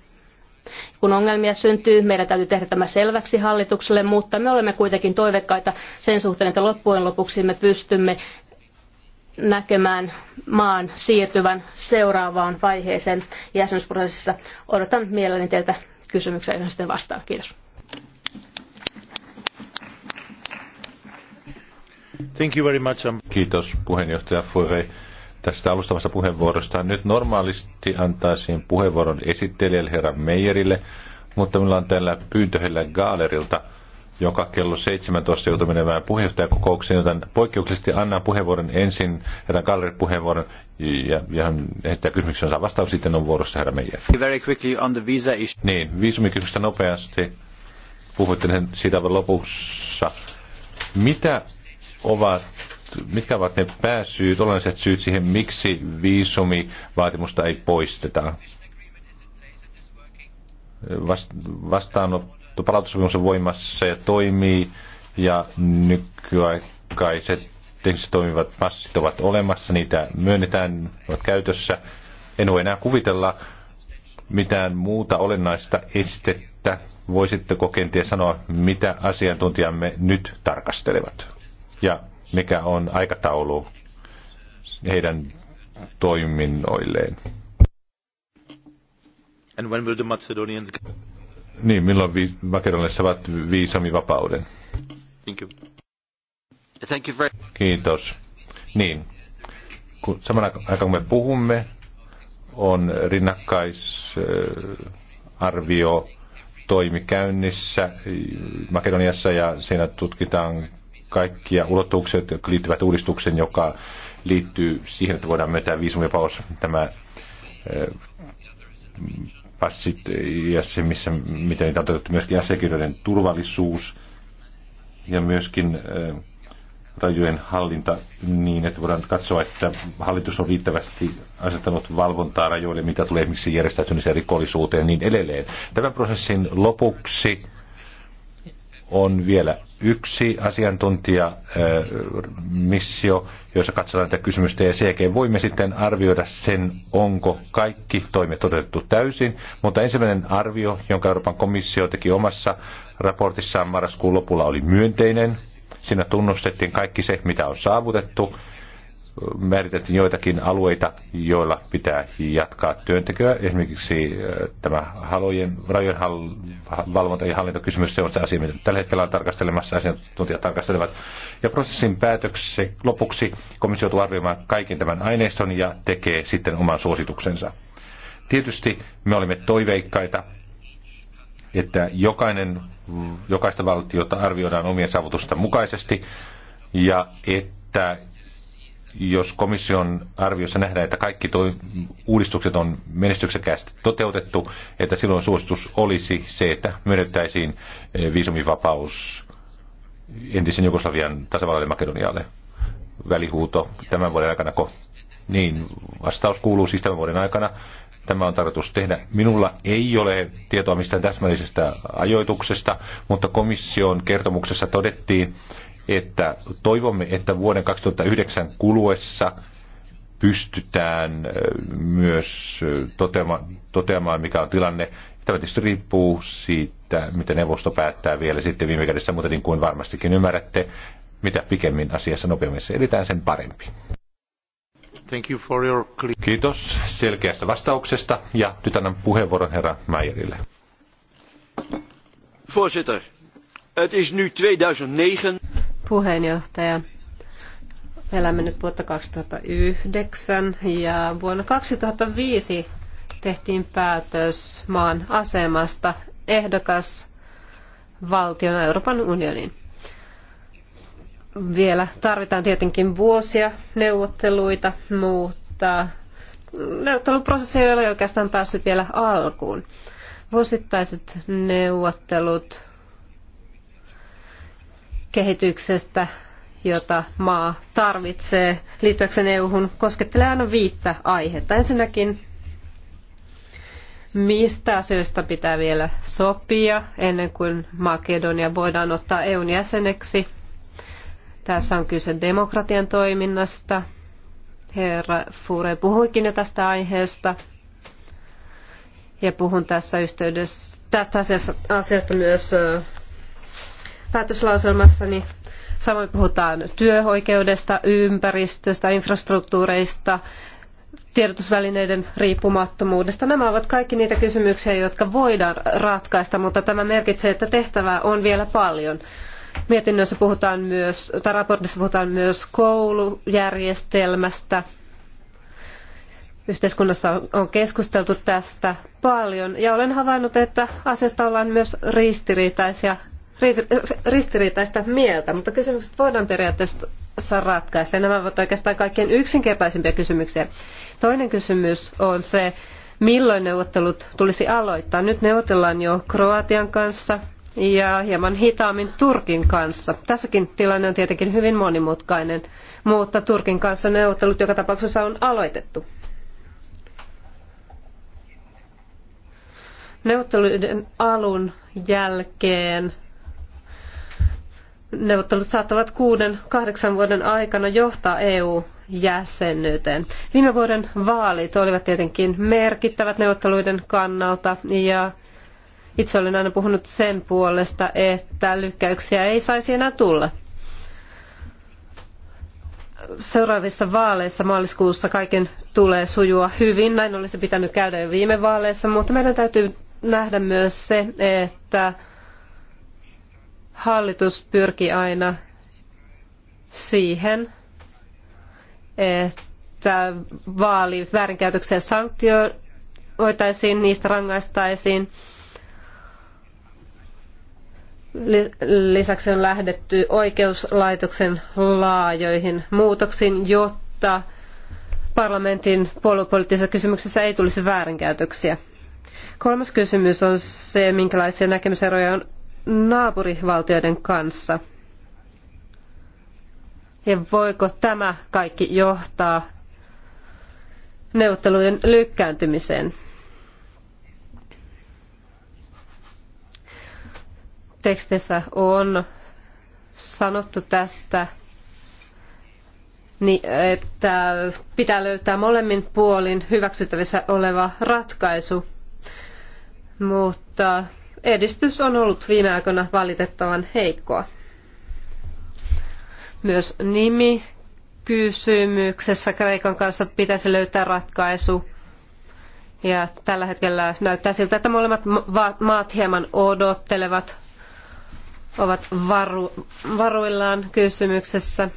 kun ongelmia syntyy, meidän täytyy tehdä tämä selväksi hallitukselle, mutta me olemme kuitenkin toivekkaita sen suhteen, että loppujen lopuksi me pystymme näkemään maan siirtyvän seuraavaan vaiheeseen jäsenyysprosessissa. Odotan mielelläni teiltä kysymyksiä ja sitten vastaan. Kiitos. Thank you very much. Kiitos puheenjohtaja Fure tästä alustavasta puheenvuorosta. Nyt normaalisti antaisin puheenvuoron esittelijälle herra Meijerille, mutta minulla on täällä pyyntö Helle Gaalerilta, joka kello 17 joutuu menemään puheenjohtajakokoukseen, joten poikkeuksellisesti annan puheenvuoron ensin, herra Gaalerin puheenvuoron, ja, ja hän heittää kysymyksen saa vastaus, sitten on vuorossa herra Meijer. Very quickly on the visa issue. Niin, viisumikysymystä nopeasti. Puhuitte siitä lopussa. Mitä ovat mitkä ovat ne pääsyyt, olennaiset syyt siihen, miksi viisumivaatimusta ei poisteta? Vastaanotto palautussopimus on voimassa ja toimii, ja nykyaikaiset teknisesti toimivat passit ovat olemassa, niitä myönnetään, ovat käytössä. En voi enää kuvitella mitään muuta olennaista estettä. Voisitteko kenties sanoa, mitä asiantuntijamme nyt tarkastelevat? Ja mikä on aikataulu heidän toiminnoilleen. And when will the Macedonians... Niin, milloin vi- makedonialaiset saavat viisamivapauden? Thank you. Thank you very... Kiitos. Niin. Kun, samana aikaan kun me puhumme, on rinnakkaisarvio toimi käynnissä Makedoniassa ja siinä tutkitaan kaikkia ulottuvuuksia, jotka liittyvät uudistuksen, joka liittyy siihen, että voidaan myöntää viisumivapaus tämä eh, passit ja se, missä, miten niitä on toteutettu, myöskin asiakirjojen turvallisuus ja myöskin eh, rajojen hallinta niin, että voidaan katsoa, että hallitus on riittävästi asettanut valvontaa rajoille, mitä tulee esimerkiksi järjestäytymiseen rikollisuuteen ja niin edelleen. Tämän prosessin lopuksi on vielä yksi asiantuntija missio, jossa katsotaan tätä kysymystä, ja CG. voimme sitten arvioida sen, onko kaikki toimet toteutettu täysin. Mutta ensimmäinen arvio, jonka Euroopan komissio teki omassa raportissaan marraskuun lopulla, oli myönteinen. Siinä tunnustettiin kaikki se, mitä on saavutettu, määritelty joitakin alueita, joilla pitää jatkaa työntekoa. Esimerkiksi äh, tämä halojen, rajojen hal, valvonta ja hallintokysymys, se on se asia, mitä tällä hetkellä on tarkastelemassa, asiantuntijat tarkastelevat. Ja prosessin päätöksen lopuksi komissio joutuu arvioimaan kaiken tämän aineiston ja tekee sitten oman suosituksensa. Tietysti me olimme toiveikkaita, että jokainen, jokaista valtiota arvioidaan omien saavutusten mukaisesti ja että jos komission arviossa nähdään, että kaikki toi uudistukset on menestyksekkäästi toteutettu, että silloin suositus olisi se, että myönnettäisiin eh, viisumivapaus entisen Jugoslavian tasavallalle Makedonialle. Välihuuto tämän vuoden aikana. Ko? Niin, vastaus kuuluu siis tämän vuoden aikana. Tämä on tarkoitus tehdä. Minulla ei ole tietoa mistään täsmällisestä ajoituksesta, mutta komission kertomuksessa todettiin, että toivomme, että vuoden 2009 kuluessa pystytään myös toteamaan, toteamaan mikä on tilanne. Tämä tietysti riippuu siitä, mitä neuvosto päättää vielä sitten viime kädessä, mutta niin kuin varmastikin ymmärrätte, mitä pikemmin asiassa nopeammin se edetään, sen parempi. Thank you for your... Kiitos selkeästä vastauksesta ja nyt annan puheenvuoron herra Meijerille. Voorzitter, het is nu 2009 puheenjohtaja. Elämme nyt vuotta 2009 ja vuonna 2005 tehtiin päätös maan asemasta ehdokas valtiona Euroopan unioniin. Vielä tarvitaan tietenkin vuosia neuvotteluita, mutta neuvotteluprosessi ei ole oikeastaan päässyt vielä alkuun. Vuosittaiset neuvottelut kehityksestä, jota maa tarvitsee liittyäkseen EU-hun, koskettelee aina viittä aihetta. Ensinnäkin, mistä asioista pitää vielä sopia ennen kuin Makedonia voidaan ottaa EUn jäseneksi. Tässä on kyse demokratian toiminnasta. Herra Fure puhuikin jo tästä aiheesta. Ja puhun tässä yhteydessä, tästä asiasta, asiasta myös päätöslauselmassani. Samoin puhutaan työoikeudesta, ympäristöstä, infrastruktuureista, tiedotusvälineiden riippumattomuudesta. Nämä ovat kaikki niitä kysymyksiä, jotka voidaan ratkaista, mutta tämä merkitsee, että tehtävää on vielä paljon. Mietinnössä puhutaan myös, tai raportissa puhutaan myös koulujärjestelmästä. Yhteiskunnassa on keskusteltu tästä paljon ja olen havainnut, että asiasta ollaan myös ristiriitaisia Eh, ristiriitaista mieltä, mutta kysymykset voidaan periaatteessa ratkaista. Nämä ovat oikeastaan kaikkein yksinkertaisimpia kysymyksiä. Toinen kysymys on se, milloin neuvottelut tulisi aloittaa. Nyt neuvotellaan jo Kroatian kanssa ja hieman hitaammin Turkin kanssa. Tässäkin tilanne on tietenkin hyvin monimutkainen, mutta Turkin kanssa neuvottelut joka tapauksessa on aloitettu. Neuvotteluiden alun jälkeen Neuvottelut saattavat kuuden, kahdeksan vuoden aikana johtaa EU-jäsenyyteen. Viime vuoden vaalit olivat tietenkin merkittävät neuvotteluiden kannalta ja itse olen aina puhunut sen puolesta, että lykkäyksiä ei saisi enää tulla. Seuraavissa vaaleissa maaliskuussa kaiken tulee sujua hyvin. Näin olisi pitänyt käydä jo viime vaaleissa, mutta meidän täytyy nähdä myös se, että hallitus pyrki aina siihen, että vaali väärinkäytöksiä sanktioitaisiin, niistä rangaistaisiin. Lisäksi on lähdetty oikeuslaitoksen laajoihin muutoksiin, jotta parlamentin puoluepoliittisissa kysymyksissä ei tulisi väärinkäytöksiä. Kolmas kysymys on se, minkälaisia näkemyseroja on naapurivaltioiden kanssa. Ja voiko tämä kaikki johtaa neuvotteluiden lykkääntymiseen? Tekstissä on sanottu tästä, niin, että pitää löytää molemmin puolin hyväksyttävissä oleva ratkaisu, mutta edistys on ollut viime aikoina valitettavan heikkoa. Myös nimi kysymyksessä Kreikan kanssa pitäisi löytää ratkaisu. Ja tällä hetkellä näyttää siltä, että molemmat maat hieman odottelevat, ovat varu, varuillaan kysymyksessä.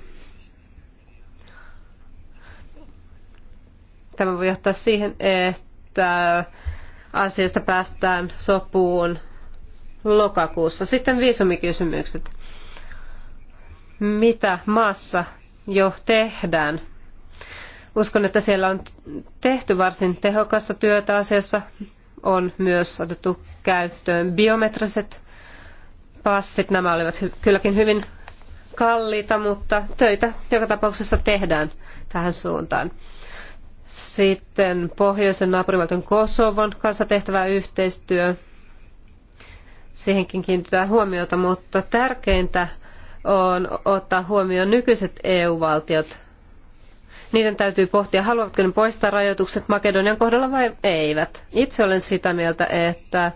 Tämä voi johtaa siihen, että asiasta päästään sopuun lokakuussa. Sitten viisumikysymykset. Mitä maassa jo tehdään? Uskon, että siellä on tehty varsin tehokasta työtä asiassa. On myös otettu käyttöön biometriset passit. Nämä olivat kylläkin hyvin kalliita, mutta töitä joka tapauksessa tehdään tähän suuntaan. Sitten pohjoisen naapurivaltion Kosovon kanssa tehtävä yhteistyö Siihenkin kiinnitetään huomiota, mutta tärkeintä on ottaa huomioon nykyiset EU-valtiot. Niiden täytyy pohtia, haluavatko ne poistaa rajoitukset Makedonian kohdalla vai eivät. Itse olen sitä mieltä, että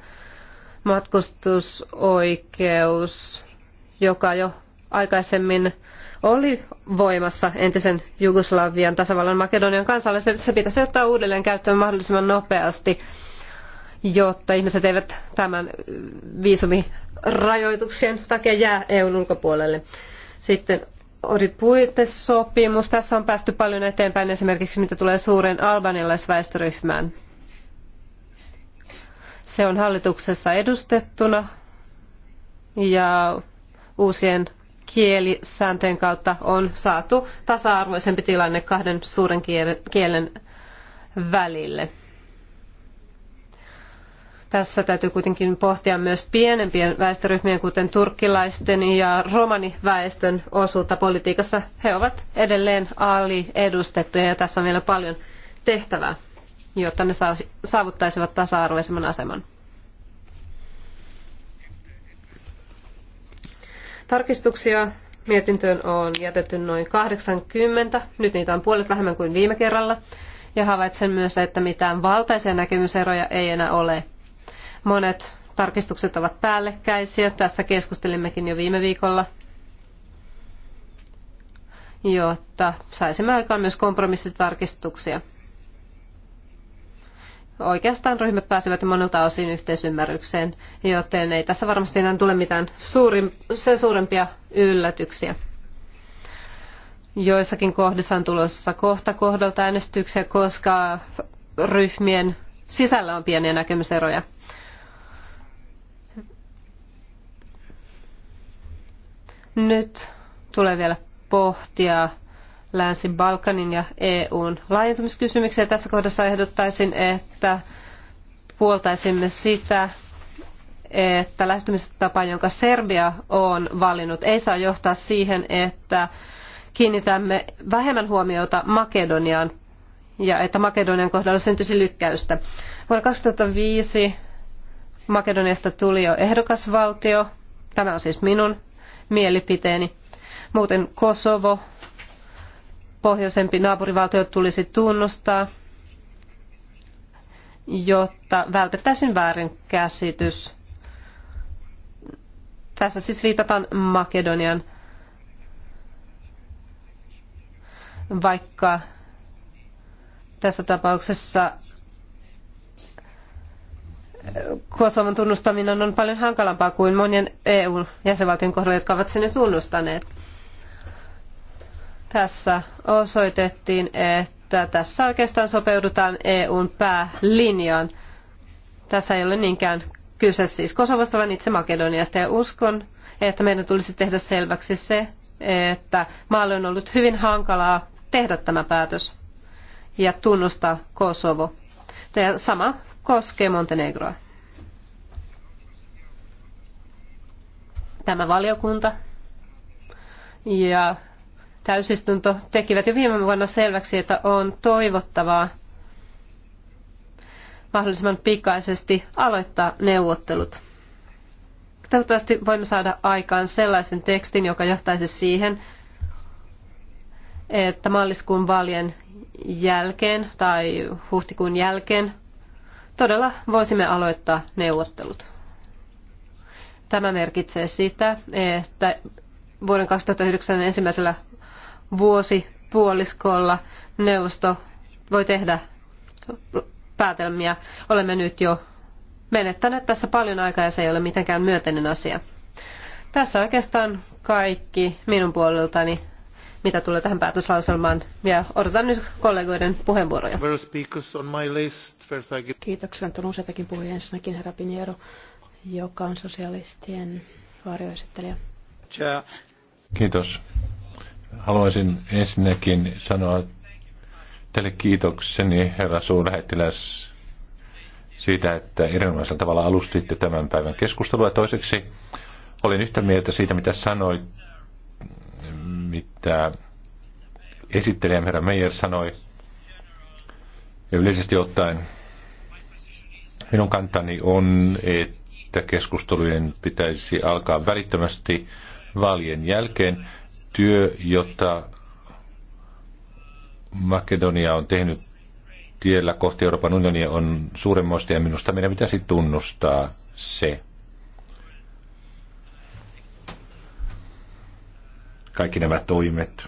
matkustusoikeus, joka jo aikaisemmin oli voimassa entisen Jugoslavian tasavallan Makedonian kansalaisille, se pitäisi ottaa uudelleen käyttöön mahdollisimman nopeasti jotta ihmiset eivät tämän viisumirajoituksien takia jää EUn ulkopuolelle. Sitten oli puitesopimus. Tässä on päästy paljon eteenpäin esimerkiksi mitä tulee suureen albanialaisväestöryhmään. Se on hallituksessa edustettuna ja uusien kielisääntöjen kautta on saatu tasa-arvoisempi tilanne kahden suuren kielen välille. Tässä täytyy kuitenkin pohtia myös pienempien väestöryhmien, kuten turkkilaisten ja romaniväestön osuutta politiikassa. He ovat edelleen aliedustettuja ja tässä on vielä paljon tehtävää, jotta ne saavuttaisivat tasa-arvoisemman aseman. Tarkistuksia mietintöön on jätetty noin 80. Nyt niitä on puolet vähemmän kuin viime kerralla. Ja havaitsen myös, että mitään valtaisia näkemyseroja ei enää ole. Monet tarkistukset ovat päällekkäisiä. Tästä keskustelimmekin jo viime viikolla, jotta saisimme aikaan myös kompromissitarkistuksia. Oikeastaan ryhmät pääsivät monelta osin yhteisymmärrykseen, joten ei tässä varmasti enää tule mitään suurin, sen suurempia yllätyksiä. Joissakin kohdissa on tulossa kohta kohdalta äänestyksiä, koska ryhmien sisällä on pieniä näkemyseroja. Nyt tulee vielä pohtia Länsi-Balkanin ja EUn laajentumiskysymyksiä. Tässä kohdassa ehdottaisin, että puoltaisimme sitä, että lähestymistapa, jonka Serbia on valinnut, ei saa johtaa siihen, että kiinnitämme vähemmän huomiota Makedoniaan ja että Makedonian kohdalla syntyisi lykkäystä. Vuonna 2005 Makedoniasta tuli jo ehdokasvaltio. Tämä on siis minun mielipiteeni. Muuten Kosovo, pohjoisempi naapurivaltio tulisi tunnustaa, jotta vältettäisiin väärinkäsitys. Tässä siis viitataan Makedonian, vaikka tässä tapauksessa Kosovon tunnustaminen on paljon hankalampaa kuin monien EU-jäsenvaltion kohdalla, jotka ovat sen jo tunnustaneet. Tässä osoitettiin, että tässä oikeastaan sopeudutaan EUn päälinjaan. Tässä ei ole niinkään kyse siis Kosovosta, vaan itse Makedoniasta. Ja uskon, että meidän tulisi tehdä selväksi se, että maalle on ollut hyvin hankalaa tehdä tämä päätös ja tunnustaa Kosovo. Ja sama koskee Montenegroa. Tämä valiokunta ja täysistunto tekivät jo viime vuonna selväksi, että on toivottavaa mahdollisimman pikaisesti aloittaa neuvottelut. Toivottavasti voimme saada aikaan sellaisen tekstin, joka johtaisi siihen, että maaliskuun valien jälkeen tai huhtikuun jälkeen todella voisimme aloittaa neuvottelut. Tämä merkitsee sitä, että vuoden 2009 ensimmäisellä vuosipuoliskolla neuvosto voi tehdä päätelmiä. Olemme nyt jo menettäneet tässä paljon aikaa ja se ei ole mitenkään myönteinen asia. Tässä oikeastaan kaikki minun puoleltani mitä tulee tähän päätöslauselmaan. Ja odotan nyt kollegoiden puheenvuoroja. Kiitoksia. Nyt on useitakin puhujia. Ensinnäkin herra Piniero, joka on sosialistien varjoesittelijä. Kiitos. Haluaisin ensinnäkin sanoa teille kiitokseni, herra suurlähettiläs, siitä, että erinomaisella tavalla alustitte tämän päivän keskustelua. Toiseksi olin yhtä mieltä siitä, mitä sanoit mitä esittelijä herra Meijer sanoi. Ja yleisesti ottaen minun kantani on, että keskustelujen pitäisi alkaa välittömästi vaalien jälkeen. Työ, jota Makedonia on tehnyt tiellä kohti Euroopan unionia, on suuremmoista ja minusta meidän pitäisi tunnustaa se. kaikki nämä toimet,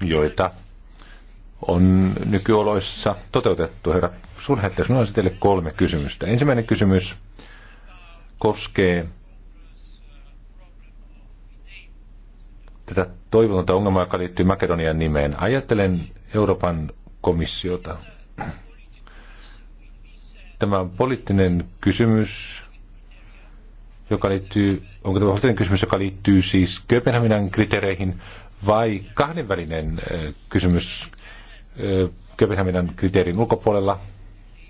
joita on nykyoloissa toteutettu. Herra Surhettas, minulla on teille kolme kysymystä. Ensimmäinen kysymys koskee tätä toivotonta ongelmaa, joka liittyy Makedonian nimeen. Ajattelen Euroopan komissiota. Tämä on poliittinen kysymys, joka liittyy, onko tämä hotellin kysymys, joka liittyy siis Kööpenhaminan kriteereihin vai kahdenvälinen kysymys Kööpenhaminan kriteerin ulkopuolella?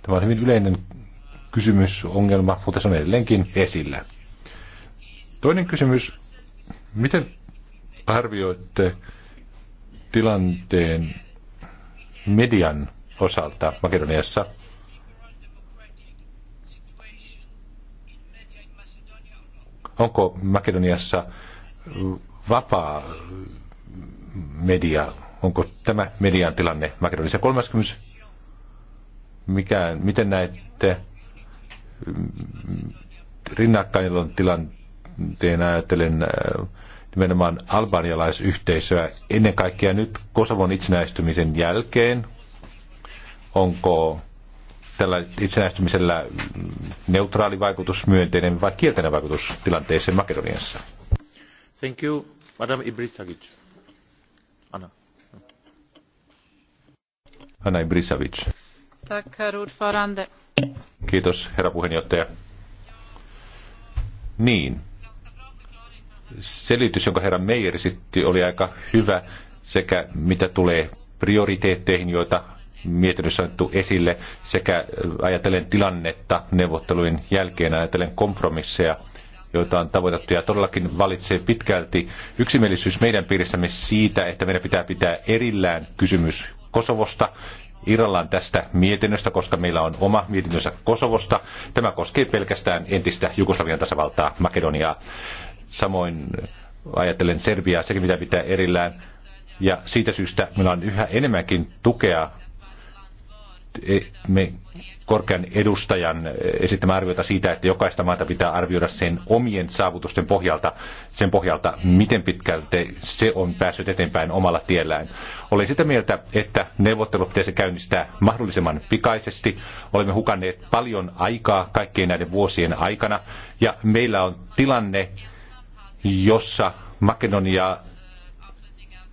Tämä on hyvin yleinen kysymys, ongelma, mutta se on edelleenkin esillä. Toinen kysymys, miten arvioitte tilanteen median osalta Makedoniassa? Onko Makedoniassa vapaa media? Onko tämä median tilanne Makedoniassa? 30. Mikä, miten näette mm, rinnakkainilon tilanteen ajatellen äh, nimenomaan albanialaisyhteisöä ennen kaikkea nyt Kosovon itsenäistymisen jälkeen? Onko tällä itsenäistymisellä neutraali vaikutus, myönteinen vai kielteinen vaikutus tilanteeseen Makedoniassa? Thank you, Madam Ibrisavic. Anna. Anna Ibrisavic. Tack, herr Kiitos, herra puheenjohtaja. Niin. Selitys, jonka herra Meijer sitti, oli aika hyvä sekä mitä tulee prioriteetteihin, joita mietinnössä otettu esille sekä äh, ajatellen tilannetta neuvottelujen jälkeen, ajatellen kompromisseja, joita on tavoitettu. Ja todellakin valitsee pitkälti yksimielisyys meidän piirissämme siitä, että meidän pitää pitää erillään kysymys Kosovosta irrallaan tästä mietinnöstä, koska meillä on oma mietintönsä Kosovosta. Tämä koskee pelkästään entistä Jugoslavian tasavaltaa Makedoniaa. Samoin äh, ajattelen Serbiaa, sekin mitä pitää erillään. Ja siitä syystä meillä on yhä enemmänkin tukea E, me korkean edustajan e, esittämä arviota siitä, että jokaista maata pitää arvioida sen omien saavutusten pohjalta, sen pohjalta, miten pitkälti se on päässyt eteenpäin omalla tiellään. Olen sitä mieltä, että neuvottelut pitäisi käynnistää mahdollisimman pikaisesti. Olemme hukanneet paljon aikaa kaikkien näiden vuosien aikana, ja meillä on tilanne, jossa Makedonia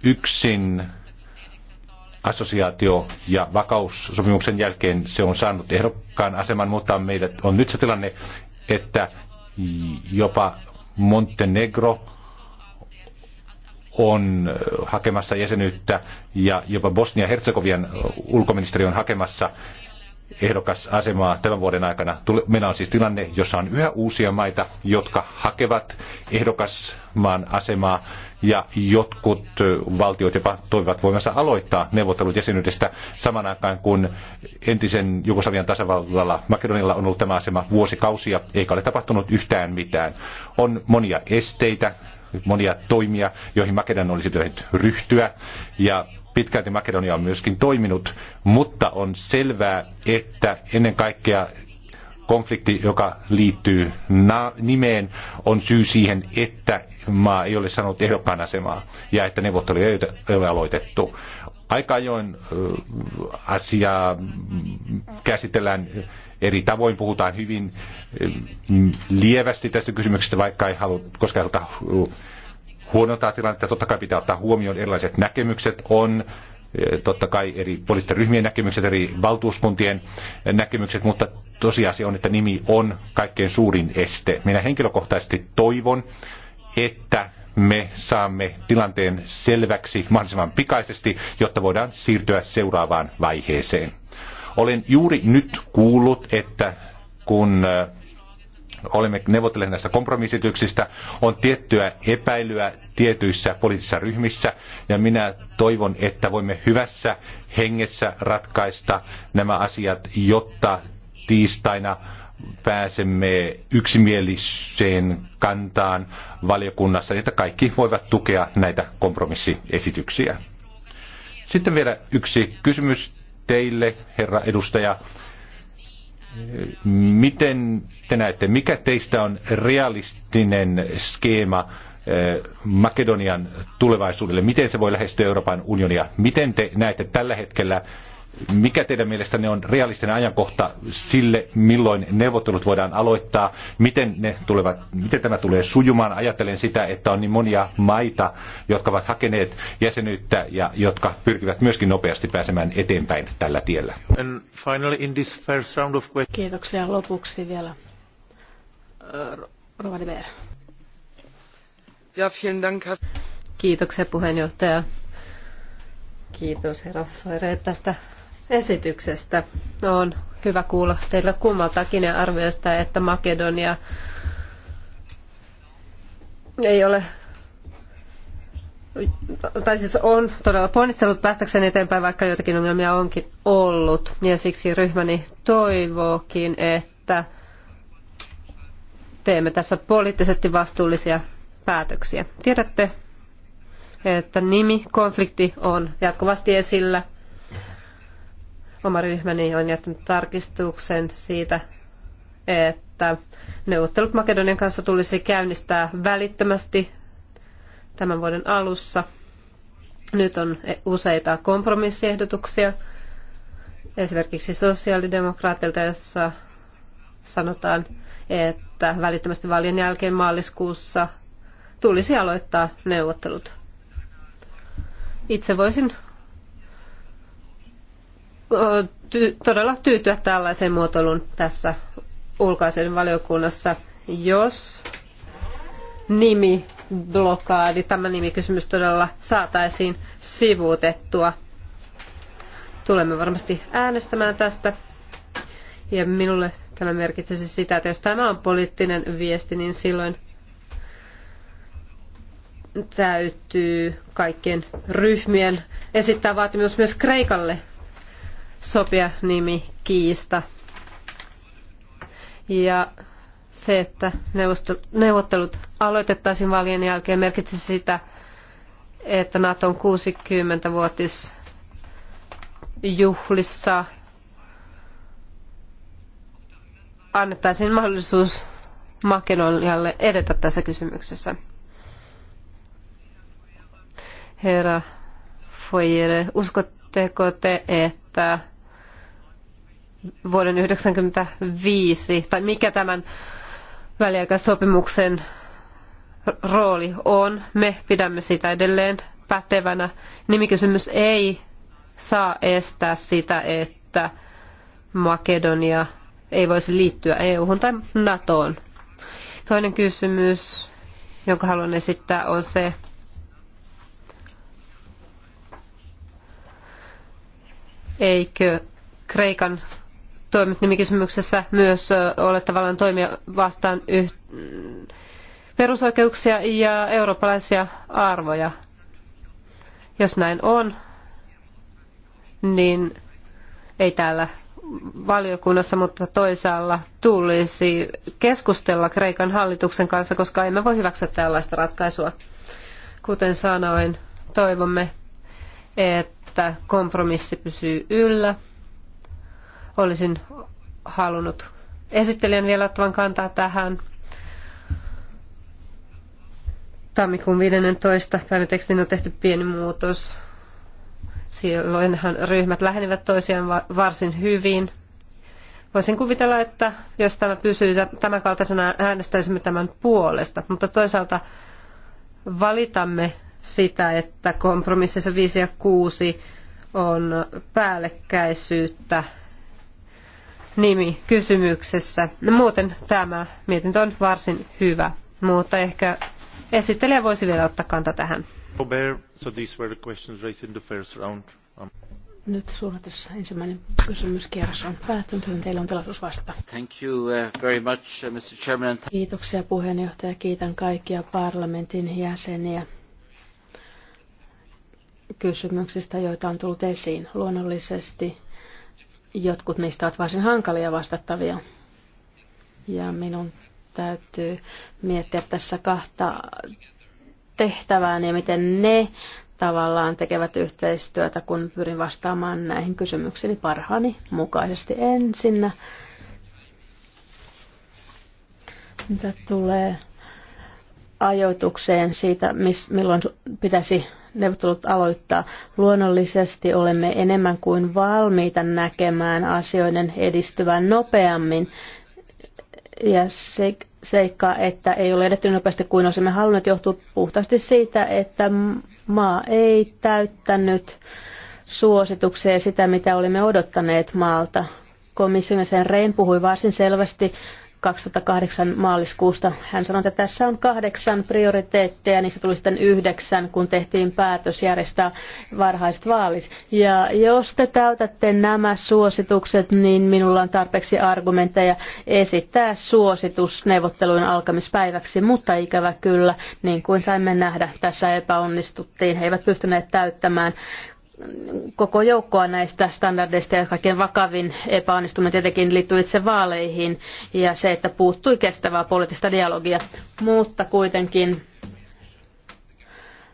yksin assosiaatio- ja vakaussopimuksen jälkeen se on saanut ehdokkaan aseman, mutta meillä on nyt se tilanne, että jopa Montenegro on hakemassa jäsenyyttä ja jopa Bosnia-Herzegovian ulkoministeri on hakemassa ehdokas asemaa tämän vuoden aikana. Meillä on siis tilanne, jossa on yhä uusia maita, jotka hakevat ehdokasmaan asemaa ja jotkut valtiot jopa toivat voimassa aloittaa neuvottelut jäsenyydestä saman aikaan, kun entisen Jugoslavian tasavallalla Makedonilla on ollut tämä asema vuosikausia, eikä ole tapahtunut yhtään mitään. On monia esteitä, monia toimia, joihin Makedonia olisi pitänyt ryhtyä, ja pitkälti Makedonia on myöskin toiminut, mutta on selvää, että ennen kaikkea konflikti, joka liittyy nimeen, on syy siihen, että maa ei ole saanut ehdokkaan asemaa ja että neuvotteluja ei ole aloitettu. Aika ajoin asiaa käsitellään eri tavoin, puhutaan hyvin lievästi tästä kysymyksestä, vaikka ei halua, koska haluta huonontaa tilannetta. Totta kai pitää ottaa huomioon erilaiset näkemykset. On totta kai eri poliittisten ryhmien näkemykset, eri valtuuskuntien näkemykset, mutta tosiasia on, että nimi on kaikkein suurin este. Minä henkilökohtaisesti toivon, että me saamme tilanteen selväksi mahdollisimman pikaisesti, jotta voidaan siirtyä seuraavaan vaiheeseen. Olen juuri nyt kuullut, että kun olemme neuvotelleet näistä kompromissityksistä, on tiettyä epäilyä tietyissä poliittisissa ryhmissä, ja minä toivon, että voimme hyvässä hengessä ratkaista nämä asiat, jotta tiistaina pääsemme yksimieliseen kantaan valiokunnassa, että kaikki voivat tukea näitä kompromissiesityksiä. Sitten vielä yksi kysymys teille, herra edustaja. Miten te näette, mikä teistä on realistinen skeema eh, Makedonian tulevaisuudelle? Miten se voi lähestyä Euroopan unionia? Miten te näette tällä hetkellä mikä teidän mielestänne on realistinen ajankohta sille, milloin neuvottelut voidaan aloittaa? Miten, ne tulevat, miten tämä tulee sujumaan? Ajattelen sitä, että on niin monia maita, jotka ovat hakeneet jäsenyyttä ja jotka pyrkivät myöskin nopeasti pääsemään eteenpäin tällä tiellä. Kiitoksia. Lopuksi vielä. Äh, ja, dank. Kiitoksia puheenjohtaja. Kiitos herra Soire tästä esityksestä. No, on hyvä kuulla teillä kummaltakin ja arvioista, että Makedonia ei ole tai siis on todella ponnistellut päästäkseen eteenpäin, vaikka joitakin ongelmia onkin ollut. Ja siksi ryhmäni toivookin, että teemme tässä poliittisesti vastuullisia päätöksiä. Tiedätte, että nimi konflikti on jatkuvasti esillä Oma ryhmäni on jättänyt tarkistuksen siitä, että neuvottelut Makedonian kanssa tulisi käynnistää välittömästi tämän vuoden alussa. Nyt on useita kompromissiehdotuksia, esimerkiksi sosiaalidemokraatilta, jossa sanotaan, että välittömästi vaalien jälkeen maaliskuussa tulisi aloittaa neuvottelut. Itse voisin todella tyytyä tällaiseen muotoilun tässä ulkoisen valiokunnassa, jos nimi blokaadi, tämä nimikysymys todella saataisiin sivuutettua. Tulemme varmasti äänestämään tästä. Ja minulle tämä merkitsisi sitä, että jos tämä on poliittinen viesti, niin silloin täytyy kaikkien ryhmien esittää vaatimus myös Kreikalle sopia nimi kiista. Ja se, että neuvottelut aloitettaisiin vaalien jälkeen, merkitsi sitä, että Naton 60-vuotis juhlissa annettaisiin mahdollisuus Makedonialle edetä tässä kysymyksessä. Herra Foyere, uskotteko te, että vuoden 1995, tai mikä tämän väliaikaissopimuksen rooli on. Me pidämme sitä edelleen pätevänä. Nimikysymys ei saa estää sitä, että Makedonia ei voisi liittyä EU-hun tai NATOon. Toinen kysymys, jonka haluan esittää, on se, eikö Kreikan toimet nimikysymyksessä myös ole tavallaan toimia vastaan yh- perusoikeuksia ja eurooppalaisia arvoja. Jos näin on, niin ei täällä valiokunnassa, mutta toisaalla tulisi keskustella Kreikan hallituksen kanssa, koska emme voi hyväksyä tällaista ratkaisua. Kuten sanoin, toivomme, että kompromissi pysyy yllä Olisin halunnut esittelijän vielä ottavan kantaa tähän. Tammikuun 15. päivätekstiin on tehty pieni muutos. Silloinhan ryhmät lähenivät toisiaan varsin hyvin. Voisin kuvitella, että jos tämä pysyy tämän kaltaisena, äänestäisimme tämän puolesta. Mutta toisaalta valitamme sitä, että kompromississa 5 ja 6 on päällekkäisyyttä nimi kysymyksessä. No, muuten tämä mietintö on varsin hyvä, mutta ehkä esittelijä voisi vielä ottaa kanta tähän. Um, Nyt suunnitelmassa ensimmäinen kysymyskierros on päättynyt, joten teillä on tilaisuus vastata. Thank you uh, very much, uh, Mr. Chairman. Kiitoksia puheenjohtaja. Kiitän kaikkia parlamentin jäseniä kysymyksistä, joita on tullut esiin. Luonnollisesti Jotkut niistä ovat varsin hankalia vastattavia. Ja minun täytyy miettiä tässä kahta tehtävää ja niin miten ne tavallaan tekevät yhteistyötä, kun pyrin vastaamaan näihin kysymyksiin parhaani mukaisesti ensinnä. Mitä tulee ajoitukseen siitä, milloin pitäisi neuvottelut aloittaa. Luonnollisesti olemme enemmän kuin valmiita näkemään asioiden edistyvän nopeammin. Ja se, seikka, että ei ole edetty niin nopeasti kuin olisimme halunneet, johtuu puhtaasti siitä, että maa ei täyttänyt suosituksia ja sitä, mitä olimme odottaneet maalta. Komission sen Rein puhui varsin selvästi 2008 maaliskuusta. Hän sanoi, että tässä on kahdeksan prioriteetteja, niistä tuli sitten yhdeksän, kun tehtiin päätös järjestää varhaiset vaalit. Ja jos te täytätte nämä suositukset, niin minulla on tarpeeksi argumentteja esittää suositus neuvottelujen alkamispäiväksi, mutta ikävä kyllä, niin kuin saimme nähdä, tässä epäonnistuttiin. He eivät pystyneet täyttämään koko joukkoa näistä standardeista ja kaikkein vakavin epäonnistuminen tietenkin liittyy itse vaaleihin ja se, että puuttui kestävää poliittista dialogia. Mutta kuitenkin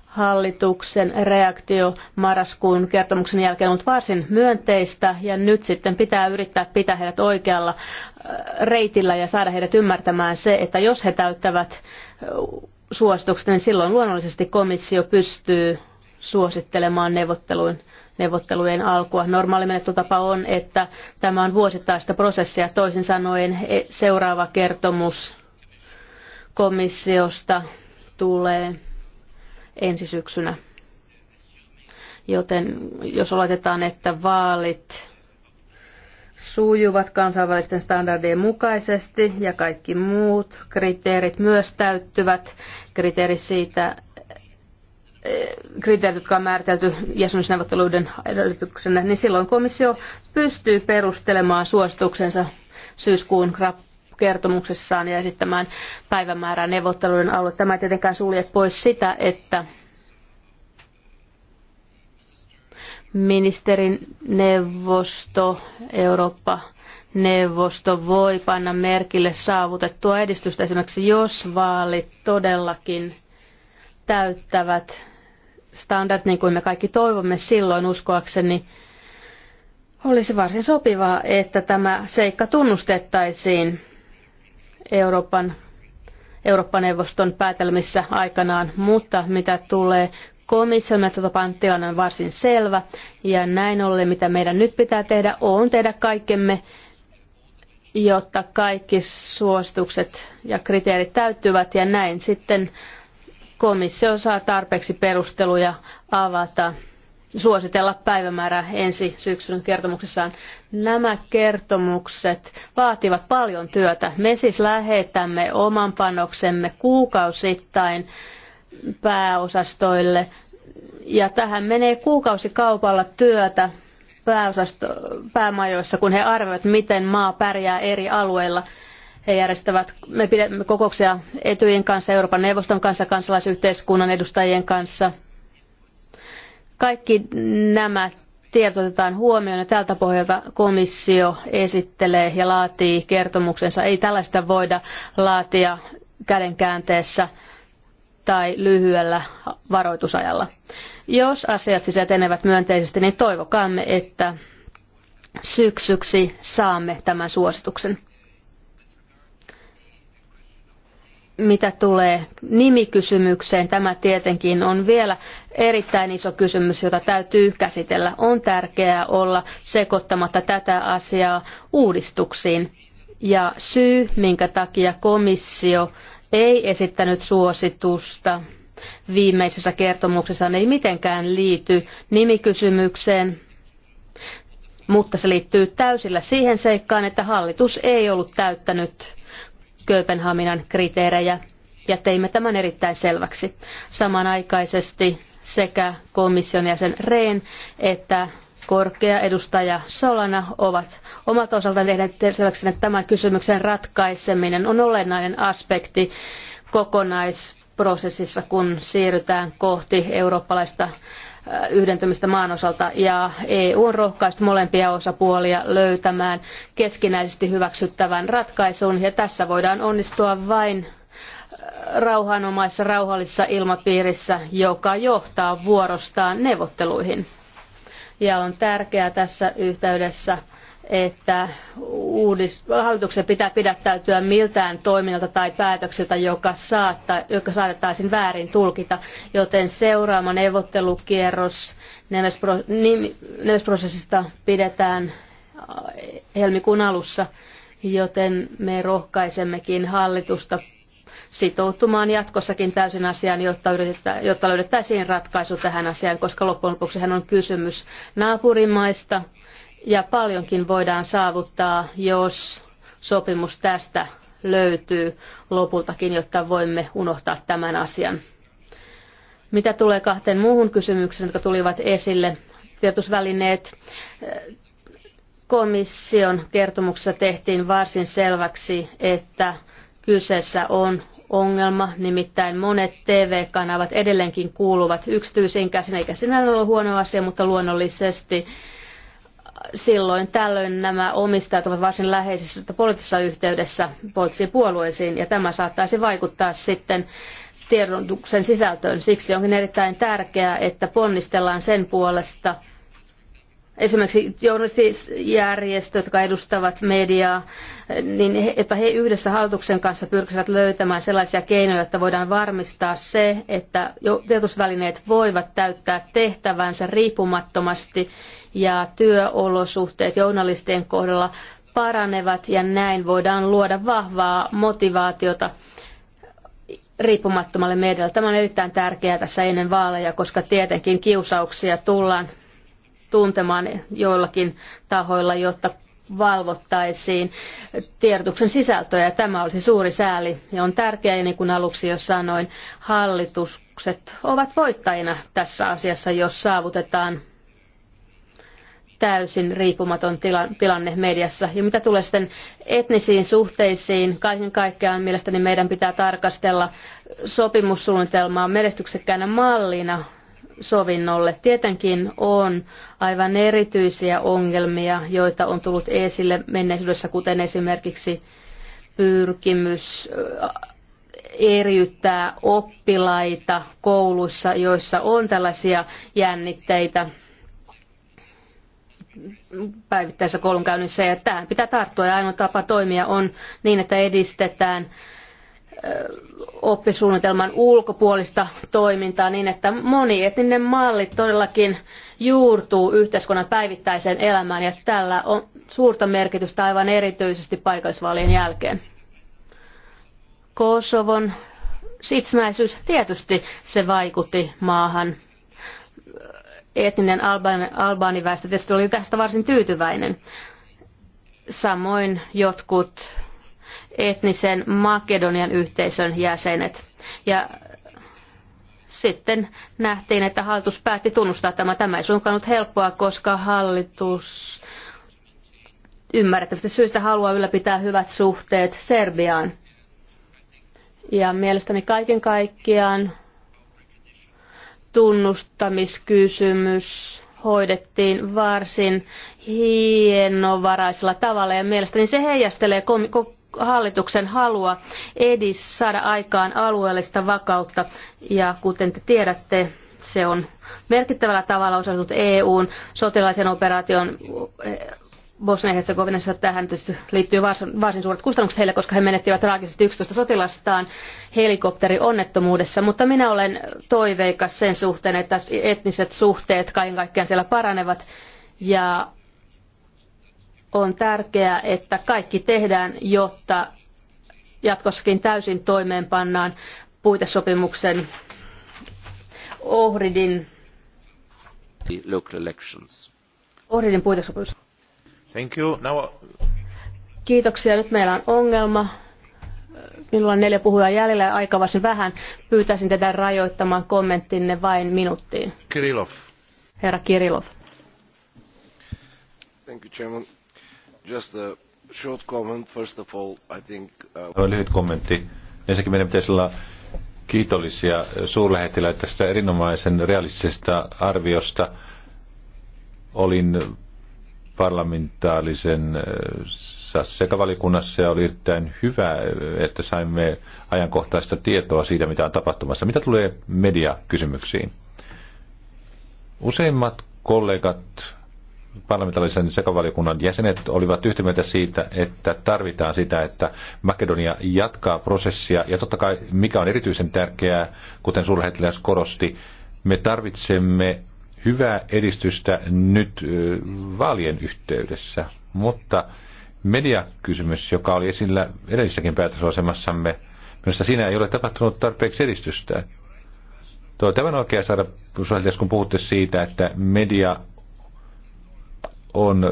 hallituksen reaktio marraskuun kertomuksen jälkeen on ollut varsin myönteistä ja nyt sitten pitää yrittää pitää heidät oikealla äh, reitillä ja saada heidät ymmärtämään se, että jos he täyttävät äh, suositukset, niin silloin luonnollisesti komissio pystyy suosittelemaan neuvottelujen, neuvottelujen alkua. Normaali menettelytapa on, että tämä on vuosittaista prosessia. Toisin sanoen e, seuraava kertomus komissiosta tulee ensi syksynä. Joten jos oletetaan, että vaalit sujuvat kansainvälisten standardien mukaisesti ja kaikki muut kriteerit myös täyttyvät, kriteeri siitä, Eh, kriteerit, jotka on määritelty jäsenyysneuvotteluiden edellytyksenä, niin silloin komissio pystyy perustelemaan suosituksensa syyskuun kertomuksessaan ja esittämään päivämäärää neuvotteluiden alue. Tämä ei tietenkään sulje pois sitä, että ministerin neuvosto, Eurooppa neuvosto voi panna merkille saavutettua edistystä esimerkiksi, jos vaalit todellakin täyttävät standard, niin kuin me kaikki toivomme silloin uskoakseni, olisi varsin sopivaa, että tämä seikka tunnustettaisiin Euroopan Eurooppa-neuvoston päätelmissä aikanaan, mutta mitä tulee komission metodopaan tilanne on varsin selvä ja näin ollen mitä meidän nyt pitää tehdä on tehdä kaikkemme, jotta kaikki suositukset ja kriteerit täyttyvät ja näin sitten komissio saa tarpeeksi perusteluja avata suositella päivämäärää ensi syksyn kertomuksessaan. Nämä kertomukset vaativat paljon työtä. Me siis lähetämme oman panoksemme kuukausittain pääosastoille ja tähän menee kuukausikaupalla työtä pääosasto, päämajoissa, kun he arvioivat, miten maa pärjää eri alueilla – he järjestävät, me pidämme kokouksia Etyjen kanssa, Euroopan neuvoston kanssa, kansalaisyhteiskunnan edustajien kanssa. Kaikki nämä tiedot otetaan huomioon ja tältä pohjalta komissio esittelee ja laatii kertomuksensa. Ei tällaista voida laatia kädenkäänteessä tai lyhyellä varoitusajalla. Jos asiat siis etenevät myönteisesti, niin toivokaamme, että syksyksi saamme tämän suosituksen. Mitä tulee nimikysymykseen, tämä tietenkin on vielä erittäin iso kysymys, jota täytyy käsitellä. On tärkeää olla sekoittamatta tätä asiaa uudistuksiin. Ja syy, minkä takia komissio ei esittänyt suositusta viimeisessä kertomuksessa, ei mitenkään liity nimikysymykseen, mutta se liittyy täysillä siihen seikkaan, että hallitus ei ollut täyttänyt Kööpenhaminan kriteerejä ja teimme tämän erittäin selväksi. Samanaikaisesti sekä komission jäsen Rehn että korkea edustaja Solana ovat omalta osaltaan tehneet selväksi, että tämän kysymyksen ratkaiseminen on olennainen aspekti kokonaisprosessissa, kun siirrytään kohti eurooppalaista yhdentymistä maan osalta ja EU on rohkaistu molempia osapuolia löytämään keskinäisesti hyväksyttävän ratkaisun ja tässä voidaan onnistua vain äh, rauhanomaisessa rauhallisessa ilmapiirissä, joka johtaa vuorostaan neuvotteluihin. Ja on tärkeää tässä yhteydessä että uudis- hallituksen pitää pidättäytyä miltään toiminnalta tai päätökseltä, joka, saatta, joka saatettaisiin väärin tulkita, joten seuraava neuvottelukierros nemesprosessista pidetään äh, helmikuun alussa, joten me rohkaisemmekin hallitusta sitoutumaan jatkossakin täysin asiaan, jotta, jotta löydettäisiin ratkaisu tähän asiaan, koska loppujen lopuksi on kysymys naapurimaista, ja paljonkin voidaan saavuttaa, jos sopimus tästä löytyy lopultakin, jotta voimme unohtaa tämän asian. Mitä tulee kahteen muuhun kysymykseen, jotka tulivat esille, tiedotusvälineet komission kertomuksessa tehtiin varsin selväksi, että kyseessä on ongelma, nimittäin monet TV-kanavat edelleenkin kuuluvat yksityisiin käsin, eikä sinällään ole huono asia, mutta luonnollisesti silloin tällöin nämä omistajat ovat varsin läheisessä poliittisessa yhteydessä poliittisiin puolueisiin, ja tämä saattaisi vaikuttaa sitten tiedotuksen sisältöön. Siksi onkin erittäin tärkeää, että ponnistellaan sen puolesta, esimerkiksi journalistijärjestöt, jotka edustavat mediaa, niin että he yhdessä hallituksen kanssa pyrkisivät löytämään sellaisia keinoja, että voidaan varmistaa se, että tiedotusvälineet voivat täyttää tehtävänsä riippumattomasti ja työolosuhteet journalistien kohdalla paranevat ja näin voidaan luoda vahvaa motivaatiota riippumattomalle medialle. Tämä on erittäin tärkeää tässä ennen vaaleja, koska tietenkin kiusauksia tullaan tuntemaan joillakin tahoilla, jotta valvottaisiin tiedotuksen sisältöä ja tämä olisi suuri sääli. Ja on tärkeää, ja niin kuin aluksi jo sanoin, hallitukset ovat voittajina tässä asiassa, jos saavutetaan täysin riippumaton tilanne mediassa. Ja mitä tulee sitten etnisiin suhteisiin, kaiken kaikkiaan mielestäni meidän pitää tarkastella sopimussuunnitelmaa menestyksekkäänä mallina sovinnolle. Tietenkin on aivan erityisiä ongelmia, joita on tullut esille menneisyydessä, kuten esimerkiksi pyrkimys eriyttää oppilaita kouluissa, joissa on tällaisia jännitteitä päivittäisessä koulunkäynnissä ja tähän pitää tarttua ja ainoa tapa toimia on niin, että edistetään oppisuunnitelman ulkopuolista toimintaa niin, että monietninen malli todellakin juurtuu yhteiskunnan päivittäiseen elämään ja tällä on suurta merkitystä aivan erityisesti paikallisvaalien jälkeen. Kosovon sitmäisyys tietysti se vaikutti maahan etninen albaani, albaaniväestö tietysti oli tästä varsin tyytyväinen. Samoin jotkut etnisen Makedonian yhteisön jäsenet. Ja sitten nähtiin, että hallitus päätti tunnustaa tämä. Tämä ei suinkaan ollut helppoa, koska hallitus ymmärrettävästi syystä haluaa ylläpitää hyvät suhteet Serbiaan. Ja mielestäni kaiken kaikkiaan tunnustamiskysymys hoidettiin varsin hienovaraisella tavalla ja mielestäni se heijastelee hallituksen halua edis saada aikaan alueellista vakautta ja kuten te tiedätte, se on merkittävällä tavalla osallistunut EUn sotilaisen operaation Bosnia-Herzegovinassa tähän tietysti liittyy varsin, varsin suuret kustannukset heille, koska he menettivät traagisesti 11 sotilastaan helikopterionnettomuudessa. Mutta minä olen toiveikas sen suhteen, että etniset suhteet kaiken kaikkiaan siellä paranevat. Ja on tärkeää, että kaikki tehdään, jotta jatkossakin täysin toimeenpannaan puitesopimuksen Ohridin, Ohridin puitesopimus. Thank you. Now... Uh, Kiitoksia. Nyt meillä on ongelma. Minulla on neljä puhujaa jäljellä ja aika varsin vähän. Pyytäisin teitä rajoittamaan kommenttinne vain minuuttiin. Kirilov. Herra Kirilov. Thank you, Chairman. Just a short comment. First of all, I think... Uh... Lyhyt kommentti. Ensinnäkin meidän pitäisi olla kiitollisia suurlähettilä tästä erinomaisen realistisesta arviosta. Olin parlamentaalisen äh, sekavalikunnassa ja oli erittäin hyvä, että saimme ajankohtaista tietoa siitä, mitä on tapahtumassa. Mitä tulee mediakysymyksiin? Useimmat kollegat, parlamentaarisen sekavalikunnan jäsenet olivat yhtä mieltä siitä, että tarvitaan sitä, että Makedonia jatkaa prosessia. Ja totta kai, mikä on erityisen tärkeää, kuten suurlähettiläs korosti, me tarvitsemme hyvää edistystä nyt vaalien yhteydessä, mutta mediakysymys, joka oli esillä edellisessäkin päätösasemassamme, minusta siinä ei ole tapahtunut tarpeeksi edistystä. Tuo tämän oikea saada, kun puhutte siitä, että media on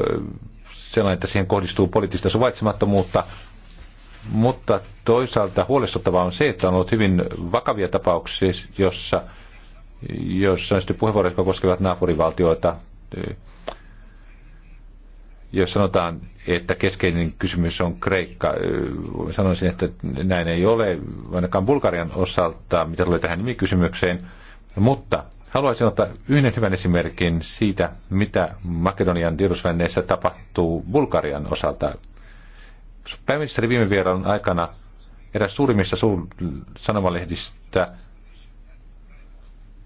sellainen, että siihen kohdistuu poliittista suvaitsemattomuutta, mutta toisaalta huolestuttavaa on se, että on ollut hyvin vakavia tapauksia, jossa – jos on sitten puheenvuoroja, jotka koskevat naapurivaltioita, eh, jos sanotaan, että keskeinen kysymys on Kreikka, eh, sanoisin, että näin ei ole, ainakaan Bulgarian osalta, mitä tulee tähän nimikysymykseen, mutta haluaisin ottaa yhden hyvän esimerkin siitä, mitä Makedonian tiedotusvälineissä tapahtuu Bulgarian osalta. Pääministeri viime vierailun aikana eräs suurimmista sanomalehdistä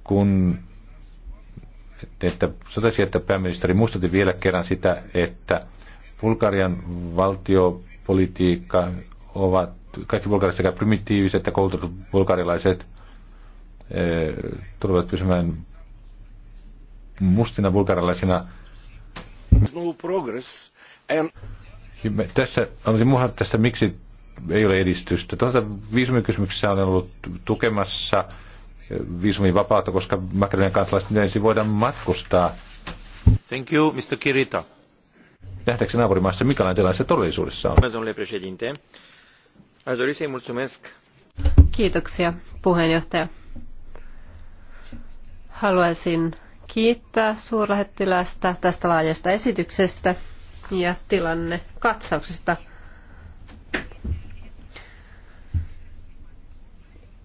kun että sotasi, että pääministeri muistutti vielä kerran sitä, että Bulgarian valtiopolitiikka ovat kaikki bulgariset sekä primitiiviset että koulutetut bulgarilaiset eh, tulevat pysymään mustina bulgarilaisina. No progress. And... Tässä olisin muuhan tästä, miksi ei ole edistystä. Tuolta viisumikysymyksessä olen ollut tukemassa viisumin vapautta, koska Makedonian kansalaiset ensin voidaan matkustaa. Thank you, Mr. Kirita. Nähdäänkö naapurimaissa, minkälainen tilanne se todellisuudessa on? Kiitoksia, puheenjohtaja. Haluaisin kiittää suurlähettilästä tästä laajasta esityksestä ja tilanne katsauksesta –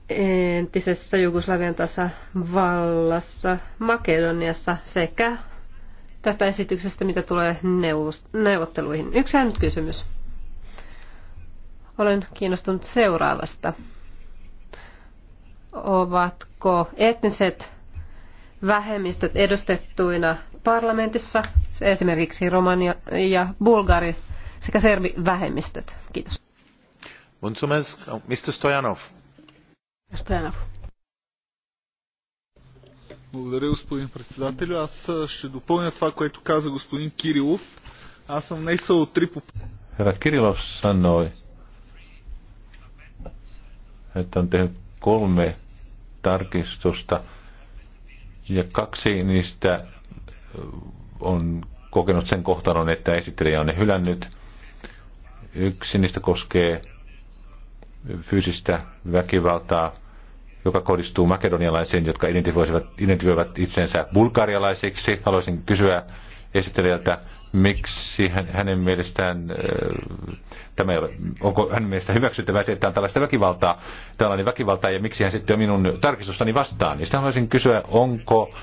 entisessä Jugoslavian tasavallassa Makedoniassa sekä tästä esityksestä, mitä tulee neuvotteluihin. Yksi ainut kysymys. Olen kiinnostunut seuraavasta. Ovatko etniset vähemmistöt edustettuina parlamentissa, esimerkiksi Romania ja Bulgari sekä vähemmistöt? Kiitos. Mr. Stojanov. Стоянов. Благодаря, господин председателю. Аз ще допълня това, което каза господин Кирилов. Аз съм внесъл три по... Кирилов Kirilov sanoi, että on tehnyt kolme tarkistusta ja kaksi niistä on kokenut sen kohtalon, että esittelijä on ne hylännyt. Yksi niistä koskee fyysistä väkivaltaa, joka kohdistuu makedonialaisiin, jotka identifioivat, identifioivat itsensä bulgarialaisiksi. Haluaisin kysyä esittelijältä, miksi hänen mielestään tämä ei ole, onko hänen mielestään hyväksyttävää se, että on tällaista väkivaltaa, tällainen väkivaltaa ja miksi hän sitten on minun tarkistustani vastaan. Niin sitten haluaisin kysyä, onko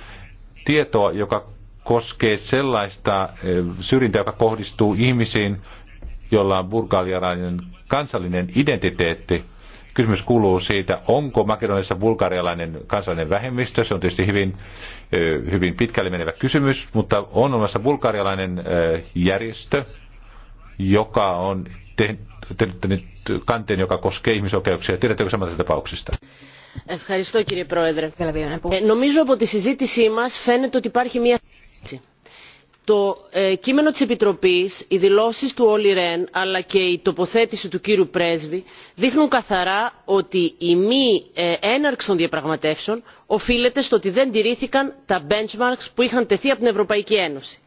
tietoa, joka koskee sellaista syrjintää, joka kohdistuu ihmisiin, jolla on bulgarialainen kansallinen identiteetti. Kysymys kuuluu siitä, onko Makedoniassa bulgarialainen kansallinen vähemmistö. Se on tietysti hyvin, hyvin pitkälle menevä kysymys, mutta on olemassa bulgarialainen järjestö, joka on tehnyt kanteen, joka koskee ihmisoikeuksia. Tiedättekö samasta tapauksesta? Ευχαριστώ κύριε Πρόεδρε. Νομίζω από τη συζήτησή μας φαίνεται ότι υπάρχει μια το κείμενο της επιτροπής οι δηλώσεις του όλι ρehn αλλά και η τοποθέτηση του κύριου πρέσβη δείχνουν καθαρά ότι η μη έναρξη των διαπραγματεύσεων οφείλεται στο ότι δεν τηρήθηκαν τα benchmarks που είχαν τεθεί από την ευρωπαϊκή ένωση.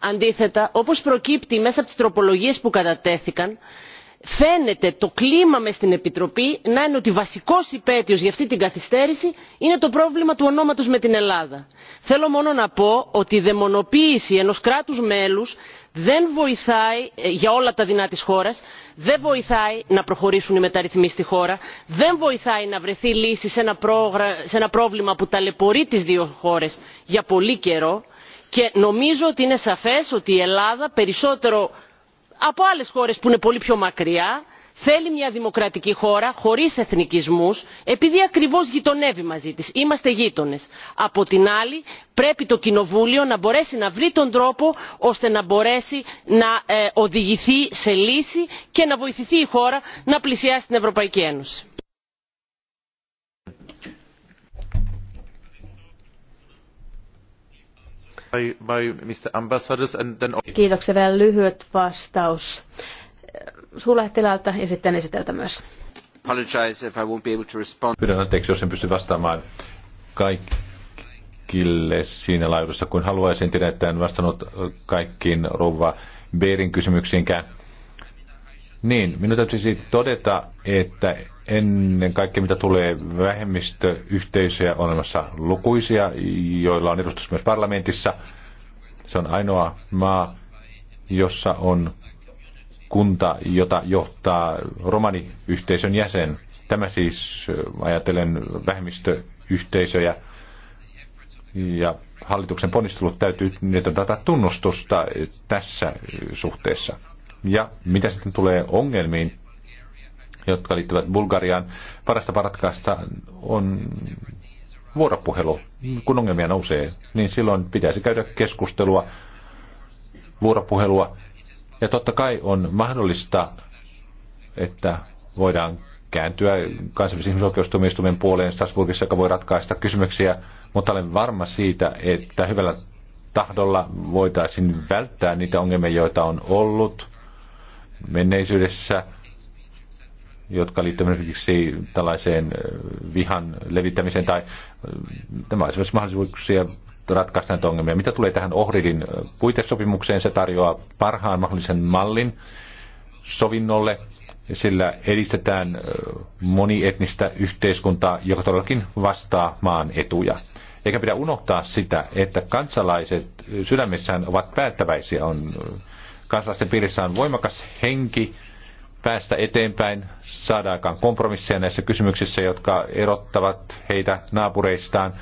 αντίθετα όπως προκύπτει μέσα από τις τροπολογίες που κατατέθηκαν φαίνεται το κλίμα μέσα στην επιτροπή να είναι ότι βασικός υπέτειος για αυτή την καθυστέρηση είναι το πρόβλημα του ονόματος με την ελλάδα. θέλω μόνο να πω ότι η δαιμονοποίηση ενός κράτους μέλους δεν βοηθάει για όλα τα δεινά της χώρας δεν βοηθάει να προχωρήσουν οι μεταρρυθμίσεις στη χώρα δεν βοηθάει να βρεθεί λύση σε ένα, πρόγρα... σε ένα πρόβλημα που ταλαιπωρεί τις δύο χώρες για πολύ καιρό και νομίζω ότι είναι σαφές ότι η ελλάδα περισσότερο από άλλες χώρες που είναι πολύ πιο μακριά θέλει μια δημοκρατική χώρα χωρίς εθνικισμούς επειδή ακριβώς γειτονεύει μαζί της είμαστε γείτονες. από την άλλη πρέπει το κοινοβούλιο να μπορέσει να βρει τον τρόπο ώστε να μπορέσει να ε, οδηγηθεί σε λύση και να βοηθηθεί η χώρα να πλησιάσει την ευρωπαϊκή ένωση. Kiitoksia vielä lyhyt vastaus suurlähettiläältä ja sitten esiteltä myös. Pyydän anteeksi, jos en pysty vastaamaan kaikille siinä laajuudessa, kun haluaisin. Tiedän, että en vastannut kaikkiin rouva Beerin kysymyksiinkään. Niin, minun täytyisi todeta, että ennen kaikkea mitä tulee vähemmistöyhteisöjä, on olemassa lukuisia, joilla on edustus myös parlamentissa. Se on ainoa maa, jossa on kunta, jota johtaa romaniyhteisön jäsen. Tämä siis äh, ajatellen vähemmistöyhteisöjä ja hallituksen ponnistelut täytyy niitä tätä tunnustusta tässä suhteessa. Ja mitä sitten tulee ongelmiin, jotka liittyvät Bulgariaan, parasta paratkaista on vuoropuhelu. Kun ongelmia nousee, niin silloin pitäisi käydä keskustelua, vuoropuhelua. Ja totta kai on mahdollista, että voidaan kääntyä kansainvälisen ihmisoikeustuomioistuimen puoleen Strasbourgissa, joka voi ratkaista kysymyksiä, mutta olen varma siitä, että hyvällä tahdolla voitaisiin välttää niitä ongelmia, joita on ollut menneisyydessä, jotka liittyvät esimerkiksi tällaiseen vihan levittämiseen tai tämä on myös mahdollisuuksia ratkaista näitä ongelmia. Mitä tulee tähän Ohridin puitesopimukseen, se tarjoaa parhaan mahdollisen mallin sovinnolle, sillä edistetään monietnistä yhteiskuntaa, joka todellakin vastaa maan etuja. Eikä pidä unohtaa sitä, että kansalaiset sydämessään ovat päättäväisiä, on kansalaisten piirissä on voimakas henki päästä eteenpäin, saada aikaan kompromisseja näissä kysymyksissä, jotka erottavat heitä naapureistaan.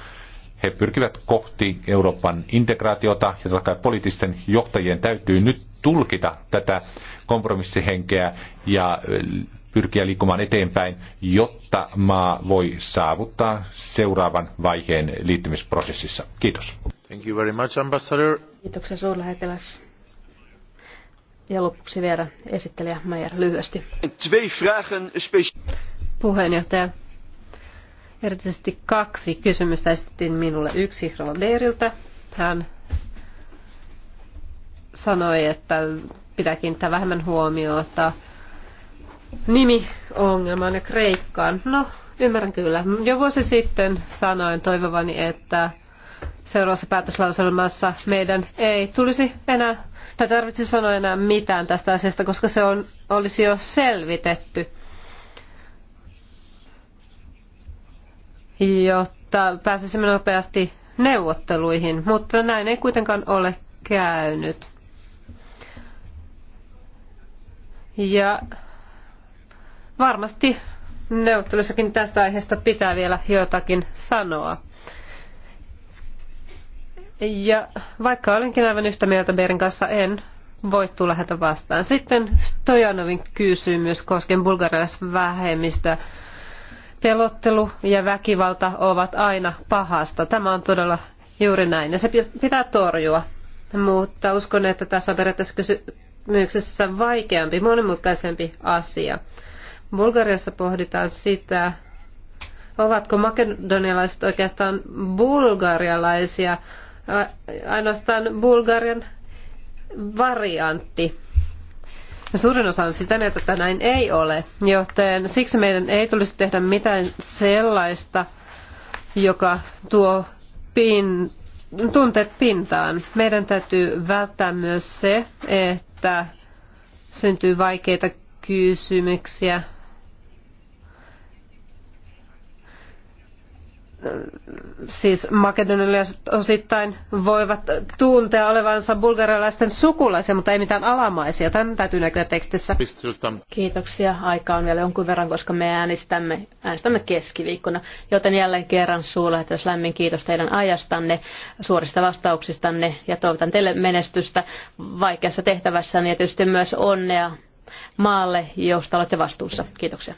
He pyrkivät kohti Euroopan integraatiota ja totta kai poliittisten johtajien täytyy nyt tulkita tätä kompromissihenkeä ja äh, pyrkiä liikkumaan eteenpäin, jotta maa voi saavuttaa seuraavan vaiheen liittymisprosessissa. Kiitos. Thank you very much, ambassador. Kiitoksia suurlähetelässä. Ja lopuksi vielä esittelijä Meijer lyhyesti. Puheenjohtaja, erityisesti kaksi kysymystä esitettiin minulle. Yksi Roberilta. Hän sanoi, että pitää kiinnittää vähemmän huomiota nimiongelmaan ja Kreikkaan. No, ymmärrän kyllä. Jo vuosi sitten sanoin toivovani, että seuraavassa päätöslauselmassa meidän ei tulisi enää tai tarvitse sanoa enää mitään tästä asiasta, koska se on, olisi jo selvitetty. jotta pääsisimme nopeasti neuvotteluihin, mutta näin ei kuitenkaan ole käynyt. Ja varmasti neuvottelussakin tästä aiheesta pitää vielä jotakin sanoa. Ja vaikka olenkin aivan yhtä mieltä Berin kanssa, en voi tulla häntä vastaan. Sitten Stojanovin kysymys koskien bulgarialaisvähemmistöä. Pelottelu ja väkivalta ovat aina pahasta. Tämä on todella juuri näin. Ja se pitää torjua. Mutta uskon, että tässä on periaatteessa kysymyksessä vaikeampi, monimutkaisempi asia. Bulgariassa pohditaan sitä, ovatko makedonialaiset oikeastaan bulgarialaisia – ainoastaan Bulgarian variantti. Ja suurin osa on sitä mieltä, että näin ei ole, joten siksi meidän ei tulisi tehdä mitään sellaista, joka tuo pin, tunteet pintaan. Meidän täytyy välttää myös se, että syntyy vaikeita kysymyksiä siis makedonialaiset osittain voivat tuntea olevansa bulgarialaisten sukulaisia, mutta ei mitään alamaisia. Tämä täytyy näkyä tekstissä. Kiitoksia. Aika on vielä jonkun verran, koska me äänestämme, äänestämme keskiviikkona. Joten jälleen kerran suurlähetys lämmin kiitos teidän ajastanne, suorista vastauksistanne ja toivotan teille menestystä vaikeassa tehtävässä ja tietysti myös onnea maalle, josta olette vastuussa. Kiitoksia.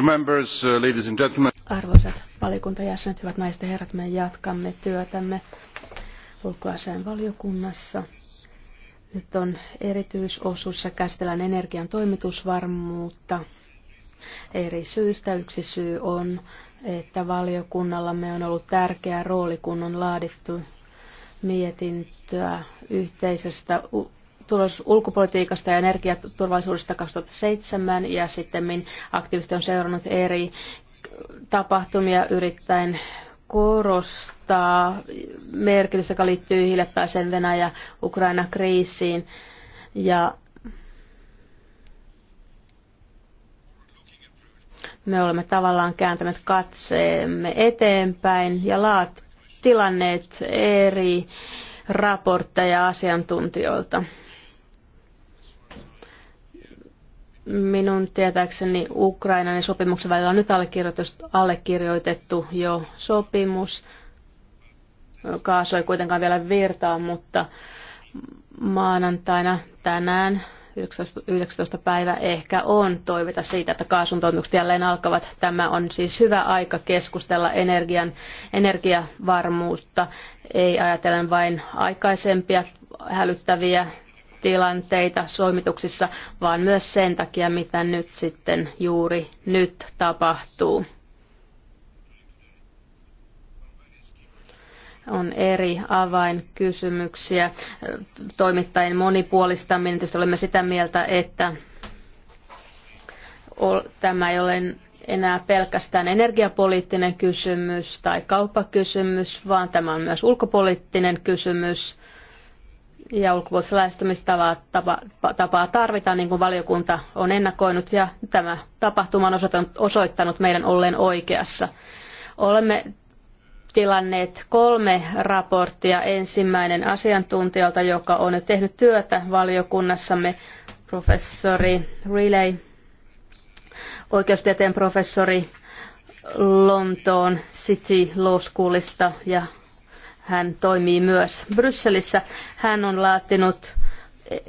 Members, uh, ladies jäsenet, Arvoisat valiokuntajäsenet, hyvät naiset ja herrat, me jatkamme työtämme ulkoasiainvaliokunnassa. valiokunnassa. Nyt on erityisosuus, käsitellään energian toimitusvarmuutta. Eri syistä yksi syy on, että valiokunnallamme on ollut tärkeä rooli, kun on laadittu mietintöä yhteisestä tulos ulkopolitiikasta ja energiaturvallisuudesta 2007 ja sitten aktiivisesti on seurannut eri tapahtumia yrittäen korostaa merkitystä, joka liittyy hiljattaisen Venäjä-Ukraina-kriisiin. Ja me olemme tavallaan kääntäneet katseemme eteenpäin ja laat tilanneet eri raportteja asiantuntijoilta Minun tietääkseni Ukrainan ja sopimuksen välillä on nyt allekirjoitettu jo sopimus. Kaaso ei kuitenkaan vielä virtaa, mutta maanantaina tänään 19. päivä ehkä on toivota siitä, että kaasun toimitukset jälleen alkavat. Tämä on siis hyvä aika keskustella energian, energiavarmuutta, ei ajatellen vain aikaisempia hälyttäviä tilanteita soimituksissa, vaan myös sen takia, mitä nyt sitten juuri nyt tapahtuu. on eri avainkysymyksiä. Toimittajien monipuolistaminen, tietysti olemme sitä mieltä, että tämä ei ole enää pelkästään energiapoliittinen kysymys tai kauppakysymys, vaan tämä on myös ulkopoliittinen kysymys ja ulkopuoliset lähestymistavaa tapa, tapaa tarvitaan, niin kuin valiokunta on ennakoinut, ja tämä tapahtuma on osoittanut meidän olleen oikeassa. Olemme tilanneet kolme raporttia. Ensimmäinen asiantuntijalta, joka on jo tehnyt työtä valiokunnassamme, professori Riley, oikeustieteen professori Lontoon City Law Schoolista ja hän toimii myös Brysselissä. Hän on laatinut eh,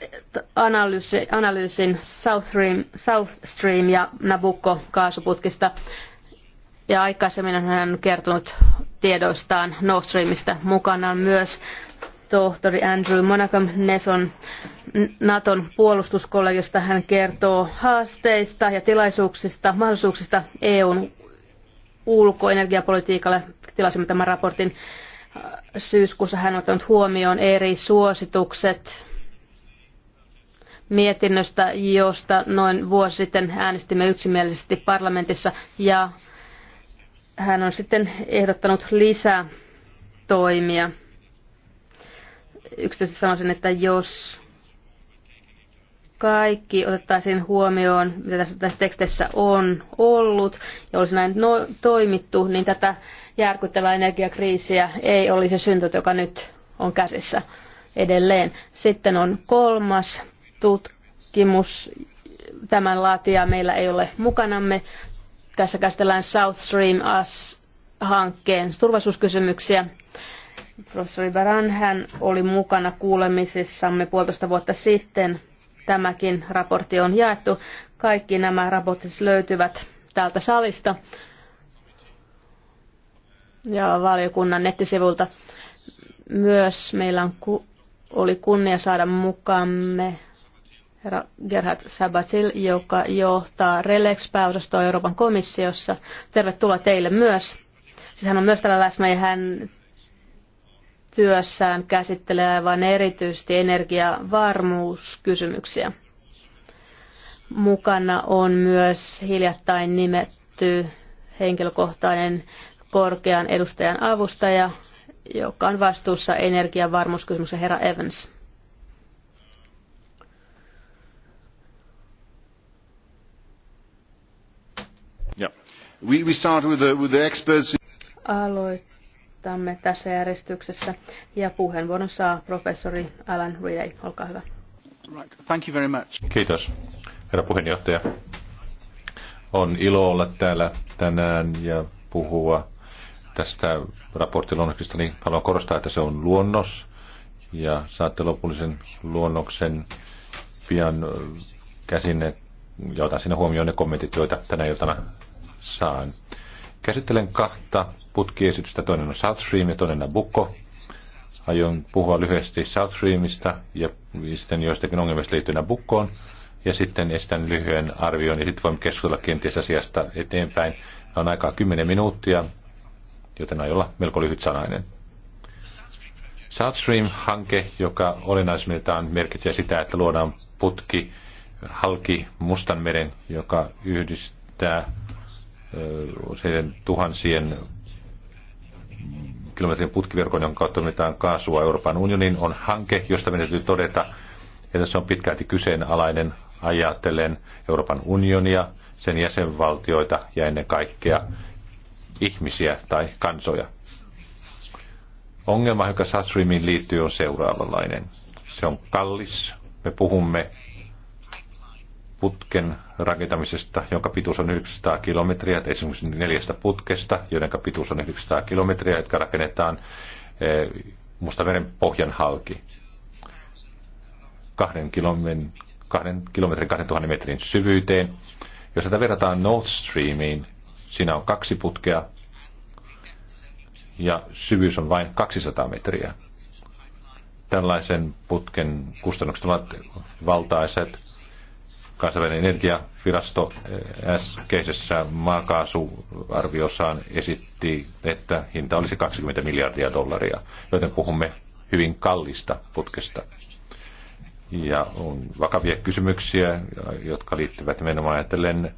eh, analyysin South Stream, South Stream ja Nabucco-kaasuputkista. Ja aikaisemmin hän on kertonut tiedoistaan Nord Streamista. Mukana on myös tohtori Andrew Monacom Neson Naton puolustuskollegista. Hän kertoo haasteista ja tilaisuuksista, mahdollisuuksista EUn ulkoenergiapolitiikalle tilasimme tämän raportin äh, syyskuussa. Hän on ottanut huomioon eri suositukset mietinnöstä, josta noin vuosi sitten äänestimme yksimielisesti parlamentissa ja hän on sitten ehdottanut lisää toimia. Yksityisesti sanoisin, että jos kaikki otettaisiin huomioon, mitä tässä, tässä tekstissä on ollut, ja olisi näin no, toimittu, niin tätä järkyttävää energiakriisiä ei olisi syntynyt, joka nyt on käsissä edelleen. Sitten on kolmas tutkimus. Tämän laatia meillä ei ole mukanamme. Tässä käsitellään South Stream as hankkeen turvallisuuskysymyksiä. Professori Baran hän oli mukana kuulemisissamme puolitoista vuotta sitten. Tämäkin raportti on jaettu. Kaikki nämä raportit löytyvät täältä salista ja valiokunnan nettisivulta. Myös meillä on ku, oli kunnia saada mukaamme herra Gerhard Sabatil, joka johtaa Relex-pääosastoa Euroopan komissiossa. Tervetuloa teille myös. Siis hän on myös täällä läsnä ja hän työssään käsittelee aivan erityisesti energiavarmuuskysymyksiä. Mukana on myös hiljattain nimetty henkilökohtainen korkean edustajan avustaja, joka on vastuussa energian varmuuskysymyksen herra Evans. Yeah. We, we start with the, with the experts. Aloitamme tässä järjestyksessä ja puheenvuoron saa professori Alan Riley. Olkaa hyvä. Right. Thank you very much. Kiitos, herra puheenjohtaja. On ilo olla täällä tänään ja puhua tästä raporttiluonnoksesta, niin haluan korostaa, että se on luonnos ja saatte lopullisen luonnoksen pian äh, käsinne ja otan siinä huomioon ne kommentit, joita tänä iltana saan. Käsittelen kahta putkiesitystä, toinen on South Stream ja toinen Nabucco. Aion puhua lyhyesti South Streamista ja sitten joistakin ongelmista liittyen Nabuccoon. Ja sitten estän lyhyen arvion ja sitten voimme keskustella kenties asiasta eteenpäin. On aikaa 10 minuuttia joten aion olla melko lyhyt sanainen. South Stream-hanke, joka olennaisemmiltaan merkitsee sitä, että luodaan putki halki Mustanmeren, joka yhdistää useiden tuhansien kilometrin putkiverkon, jonka kautta toimitaan kaasua Euroopan unionin, on hanke, josta meidän täytyy todeta, että se on pitkälti kyseenalainen ajatellen Euroopan unionia, sen jäsenvaltioita ja ennen kaikkea ihmisiä tai kansoja. Ongelma, joka Satsrimiin liittyy, on seuraavanlainen. Se on kallis. Me puhumme putken rakentamisesta, jonka pituus on 900 kilometriä, esimerkiksi neljästä putkesta, joiden pituus on 900 kilometriä, jotka rakennetaan eh, Mustameren pohjan halki. Kahden kilometrin, kahden kilometrin 2000 metrin syvyyteen. Jos tätä verrataan Nord Streamiin, Siinä on kaksi putkea ja syvyys on vain 200 metriä. Tällaisen putken kustannukset ovat valtaiset. Kansainvälinen energiavirasto eh, äskeisessä maakaasuarviossaan esitti, että hinta olisi 20 miljardia dollaria, joten puhumme hyvin kallista putkesta. Ja on vakavia kysymyksiä, jotka liittyvät nimenomaan ajatellen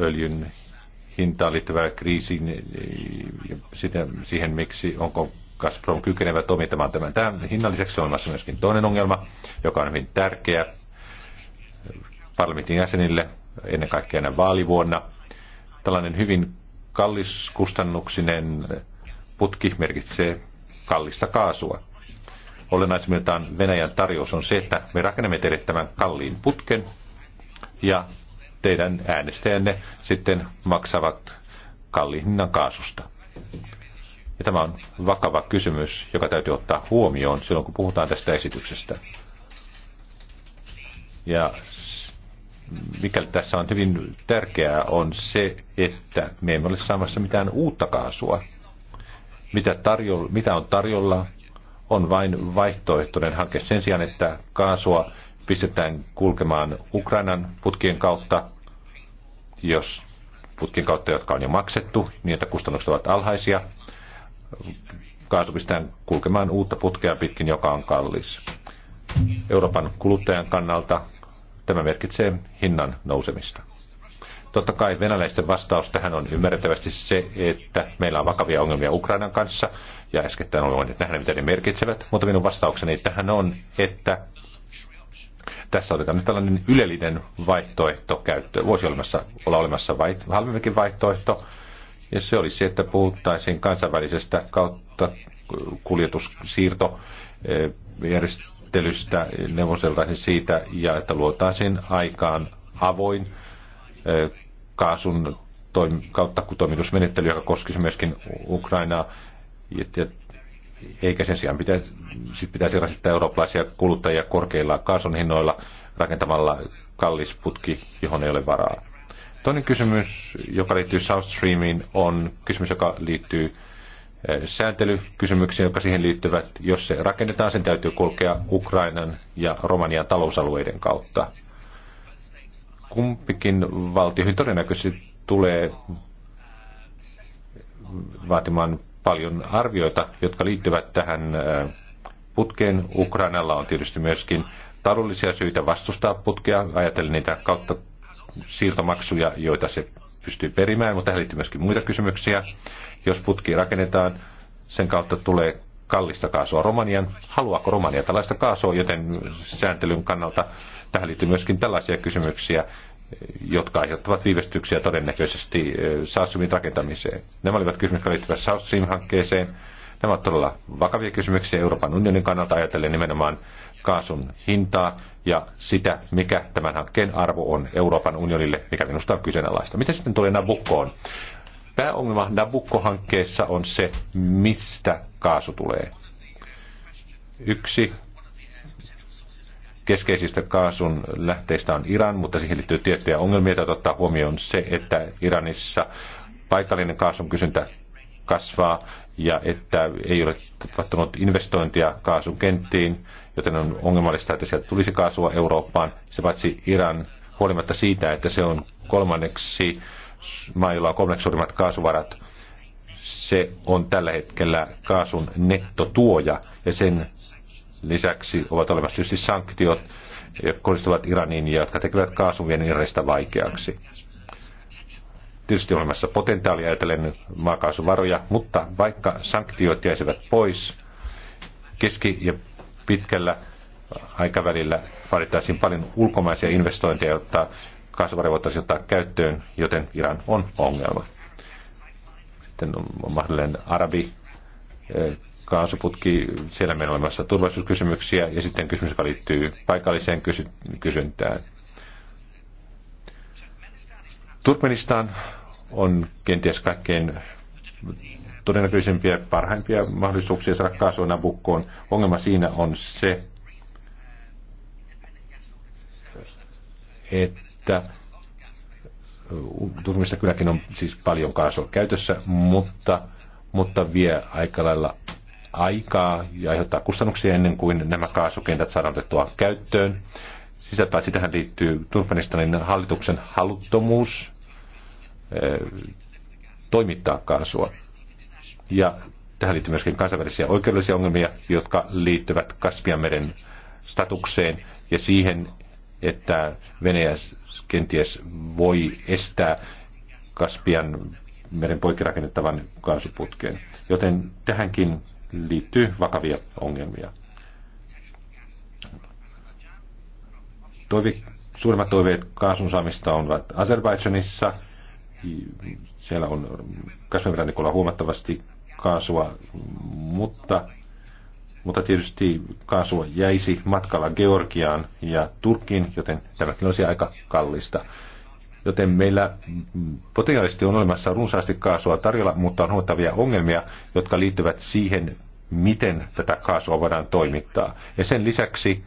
öljyn hintaan liittyvää kriisiin niin, ja sitä, siihen, miksi onko Gazprom kykenevä toimittamaan tämän. Tämän hinnan lisäksi on olemassa myöskin toinen ongelma, joka on hyvin tärkeä parlamentin jäsenille, ennen kaikkea näin vaalivuonna. Tällainen hyvin kalliskustannuksinen putki merkitsee kallista kaasua. Olennaisimmiltaan Venäjän tarjous on se, että me rakennamme teille tämän kalliin putken ja teidän äänestäjänne sitten maksavat kalliin hinnan kaasusta. Ja tämä on vakava kysymys, joka täytyy ottaa huomioon silloin, kun puhutaan tästä esityksestä. Ja mikä tässä on hyvin tärkeää, on se, että me emme ole saamassa mitään uutta kaasua. Mitä, tarjolla, mitä on tarjolla, on vain vaihtoehtoinen hanke sen sijaan, että kaasua pistetään kulkemaan Ukrainan putkien kautta, jos putkien kautta, jotka on jo maksettu, niin että kustannukset ovat alhaisia. Kaasu pistetään kulkemaan uutta putkea pitkin, joka on kallis. Euroopan kuluttajan kannalta tämä merkitsee hinnan nousemista. Totta kai venäläisten vastaus tähän on ymmärrettävästi se, että meillä on vakavia ongelmia Ukrainan kanssa, ja äskettäin olemme voineet nähdä, mitä ne merkitsevät, mutta minun vastaukseni tähän on, että tässä otetaan nyt tällainen ylellinen vaihtoehto käyttöön. Voisi olemassa, olla olemassa vai, halvemminkin vaihtoehto, ja se olisi, että puhuttaisiin kansainvälisestä kautta kuljetussiirtojärjestelystä, eh, neuvoseltaisiin siitä, ja että luotaisiin aikaan avoin eh, kaasun kautta toimitusmenettely, joka koskisi myöskin Ukrainaa, ja eikä sen sijaan pitäisi, sit siis pitäisi rasittaa eurooppalaisia kuluttajia korkeilla kaasun hinnoilla rakentamalla kallis putki, johon ei ole varaa. Toinen kysymys, joka liittyy South Streamiin, on kysymys, joka liittyy eh, sääntelykysymyksiin, jotka siihen liittyvät. Jos se rakennetaan, sen täytyy kulkea Ukrainan ja Romanian talousalueiden kautta. Kumpikin valtioihin todennäköisesti tulee vaatimaan paljon arvioita, jotka liittyvät tähän putkeen. Ukrainalla on tietysti myöskin taloudellisia syitä vastustaa putkea, ajatellen niitä kautta siirtomaksuja, joita se pystyy perimään, mutta tähän liittyy myöskin muita kysymyksiä. Jos putki rakennetaan, sen kautta tulee kallista kaasua Romanian. Haluaako Romania tällaista kaasua, joten sääntelyn kannalta tähän liittyy myöskin tällaisia kysymyksiä, jotka aiheuttavat viivästyksiä todennäköisesti South Simin rakentamiseen. Nämä olivat kysymykset, jotka liittyvät South sim hankkeeseen Nämä ovat todella vakavia kysymyksiä Euroopan unionin kannalta ajatellen nimenomaan kaasun hintaa ja sitä, mikä tämän hankkeen arvo on Euroopan unionille, mikä minusta on kyseenalaista. Miten sitten tulee Nabukkoon? Pääongelma Nabukko-hankkeessa on se, mistä kaasu tulee. Yksi keskeisistä kaasun lähteistä on Iran, mutta siihen liittyy tiettyjä ongelmia, joita ottaa huomioon se, että Iranissa paikallinen kaasun kysyntä kasvaa ja että ei ole tapahtunut investointia kenttiin, joten on ongelmallista, että sieltä tulisi kaasua Eurooppaan. Se paitsi Iran, huolimatta siitä, että se on kolmanneksi maa, jolla on kolmanneksi suurimmat kaasuvarat, se on tällä hetkellä kaasun nettotuoja ja sen lisäksi ovat olemassa tietysti sanktiot, jotka kohdistuvat Iraniin ja jotka tekevät kaasuviennin Iranista vaikeaksi. Tietysti on olemassa potentiaalia ajatellen maakaasuvaroja, mutta vaikka sanktiot jäisivät pois, keski- ja pitkällä aikavälillä vaadittaisiin paljon ulkomaisia investointeja, jotta kaasuvaroja voitaisiin ottaa käyttöön, joten Iran on ongelma. Sitten on mahdollinen arabi eh, kaasuputki, siellä meillä on olemassa turvallisuuskysymyksiä ja sitten kysymys, joka liittyy paikalliseen kysy- kysyntään. Turkmenistan on kenties kaikkein todennäköisimpiä parhaimpia mahdollisuuksia saada kaasua Nabukkoon. Ongelma siinä on se, että Turkmenistan kylläkin on siis paljon kaasua käytössä, mutta, mutta vie aika lailla aikaa ja aiheuttaa kustannuksia ennen kuin nämä kaasukentät saadaan otettua käyttöön. Sisäpääsi tähän liittyy Turkmenistanin hallituksen haluttomuus eh, toimittaa kaasua. Ja tähän liittyy myöskin kansainvälisiä oikeudellisia ongelmia, jotka liittyvät Kaspianmeren statukseen ja siihen, että Venäjä kenties voi estää Kaspian meren poikki rakennettavan kaasuputken. Joten tähänkin liittyy vakavia ongelmia. Toive, suurimmat toiveet kaasun saamista ovat Azerbaidžanissa. Siellä on kasvivirannikolla huomattavasti kaasua, mutta, mutta tietysti kaasua jäisi matkalla Georgiaan ja Turkkiin, joten tämäkin olisi aika kallista joten meillä potentiaalisesti on olemassa runsaasti kaasua tarjolla, mutta on huomattavia ongelmia, jotka liittyvät siihen, miten tätä kaasua voidaan toimittaa. Ja sen lisäksi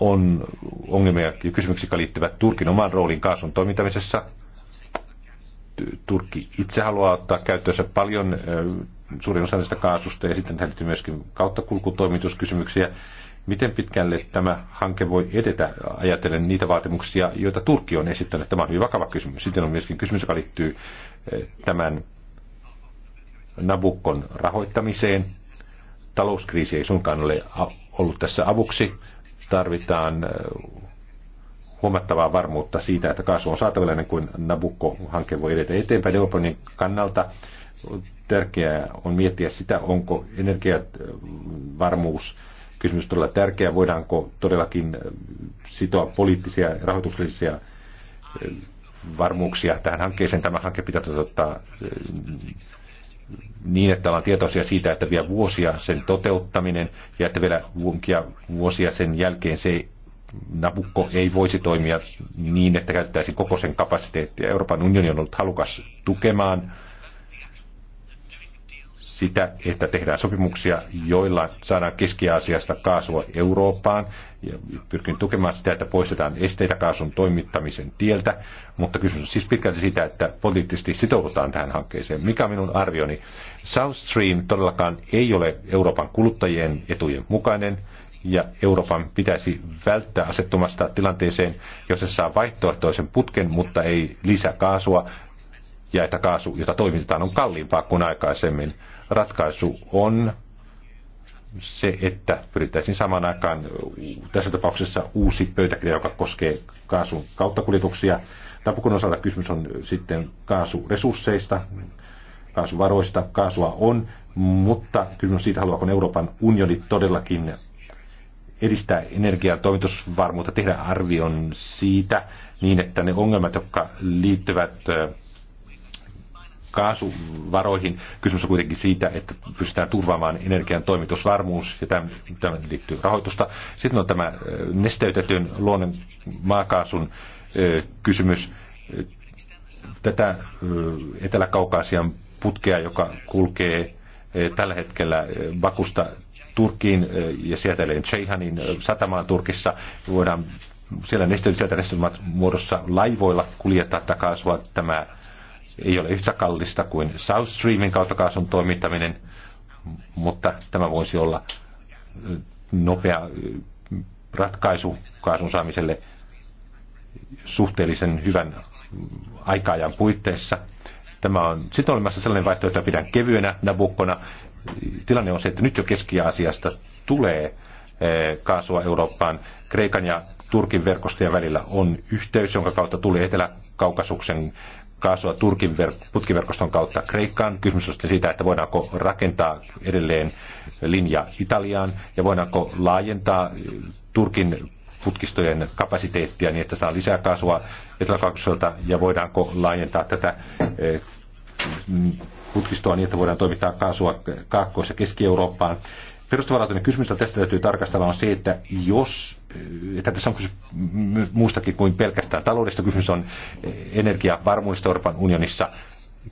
on ongelmia ja kysymyksiä, jotka liittyvät Turkin oman roolin kaasun toimittamisessa. Turkki itse haluaa ottaa käyttöönsä paljon suurin osa tästä kaasusta ja sitten tähän liittyy myöskin kauttakulkutoimituskysymyksiä. Miten pitkälle tämä hanke voi edetä ajatellen niitä vaatimuksia, joita Turkki on esittänyt? Tämä on hyvin vakava kysymys. Sitten on myöskin kysymys, joka liittyy eh, tämän Nabukon rahoittamiseen. Talouskriisi ei suinkaan ole ollut tässä avuksi. Tarvitaan eh, huomattavaa varmuutta siitä, että kaasu on saatavilla ennen kuin Nabukko-hanke voi edetä eteenpäin. Euroopanin kannalta tärkeää on miettiä sitä, onko energiavarmuus kysymys todella tärkeä. Voidaanko todellakin äh, sitoa poliittisia ja rahoituksellisia äh, varmuuksia tähän hankkeeseen. Tämä hanke pitää toteuttaa äh, niin, että ollaan tietoisia siitä, että vielä vuosia sen toteuttaminen ja että vielä vuosia sen jälkeen se Nabukko ei voisi toimia niin, että käyttäisi koko sen kapasiteettia. Euroopan unioni on ollut halukas tukemaan sitä, että tehdään sopimuksia, joilla saadaan Keski-Aasiasta kaasua Eurooppaan. Ja pyrkin tukemaan sitä, että poistetaan esteitä kaasun toimittamisen tieltä, mutta kysymys on siis pitkälti sitä, että poliittisesti sitoudutaan tähän hankkeeseen. Mikä on minun arvioni? South Stream todellakaan ei ole Euroopan kuluttajien etujen mukainen ja Euroopan pitäisi välttää asettumasta tilanteeseen, jossa se saa vaihtoehtoisen putken, mutta ei lisää kaasua ja että kaasu, jota toimitetaan, on kalliimpaa kuin aikaisemmin ratkaisu on se, että pyrittäisiin samaan aikaan tässä tapauksessa uusi pöytäkirja, joka koskee kaasun kauttakuljetuksia. Tapukun osalta kysymys on sitten kaasuresursseista, kaasuvaroista. Kaasua on, mutta kysymys on siitä, haluaako Euroopan unioni todellakin edistää energia toimitusvarmuutta, tehdä arvion siitä niin, että ne ongelmat, jotka liittyvät kaasuvaroihin. Kysymys on kuitenkin siitä, että pystytään turvaamaan energian toimitusvarmuus ja tämän liittyy rahoitusta. Sitten on tämä nesteytetyn luonnon maakaasun kysymys. Tätä Etelä-Kaukaasian putkea, joka kulkee tällä hetkellä Bakusta Turkkiin ja sieltä Ceyhanin satamaan Turkissa. Voidaan siellä nesteytetyn nesteytymät muodossa laivoilla kuljettaa takaisin Tämä ei ole yhtä kallista kuin South Streamin kautta kaasun toimittaminen, mutta tämä voisi olla nopea ratkaisu kaasun saamiselle suhteellisen hyvän aikaajan puitteissa. Tämä on sitten olemassa sellainen vaihtoehto, jota pidän kevyenä nabukkona. Tilanne on se, että nyt jo Keski-Aasiasta tulee kaasua Eurooppaan. Kreikan ja Turkin verkostojen välillä on yhteys, jonka kautta tuli Etelä-Kaukasuksen kaasua Turkin putkiverkoston kautta Kreikkaan. Kysymys on siitä, että voidaanko rakentaa edelleen linja Italiaan ja voidaanko laajentaa Turkin putkistojen kapasiteettia niin, että saa lisää kaasua etelä ja voidaanko laajentaa tätä eh, mm, putkistoa niin, että voidaan toimittaa kaasua Kaakkois- ja Keski-Eurooppaan perustavanlaatuinen kysymys, jota tästä täytyy tarkastella, on se, että jos, että tässä on kysymys muustakin kuin pelkästään taloudesta, kysymys on eh, energiavarmuudesta Euroopan unionissa,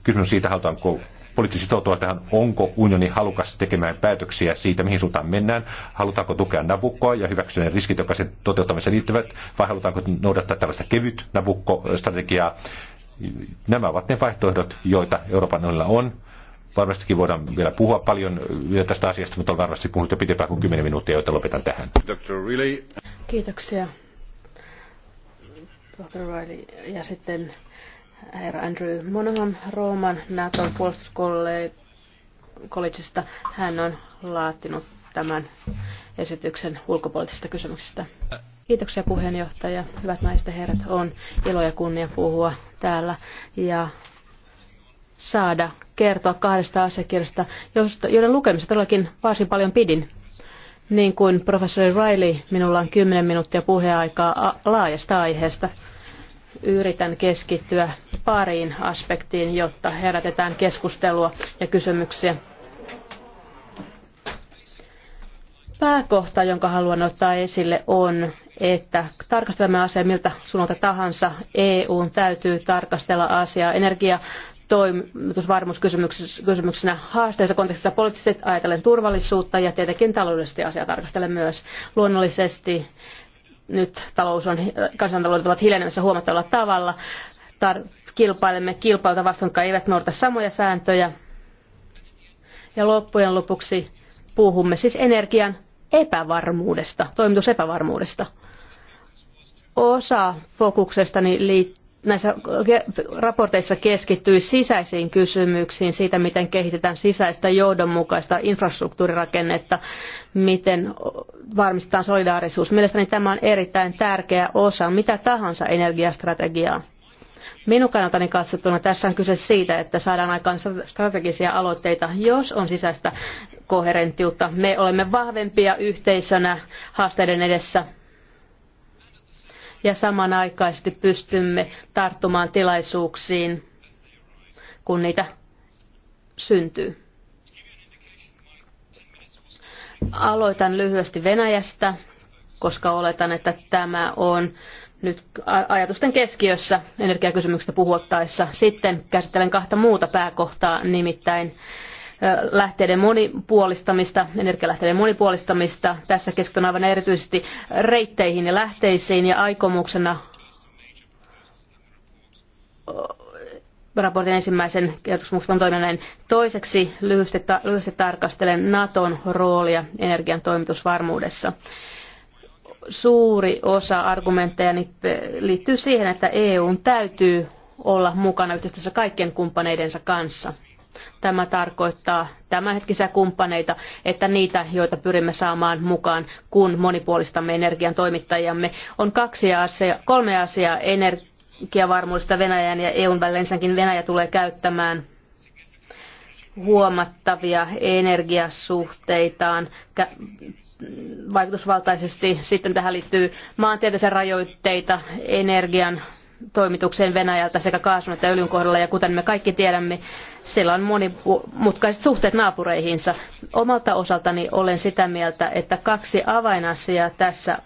kysymys on siitä, halutaanko poliittisesti sitoutua tähän, onko unioni halukas tekemään päätöksiä siitä, mihin suuntaan mennään, halutaanko tukea Nabukkoa ja hyväksyä ne riskit, jotka sen toteuttamiseen liittyvät, vai halutaanko noudattaa tällaista kevyt Nabukko-strategiaa. Nämä ovat ne vaihtoehdot, joita Euroopan unionilla on Varmastikin voidaan vielä puhua paljon vielä tästä asiasta, mutta on varmasti puhunut jo pitempään kuin 10 minuuttia, joten lopetan tähän. Kiitoksia. Dr. Reilly ja sitten herra Andrew Monohan Rooman Naton puolustuskollegista. Hän on laatinut tämän esityksen ulkopoliittisista kysymyksistä. Kiitoksia puheenjohtaja. Hyvät naiset ja herrat, on ilo ja kunnia puhua täällä ja saada kertoa kahdesta asiakirjasta, joiden lukemista todellakin varsin paljon pidin. Niin kuin professori Riley, minulla on 10 minuuttia puheaikaa laajasta aiheesta. Yritän keskittyä pariin aspektiin, jotta herätetään keskustelua ja kysymyksiä. Pääkohta, jonka haluan ottaa esille, on, että tarkastelemme asiaa miltä suunnalta tahansa. EUn täytyy tarkastella asiaa energia- toimitusvarmuuskysymyksenä haasteessa kontekstissa poliittisesti ajatellen turvallisuutta ja tietenkin taloudellisesti asiaa tarkastellen myös. Luonnollisesti nyt talous on, kansantaloudet ovat hiljenemässä huomattavalla tavalla. Tar- kilpailemme kilpailta vastaan, jotka eivät noudata samoja sääntöjä. Ja loppujen lopuksi puhumme siis energian epävarmuudesta, toimitusepävarmuudesta. Osa fokuksestani liittyy näissä raporteissa keskittyi sisäisiin kysymyksiin siitä, miten kehitetään sisäistä johdonmukaista infrastruktuurirakennetta, miten varmistetaan solidaarisuus. Mielestäni tämä on erittäin tärkeä osa mitä tahansa energiastrategiaa. Minun kannaltani katsottuna tässä on kyse siitä, että saadaan aikaan strategisia aloitteita, jos on sisäistä koherenttiutta. Me olemme vahvempia yhteisönä haasteiden edessä ja samanaikaisesti pystymme tarttumaan tilaisuuksiin, kun niitä syntyy. Aloitan lyhyesti Venäjästä, koska oletan, että tämä on nyt ajatusten keskiössä energiakysymyksestä puhuttaessa. Sitten käsittelen kahta muuta pääkohtaa, nimittäin lähteiden monipuolistamista, energialähteiden monipuolistamista. Tässä keskityn aivan erityisesti reitteihin ja lähteisiin ja aikomuksena raportin ensimmäisen kertomuksen toiminnan toiseksi lyhyesti, ta- lyhyesti tarkastelen Naton roolia energian toimitusvarmuudessa. Suuri osa argumentteja liittyy siihen, että EUn täytyy olla mukana yhteistyössä kaikkien kumppaneidensa kanssa – Tämä tarkoittaa tämänhetkisiä kumppaneita, että niitä, joita pyrimme saamaan mukaan, kun monipuolistamme energian toimittajamme, on kaksi asia, kolme asiaa energiavarmuudesta Venäjän ja EUn välillä. Ensinnäkin Venäjä tulee käyttämään huomattavia energiasuhteitaan vaikutusvaltaisesti. Sitten tähän liittyy maantieteellisiä rajoitteita energian toimitukseen Venäjältä sekä kaasun että öljyn kohdalla. Ja kuten me kaikki tiedämme, sillä on monimutkaiset suhteet naapureihinsa. Omalta osaltani olen sitä mieltä, että kaksi avainasiaa tässä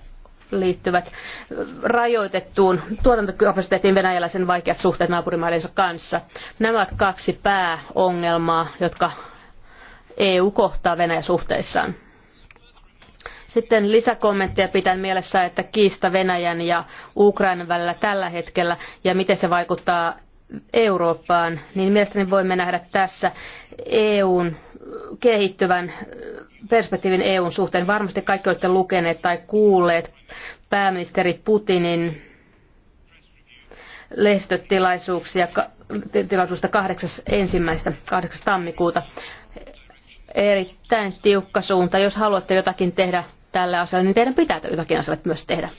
liittyvät rajoitettuun tuotantokapasiteettiin Venäjällä sen vaikeat suhteet naapurimaidensa kanssa. Nämä ovat kaksi pääongelmaa, jotka EU kohtaa Venäjä suhteissaan. Sitten lisäkommentteja pitää mielessä, että kiista Venäjän ja Ukrainan välillä tällä hetkellä ja miten se vaikuttaa Eurooppaan, niin mielestäni voimme nähdä tässä EUn kehittyvän perspektiivin EUn suhteen. Varmasti kaikki olette lukeneet tai kuulleet pääministeri Putinin lehdistötilaisuuksia tilaisuudesta 8. ensimmäistä, 8. tammikuuta. Erittäin tiukka suunta. Jos haluatte jotakin tehdä tälle asialle, niin teidän pitää jotakin asialle myös tehdä.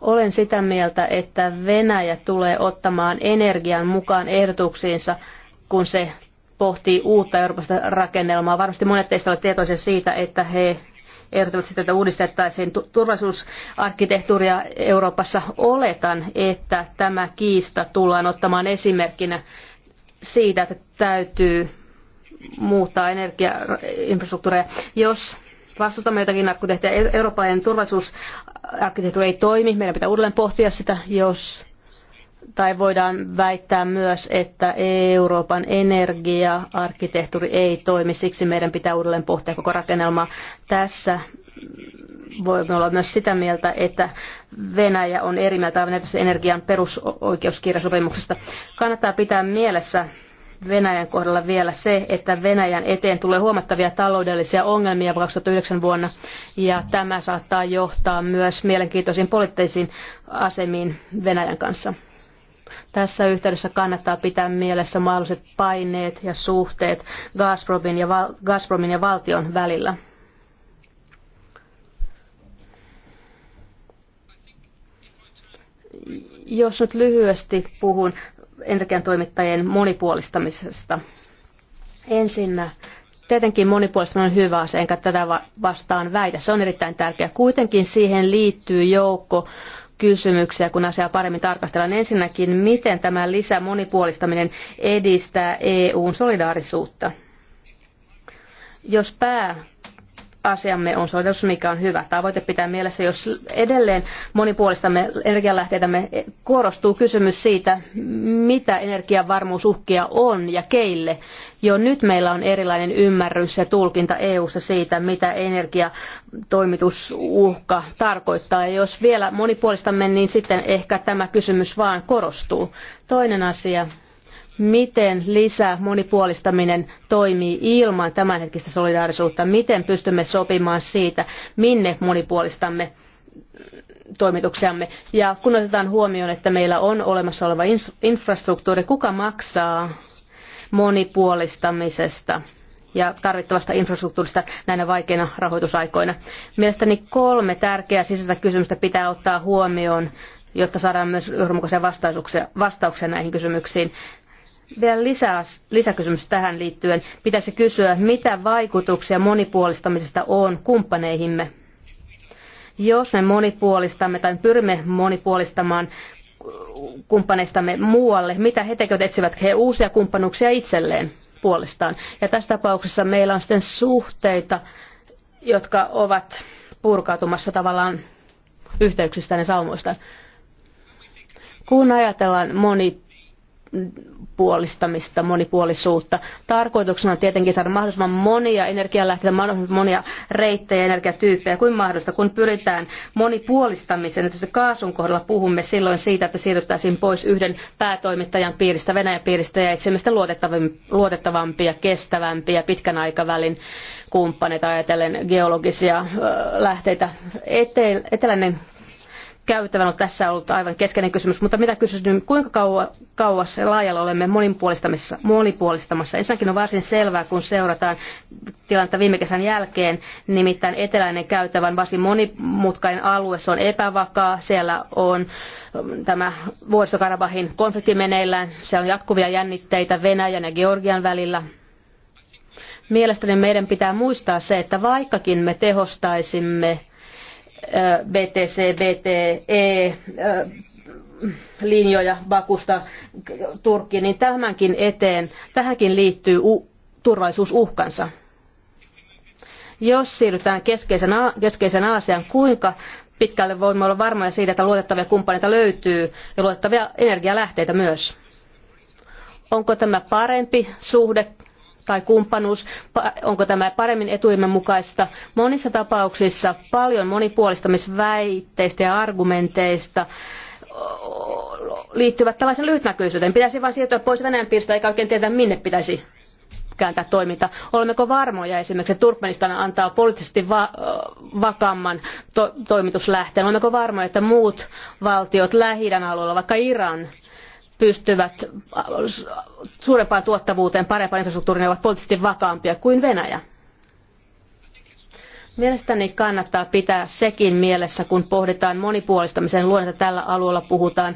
Olen sitä mieltä, että Venäjä tulee ottamaan energian mukaan ehdotuksiinsa, kun se pohtii uutta Euroopasta rakennelmaa. Varmasti monet teistä ovat tietoisia siitä, että he ehdottavat sitä, että uudistettaisiin turvallisuusarkkitehtuuria Euroopassa. Oletan, että tämä kiista tullaan ottamaan esimerkkinä siitä, että täytyy muuttaa energiainfrastruktuuria, Jos vastustamme jotakin arkkitehtiä. E- eurooppalainen turvallisuusarkkitehtuuri ei toimi. Meidän pitää uudelleen pohtia sitä, jos tai voidaan väittää myös, että Euroopan energiaarkkitehtuuri ei toimi, siksi meidän pitää uudelleen pohtia koko rakennelmaa. Tässä voimme olla myös sitä mieltä, että Venäjä on eri mieltä energian perusoikeuskirjasopimuksesta. Kannattaa pitää mielessä Venäjän kohdalla vielä se, että Venäjän eteen tulee huomattavia taloudellisia ongelmia 2009 vuonna, ja tämä saattaa johtaa myös mielenkiintoisiin poliittisiin asemiin Venäjän kanssa. Tässä yhteydessä kannattaa pitää mielessä mahdolliset paineet ja suhteet Gazpromin ja, val- Gazpromin ja valtion välillä. Jos nyt lyhyesti puhun energiantoimittajien monipuolistamisesta. Ensinnä tietenkin monipuolistaminen on hyvä asia, enkä tätä vastaan väitä. Se on erittäin tärkeää. Kuitenkin siihen liittyy joukko kysymyksiä, kun asiaa paremmin tarkastellaan. Ensinnäkin, miten tämä lisämonipuolistaminen monipuolistaminen edistää EUn solidaarisuutta? Jos pää asiamme on sovellutus, mikä on hyvä. Tavoite pitää mielessä, jos edelleen monipuolistamme energialähteitämme, korostuu kysymys siitä, mitä energiavarmuusuhkia on ja keille. Jo nyt meillä on erilainen ymmärrys ja tulkinta EU-ssa siitä, mitä energiatoimitusuhka tarkoittaa. Ja jos vielä monipuolistamme, niin sitten ehkä tämä kysymys vaan korostuu. Toinen asia, miten lisää monipuolistaminen toimii ilman tämänhetkistä solidaarisuutta, miten pystymme sopimaan siitä, minne monipuolistamme toimituksiamme. Ja kun otetaan huomioon, että meillä on olemassa oleva infrastruktuuri, kuka maksaa monipuolistamisesta ja tarvittavasta infrastruktuurista näinä vaikeina rahoitusaikoina. Mielestäni kolme tärkeää sisäistä kysymystä pitää ottaa huomioon jotta saadaan myös johdonmukaisia vastauksia näihin kysymyksiin. Vielä lisää, lisäkysymys tähän liittyen. Pitäisi kysyä, mitä vaikutuksia monipuolistamisesta on kumppaneihimme? Jos me monipuolistamme tai pyrimme monipuolistamaan kumppaneistamme muualle, mitä he tekevät, etsivät he uusia kumppanuuksia itselleen puolestaan. Ja tässä tapauksessa meillä on sitten suhteita, jotka ovat purkautumassa tavallaan yhteyksistä ja saumoista. Kun ajatellaan monipuolistamista, puolistamista, monipuolisuutta. Tarkoituksena on tietenkin saada mahdollisimman monia energialähteitä, mahdollisimman monia reittejä, energiatyyppejä kuin mahdollista. Kun pyritään monipuolistamiseen, että kaasun kohdalla puhumme silloin siitä, että siirryttäisiin pois yhden päätoimittajan piiristä, Venäjän piiristä ja etsimme luotettavampia, kestävämpiä, pitkän aikavälin kumppaneita ajatellen geologisia lähteitä. Eteläinen käytävän on tässä ollut aivan keskeinen kysymys, mutta mitä kysyisin, kuinka kauas laajalla olemme monipuolistamassa, monipuolistamassa? Ensinnäkin on varsin selvää, kun seurataan tilannetta viime kesän jälkeen, nimittäin eteläinen käytävä on varsin monimutkainen alue, se on epävakaa, siellä on tämä vuoristokarabahin konflikti meneillään, siellä on jatkuvia jännitteitä Venäjän ja Georgian välillä, Mielestäni meidän pitää muistaa se, että vaikkakin me tehostaisimme BTC, BTE, linjoja Bakusta Turkkiin, niin tämänkin eteen, tähänkin liittyy u- turvallisuusuhkansa. Jos siirrytään keskeisen, a- keskeisen kuinka pitkälle voimme olla varmoja siitä, että luotettavia kumppaneita löytyy ja luotettavia energialähteitä myös? Onko tämä parempi suhde tai kumppanuus, onko tämä paremmin etujemme mukaista. Monissa tapauksissa paljon monipuolistamisväitteistä ja argumenteista liittyvät tällaisen lyhytnäköisyyteen. Pitäisi vain siirtyä pois Venäjän piiristä eikä oikein tietää minne pitäisi kääntää toiminta. Olemmeko varmoja esimerkiksi, että Turkmenistan antaa poliittisesti va- vakaamman to- toimituslähteen? Olemmeko varmoja, että muut valtiot lähi alueella, vaikka Iran, pystyvät suurempaan tuottavuuteen, parempaan infrastruktuuriin, ne ovat poliittisesti vakaampia kuin Venäjä. Mielestäni kannattaa pitää sekin mielessä, kun pohditaan monipuolistamisen luonnetta. Tällä alueella puhutaan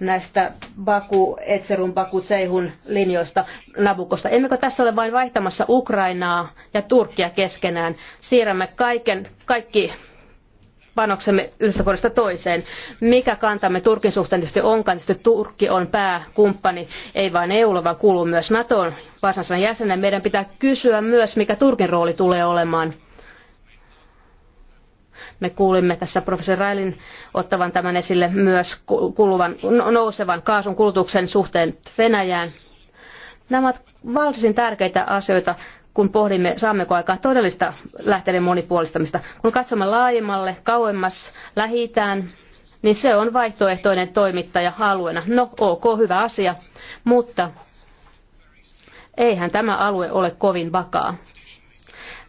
näistä Baku, Etserun, Baku, Seihun linjoista Nabukosta. Emmekö tässä ole vain vaihtamassa Ukrainaa ja Turkkia keskenään? Siirrämme kaiken, kaikki panoksemme yhdestä vuodesta toiseen. Mikä kantamme Turkin suhteen tietysti onkaan, tietysti Turkki on pääkumppani, ei vain EUlla, vaan kuuluu myös NATOon varsinaisena jäsenen. Meidän pitää kysyä myös, mikä Turkin rooli tulee olemaan. Me kuulimme tässä professori Railin ottavan tämän esille myös kuluvan, no- nousevan kaasun kulutuksen suhteen Venäjään. Nämä ovat valtisin tärkeitä asioita kun pohdimme, saammeko aikaan todellista lähteiden monipuolistamista. Kun katsomme laajemmalle, kauemmas, lähitään, niin se on vaihtoehtoinen toimittaja alueena. No ok, hyvä asia, mutta eihän tämä alue ole kovin vakaa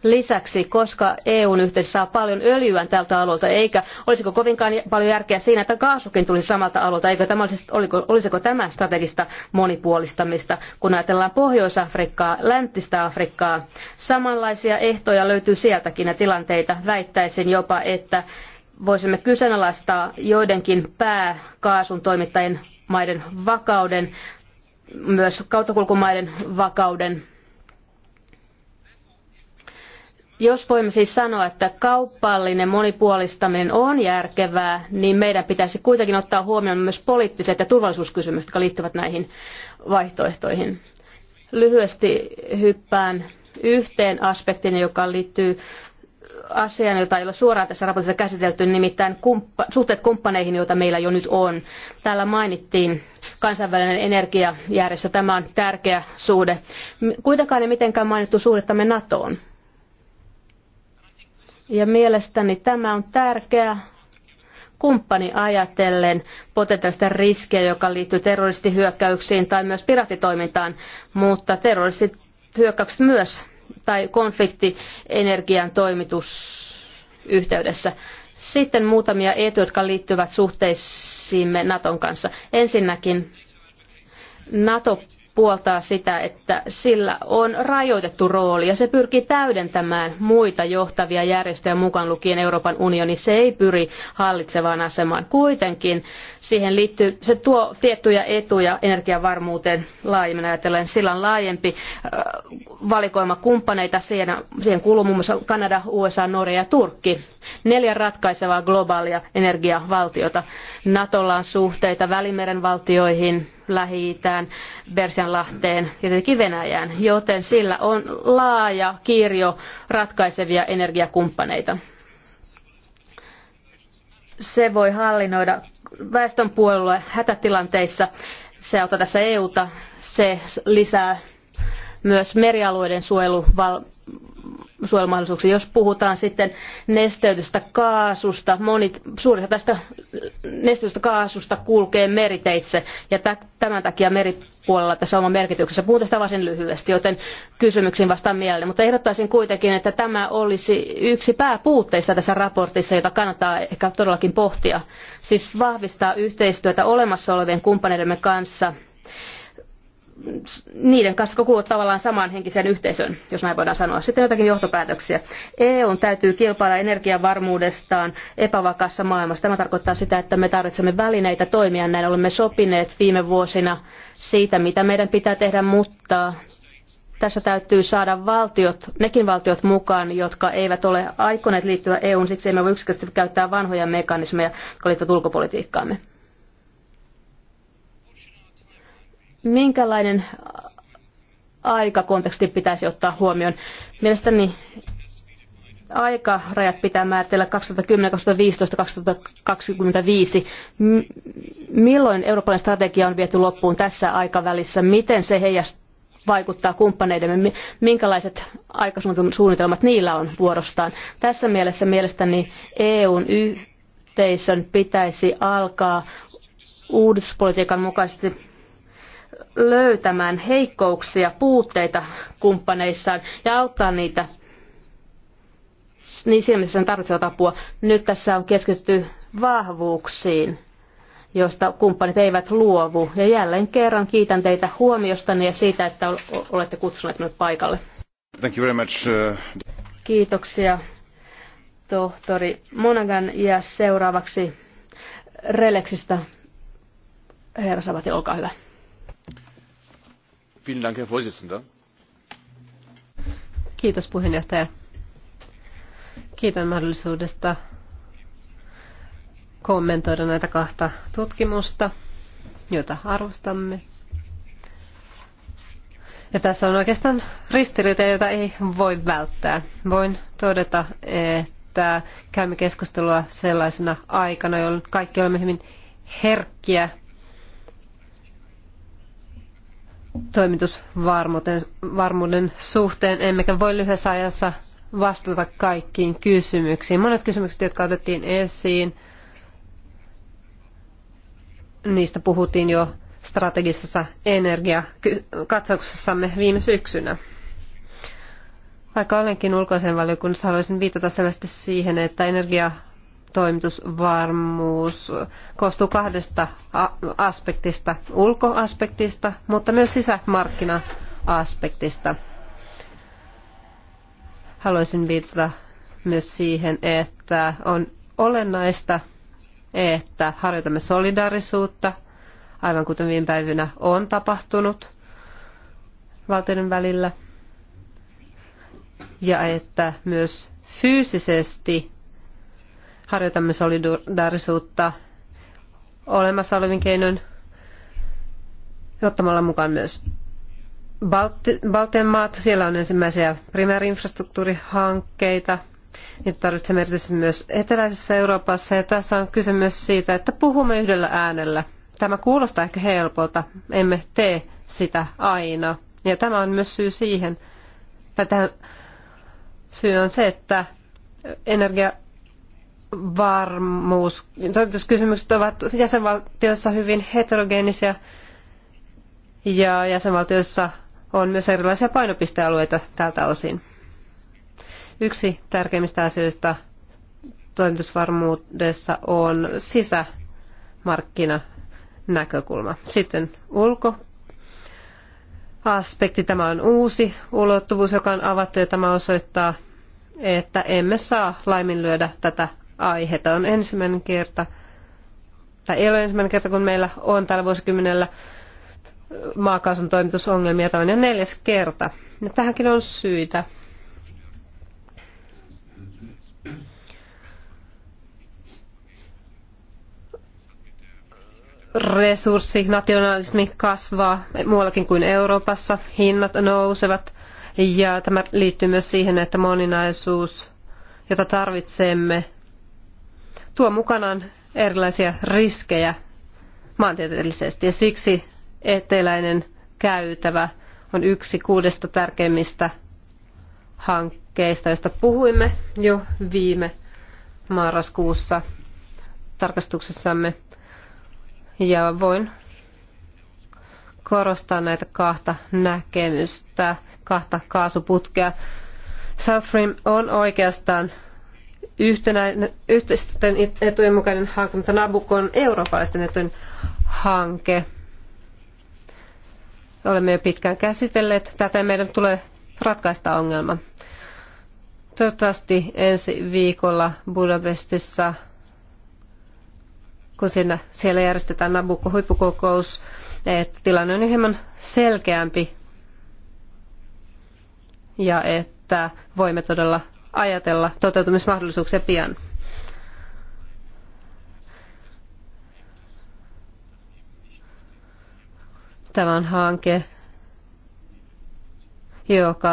lisäksi, koska EUn yhteisö saa paljon öljyä tältä alueelta, eikä olisiko kovinkaan paljon järkeä siinä, että kaasukin tulisi samalta alueelta, eikö tämä olisi, oliko, olisiko tämä strategista monipuolistamista, kun ajatellaan Pohjois-Afrikkaa, läntistä Afrikkaa. Samanlaisia ehtoja löytyy sieltäkin ja tilanteita. Väittäisin jopa, että voisimme kyseenalaistaa joidenkin pääkaasun toimittajien maiden vakauden, myös kauttakulkumaiden vakauden jos voimme siis sanoa, että kaupallinen monipuolistaminen on järkevää, niin meidän pitäisi kuitenkin ottaa huomioon myös poliittiset ja turvallisuuskysymykset, jotka liittyvät näihin vaihtoehtoihin. Lyhyesti hyppään yhteen aspektiin, joka liittyy asiaan, jota ei ole suoraan tässä raportissa käsitelty, nimittäin kumppa, suhteet kumppaneihin, joita meillä jo nyt on. Täällä mainittiin kansainvälinen energiajärjestö. Tämä on tärkeä suhde. Kuitenkaan ei mitenkään mainittu suhdettamme NATOon. Ja mielestäni tämä on tärkeä kumppani ajatellen potentiaalista riskiä, joka liittyy terroristihyökkäyksiin tai myös piratitoimintaan, mutta terroristihyökkäykset myös tai konflikti energian toimitusyhteydessä. Sitten muutamia etuja, jotka liittyvät suhteisiimme Naton kanssa. Ensinnäkin NATO puoltaa sitä, että sillä on rajoitettu rooli ja se pyrkii täydentämään muita johtavia järjestöjä mukaan lukien Euroopan unioni. Se ei pyri hallitsevaan asemaan. Kuitenkin siihen liittyy, se tuo tiettyjä etuja energiavarmuuteen laajemmin ajatellen. Sillä on laajempi valikoima kumppaneita. siinä siihen kuuluu muun muassa Kanada, USA, Norja ja Turkki. Neljä ratkaisevaa globaalia energiavaltiota. Natolla on suhteita Välimeren valtioihin, Lähi-Itään, Bersianlahteen ja tietenkin Venäjään, joten sillä on laaja kirjo ratkaisevia energiakumppaneita. Se voi hallinnoida väestön puolue hätätilanteissa. Se auttaa tässä EUta, se lisää myös merialueiden suojeluval- suojelumahdollisuuksia. Jos puhutaan sitten nesteytystä kaasusta, moni, suuri osa tästä nesteytystä kaasusta kulkee meriteitse ja tämän takia meripuolella tässä on oma merkityksessä. Puhun tästä varsin lyhyesti, joten kysymyksiin vastaan mielelläni. Mutta ehdottaisin kuitenkin, että tämä olisi yksi pääpuutteista tässä raportissa, jota kannattaa ehkä todellakin pohtia. Siis vahvistaa yhteistyötä olemassa olevien kumppaneidemme kanssa – niiden kanssa kuuluvat tavallaan samaan henkiseen yhteisöön, jos näin voidaan sanoa. Sitten jotakin johtopäätöksiä. EU täytyy kilpailla energiavarmuudestaan epävakaassa maailmassa. Tämä tarkoittaa sitä, että me tarvitsemme välineitä toimia. Näin olemme sopineet viime vuosina siitä, mitä meidän pitää tehdä, mutta tässä täytyy saada valtiot, nekin valtiot mukaan, jotka eivät ole aikoneet liittyä EUn, siksi emme voi yksinkertaisesti käyttää vanhoja mekanismeja, jotka liittyvät ulkopolitiikkaamme. Minkälainen aikakonteksti pitäisi ottaa huomioon? Mielestäni aikarajat pitää määritellä 2010, 2015, 2025. Milloin eurooppalainen strategia on viety loppuun tässä aikavälissä? Miten se heijastuu? vaikuttaa kumppaneidemme, minkälaiset aikasuunnitelmat niillä on vuorostaan. Tässä mielessä mielestäni EUn yhteisön pitäisi alkaa uudistuspolitiikan mukaisesti löytämään heikkouksia, puutteita kumppaneissaan ja auttaa niitä niin siinä, missä ne tarvitsevat apua. Nyt tässä on keskitytty vahvuuksiin, joista kumppanit eivät luovu. Ja jälleen kerran kiitän teitä huomiostani ja siitä, että olette kutsuneet minut paikalle. Thank you very much. Uh, Kiitoksia tohtori Monagan ja seuraavaksi Relexistä herra Sabati, olkaa hyvä herr präsident! kiitos puheenjohtaja. kiitän mahdollisuudesta kommentoida näitä kahta tutkimusta joita arvostamme. Ja tässä on oikeastaan ristiriita, jota ei voi välttää. Voin todeta, että käymme keskustelua sellaisena aikana, jolloin kaikki olemme hyvin herkkiä toimitusvarmuuden suhteen, emmekä voi lyhyessä ajassa vastata kaikkiin kysymyksiin. Monet kysymykset, jotka otettiin esiin, niistä puhuttiin jo strategisessa energiakatsauksessamme viime syksynä. Vaikka olenkin ulkoisen valiokunnassa, haluaisin viitata selvästi siihen, että energia toimitusvarmuus koostuu kahdesta aspektista, ulkoaspektista, mutta myös sisämarkkina-aspektista. Haluaisin viitata myös siihen, että on olennaista, että harjoitamme solidaarisuutta, aivan kuten viime päivinä on tapahtunut valtioiden välillä, ja että myös fyysisesti harjoitamme solidaarisuutta olemassa olevin keinoin ottamalla mukaan myös Balti, Baltian maat. Siellä on ensimmäisiä primäärinfrastruktuurihankkeita. Niitä tarvitsemme erityisesti myös eteläisessä Euroopassa. Ja tässä on kyse myös siitä, että puhumme yhdellä äänellä. Tämä kuulostaa ehkä helpolta. Emme tee sitä aina. Ja tämä on myös syy siihen, tai tähän syy on se, että energia- varmuus. Toimituskysymykset ovat jäsenvaltioissa hyvin heterogeenisia ja jäsenvaltioissa on myös erilaisia painopistealueita tältä osin. Yksi tärkeimmistä asioista toimitusvarmuudessa on sisämarkkinanäkökulma. Sitten ulko aspekti. Tämä on uusi ulottuvuus, joka on avattu ja tämä osoittaa, että emme saa laiminlyödä tätä Aiheita On ensimmäinen kerta, tai ei ole ensimmäinen kerta, kun meillä on tällä vuosikymmenellä maakaasun toimitusongelmia. Tämä on jo neljäs kerta. Ja tähänkin on syitä. resurssi, nationalismi kasvaa muuallakin kuin Euroopassa, hinnat nousevat ja tämä liittyy myös siihen, että moninaisuus, jota tarvitsemme, tuo mukanaan erilaisia riskejä maantieteellisesti ja siksi eteläinen käytävä on yksi kuudesta tärkeimmistä hankkeista, josta puhuimme jo viime marraskuussa tarkastuksessamme. Ja voin korostaa näitä kahta näkemystä, kahta kaasuputkea. South Stream on oikeastaan yhteisten etujen mukainen hanke, mutta Nabucco on eurooppalaisten etujen hanke. Olemme jo pitkään käsitelleet tätä ja meidän tulee ratkaista ongelma. Toivottavasti ensi viikolla Budapestissa, kun siinä, siellä järjestetään Nabucco-huippukokous, että tilanne on hieman selkeämpi ja että voimme todella ajatella toteutumismahdollisuuksia pian. Tämä on hanke, joka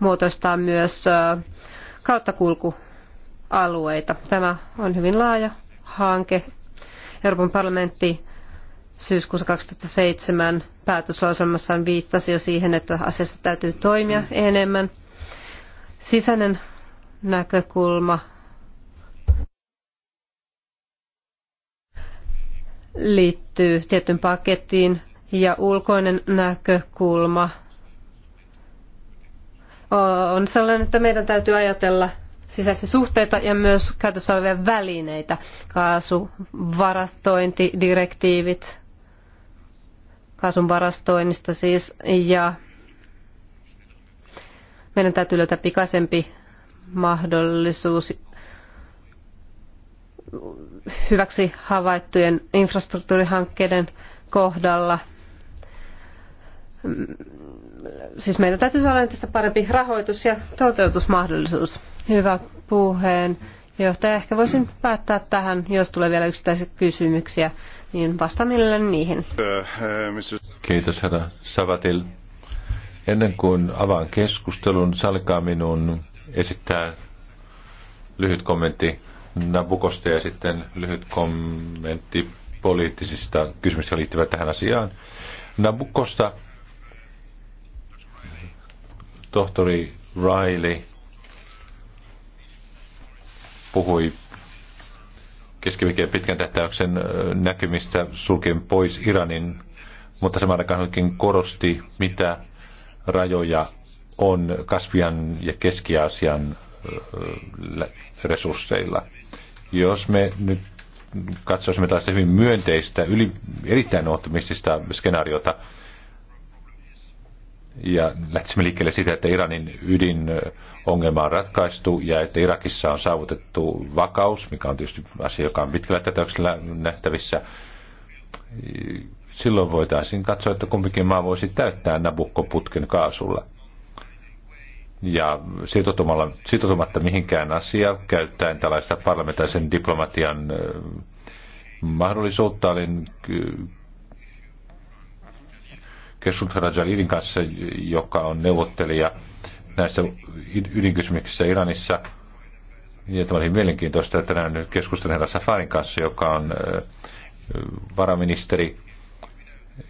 muotoistaa myös kauttakulkualueita. Tämä on hyvin laaja hanke. Euroopan parlamentti syyskuussa 2007 päätöslauselmassaan viittasi jo siihen, että asiassa täytyy toimia enemmän – Sisäinen näkökulma liittyy tietyn pakettiin ja ulkoinen näkökulma on sellainen, että meidän täytyy ajatella sisäisiä suhteita ja myös käytössä olevia välineitä, kaasu, varastointi, direktiivit, kaasun varastoinnista siis, ja meidän täytyy löytää pikaisempi mahdollisuus hyväksi havaittujen infrastruktuurihankkeiden kohdalla. Siis meillä täytyy olla entistä parempi rahoitus ja toteutusmahdollisuus. Hyvä puheen. Johtaja, ehkä voisin päättää tähän, jos tulee vielä yksittäisiä kysymyksiä, niin vastaan niihin. Kiitos herra Savatil. Ennen kuin avaan keskustelun, salkaa minun esittää lyhyt kommentti Nabukosta ja sitten lyhyt kommentti poliittisista kysymyksistä liittyvät tähän asiaan. Nabukosta tohtori Riley puhui keskiviikkeen pitkän tähtäyksen näkymistä sulkien pois Iranin, mutta samaan aikaan korosti, mitä rajoja on Kasvian ja Keski-Aasian resursseilla. Jos me nyt katsoisimme tällaista hyvin myönteistä, yli, erittäin optimistista skenaariota, ja lähtisimme liikkeelle siitä, että Iranin ydinongelma on ratkaistu ja että Irakissa on saavutettu vakaus, mikä on tietysti asia, joka on pitkällä tätä nähtävissä silloin voitaisiin katsoa, että kumpikin maa voisi täyttää Nabukko-putken kaasulla. Ja sitoutumatta mihinkään asia käyttäen tällaista parlamentaarisen diplomatian mahdollisuutta, olin keskustelun Jalilin kanssa, joka on neuvottelija näissä ydinkysymyksissä Iranissa. Ja tämä oli mielenkiintoista, että näin nyt keskustelen Safarin kanssa, joka on varaministeri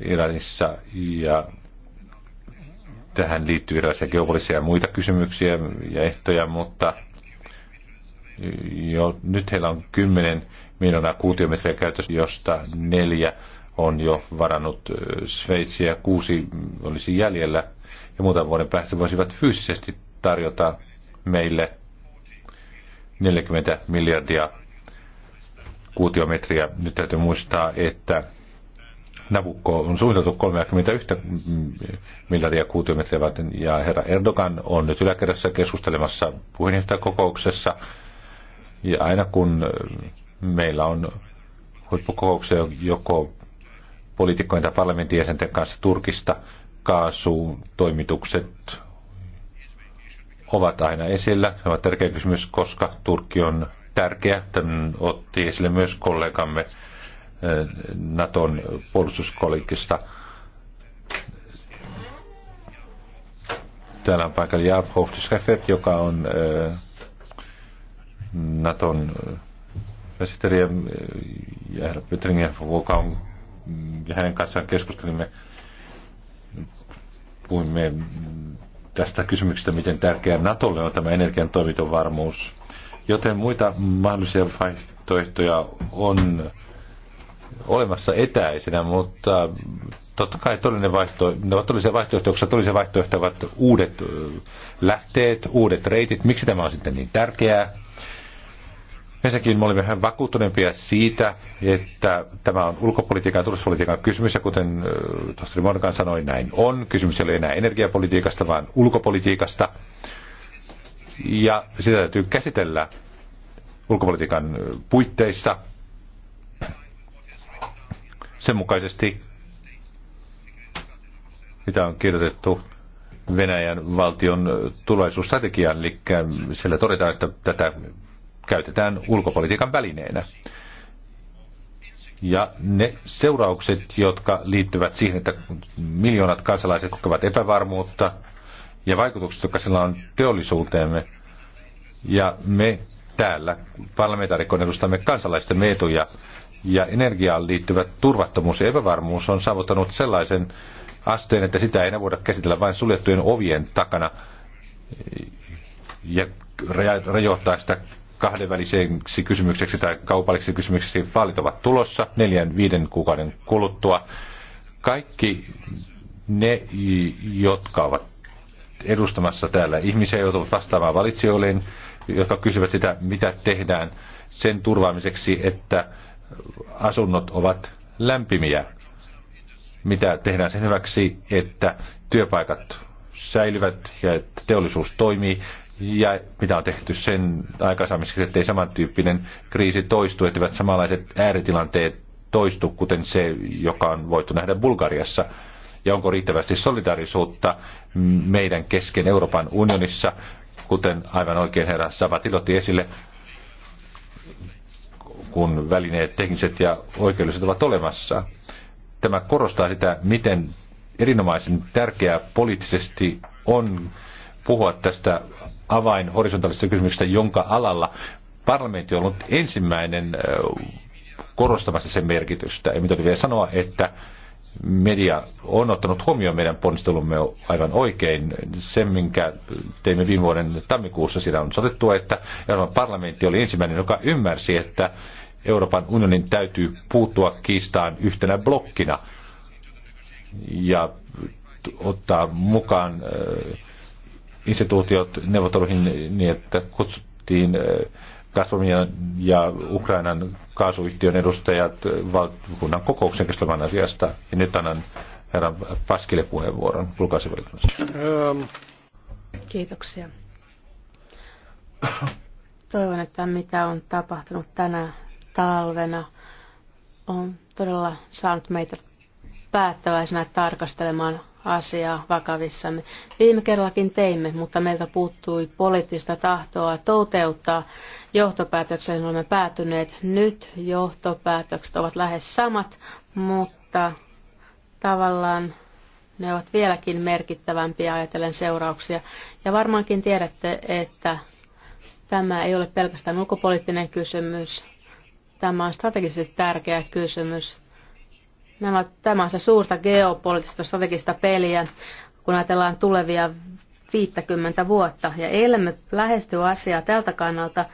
Iranissa ja tähän liittyy erilaisia geopoliittisia ja muita kysymyksiä ja ehtoja, mutta jo nyt heillä on 10 miljoonaa kuutiometriä käytössä, josta neljä on jo varannut Sveitsiä ja kuusi olisi jäljellä. Ja muutaman vuoden päästä voisivat fyysisesti tarjota meille 40 miljardia kuutiometriä. Nyt täytyy muistaa, että Nabucco on suunniteltu 31 miljardia kuutiometriä varten ja herra Erdogan on nyt yläkerrassa keskustelemassa puheenjohtajakokouksessa. Ja aina kun meillä on huippukokouksia joko poliitikkojen tai parlamentin jäsenten kanssa Turkista, kaasutoimitukset ovat aina esillä. Ne ovat tärkeä kysymys, koska Turkki on tärkeä. Tämän otti esille myös kollegamme Naton puolustuskolikista. Täällä on paikalla Jaap Schäffert, joka on äh, Naton pääsihteeri äh, äh, ja herra Pytringen, joka on, mm, ja hänen kanssaan keskustelimme, Puhumme tästä kysymyksestä, miten tärkeää Natolle on tämä energian toimiton varmuus. Joten muita mahdollisia vaihtoehtoja on olemassa etäisenä, mutta totta kai todellinen vaihto, ne vaihtoehtoja, todellisia vaihtoehtoja ovat uudet lähteet, uudet reitit. Miksi tämä on sitten niin tärkeää? Ensinnäkin me olimme vähän vakuuttuneempia siitä, että tämä on ulkopolitiikan ja turvallisuuspolitiikan kysymys, ja kuten tohtori Morgan sanoi, näin on. Kysymys ei ole enää energiapolitiikasta, vaan ulkopolitiikasta. Ja sitä täytyy käsitellä ulkopolitiikan puitteissa – sen mukaisesti, mitä on kirjoitettu Venäjän valtion tulevaisuusstrategiaan, eli sillä todetaan, että tätä käytetään ulkopolitiikan välineenä. Ja ne seuraukset, jotka liittyvät siihen, että miljoonat kansalaiset kokevat epävarmuutta ja vaikutukset, jotka sillä on teollisuuteemme, ja me täällä parlamentaarikon edustamme kansalaisten etuja, ja energiaan liittyvä turvattomuus ja epävarmuus on saavuttanut sellaisen asteen, että sitä ei enää voida käsitellä vain suljettujen ovien takana ja rajoittaa sitä kahdenväliseksi kysymykseksi tai kaupalliseksi kysymykseksi. Vaalit ovat tulossa neljän, viiden kuukauden kuluttua. Kaikki ne, jotka ovat edustamassa täällä ihmisiä, joutuvat vastaamaan valitsijoilleen, jotka kysyvät sitä, mitä tehdään sen turvaamiseksi, että asunnot ovat lämpimiä. Mitä tehdään sen hyväksi, että työpaikat säilyvät ja että teollisuus toimii ja mitä on tehty sen aikaisemmin, että ei samantyyppinen kriisi toistu, etteivät samanlaiset ääritilanteet toistu, kuten se, joka on voitu nähdä Bulgariassa. Ja onko riittävästi solidaarisuutta meidän kesken Euroopan unionissa, kuten aivan oikein herra Savatilotti esille, kun välineet, tekniset ja oikeudelliset ovat olemassa. Tämä korostaa sitä, miten erinomaisen tärkeää poliittisesti on puhua tästä avain horisontaalisesta kysymyksestä, jonka alalla parlamentti on ollut ensimmäinen korostamassa sen merkitystä. Ja mitä vielä sanoa, että media on ottanut huomioon meidän ponnistelumme aivan oikein. Sen, minkä teimme viime vuoden tammikuussa, siinä on sanottu, että Euroopan parlamentti oli ensimmäinen, joka ymmärsi, että Euroopan unionin täytyy puuttua kiistaan yhtenä blokkina ja ottaa mukaan äh, instituutiot neuvotteluihin niin, että kutsuttiin äh, Gazpromin ja Ukrainan kaasuyhtiön edustajat äh, valtuuskunnan kokouksen keskustelman asiasta. Ja nyt annan herran Paskille puheenvuoron ulkoasiavaliokunnassa. Ähm. Kiitoksia. Toivon, että mitä on tapahtunut tänään talvena on todella saanut meitä päättäväisenä tarkastelemaan asiaa vakavissamme. Viime kerrallakin teimme, mutta meiltä puuttui poliittista tahtoa toteuttaa johtopäätöksiä, olemme päätyneet. Nyt johtopäätökset ovat lähes samat, mutta tavallaan ne ovat vieläkin merkittävämpiä ajatellen seurauksia. Ja varmaankin tiedätte, että tämä ei ole pelkästään ulkopoliittinen kysymys. Tämä on strategisesti tärkeä kysymys. Nämä, tämä on se suurta geopoliittista strategista peliä, kun ajatellaan tulevia 50 vuotta. Ja ellemme lähesty asiaa tältä kannalta,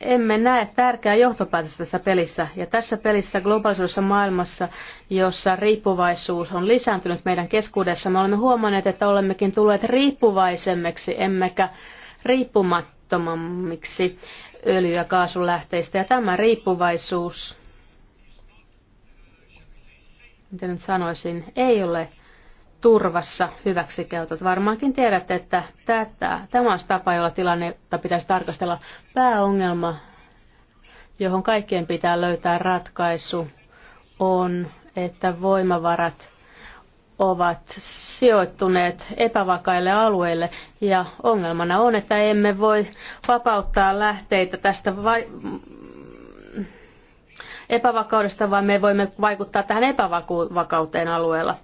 emme näe tärkeää johtopäätöstä tässä pelissä. Ja tässä pelissä globaalisuudessa maailmassa, jossa riippuvaisuus on lisääntynyt meidän keskuudessa, me olemme huomanneet, että olemmekin tulleet riippuvaisemmiksi, emmekä riippumatta riippumattomammiksi öljy- ja kaasulähteistä. Ja tämä riippuvaisuus, miten nyt sanoisin, ei ole turvassa hyväksikäytöt. Varmaankin tiedätte, että tätä, tämä on tapa, jolla tilannetta pitäisi tarkastella. Pääongelma, johon kaikkien pitää löytää ratkaisu, on, että voimavarat ovat sijoittuneet epävakaille alueille ja ongelmana on, että emme voi vapauttaa lähteitä tästä vai- epävakaudesta, vaan me voimme vaikuttaa tähän epävakauteen alueella.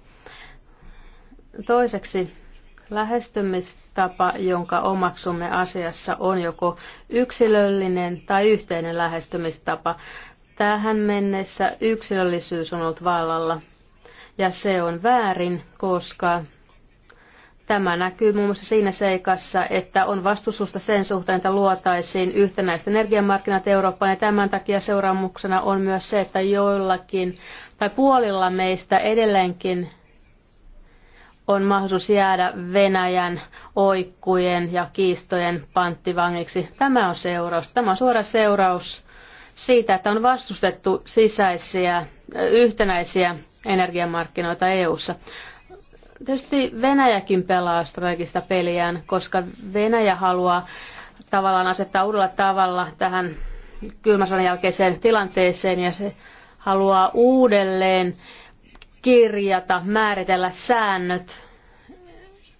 Toiseksi lähestymistapa, jonka omaksumme asiassa, on joko yksilöllinen tai yhteinen lähestymistapa. Tähän mennessä yksilöllisyys on ollut vallalla ja se on väärin, koska Tämä näkyy muun muassa siinä seikassa, että on vastustusta sen suhteen, että luotaisiin yhtenäiset energiamarkkinat Eurooppaan, ja tämän takia seuraamuksena on myös se, että joillakin tai puolilla meistä edelleenkin on mahdollisuus jäädä Venäjän oikkujen ja kiistojen panttivangiksi. Tämä on seuraus. Tämä on suora seuraus siitä, että on vastustettu sisäisiä, yhtenäisiä energiamarkkinoita EU:ssa. Tietysti Venäjäkin pelaa strategista peliään, koska Venäjä haluaa tavallaan asettaa uudella tavalla tähän kylmän jälkeiseen tilanteeseen ja se haluaa uudelleen kirjata, määritellä säännöt,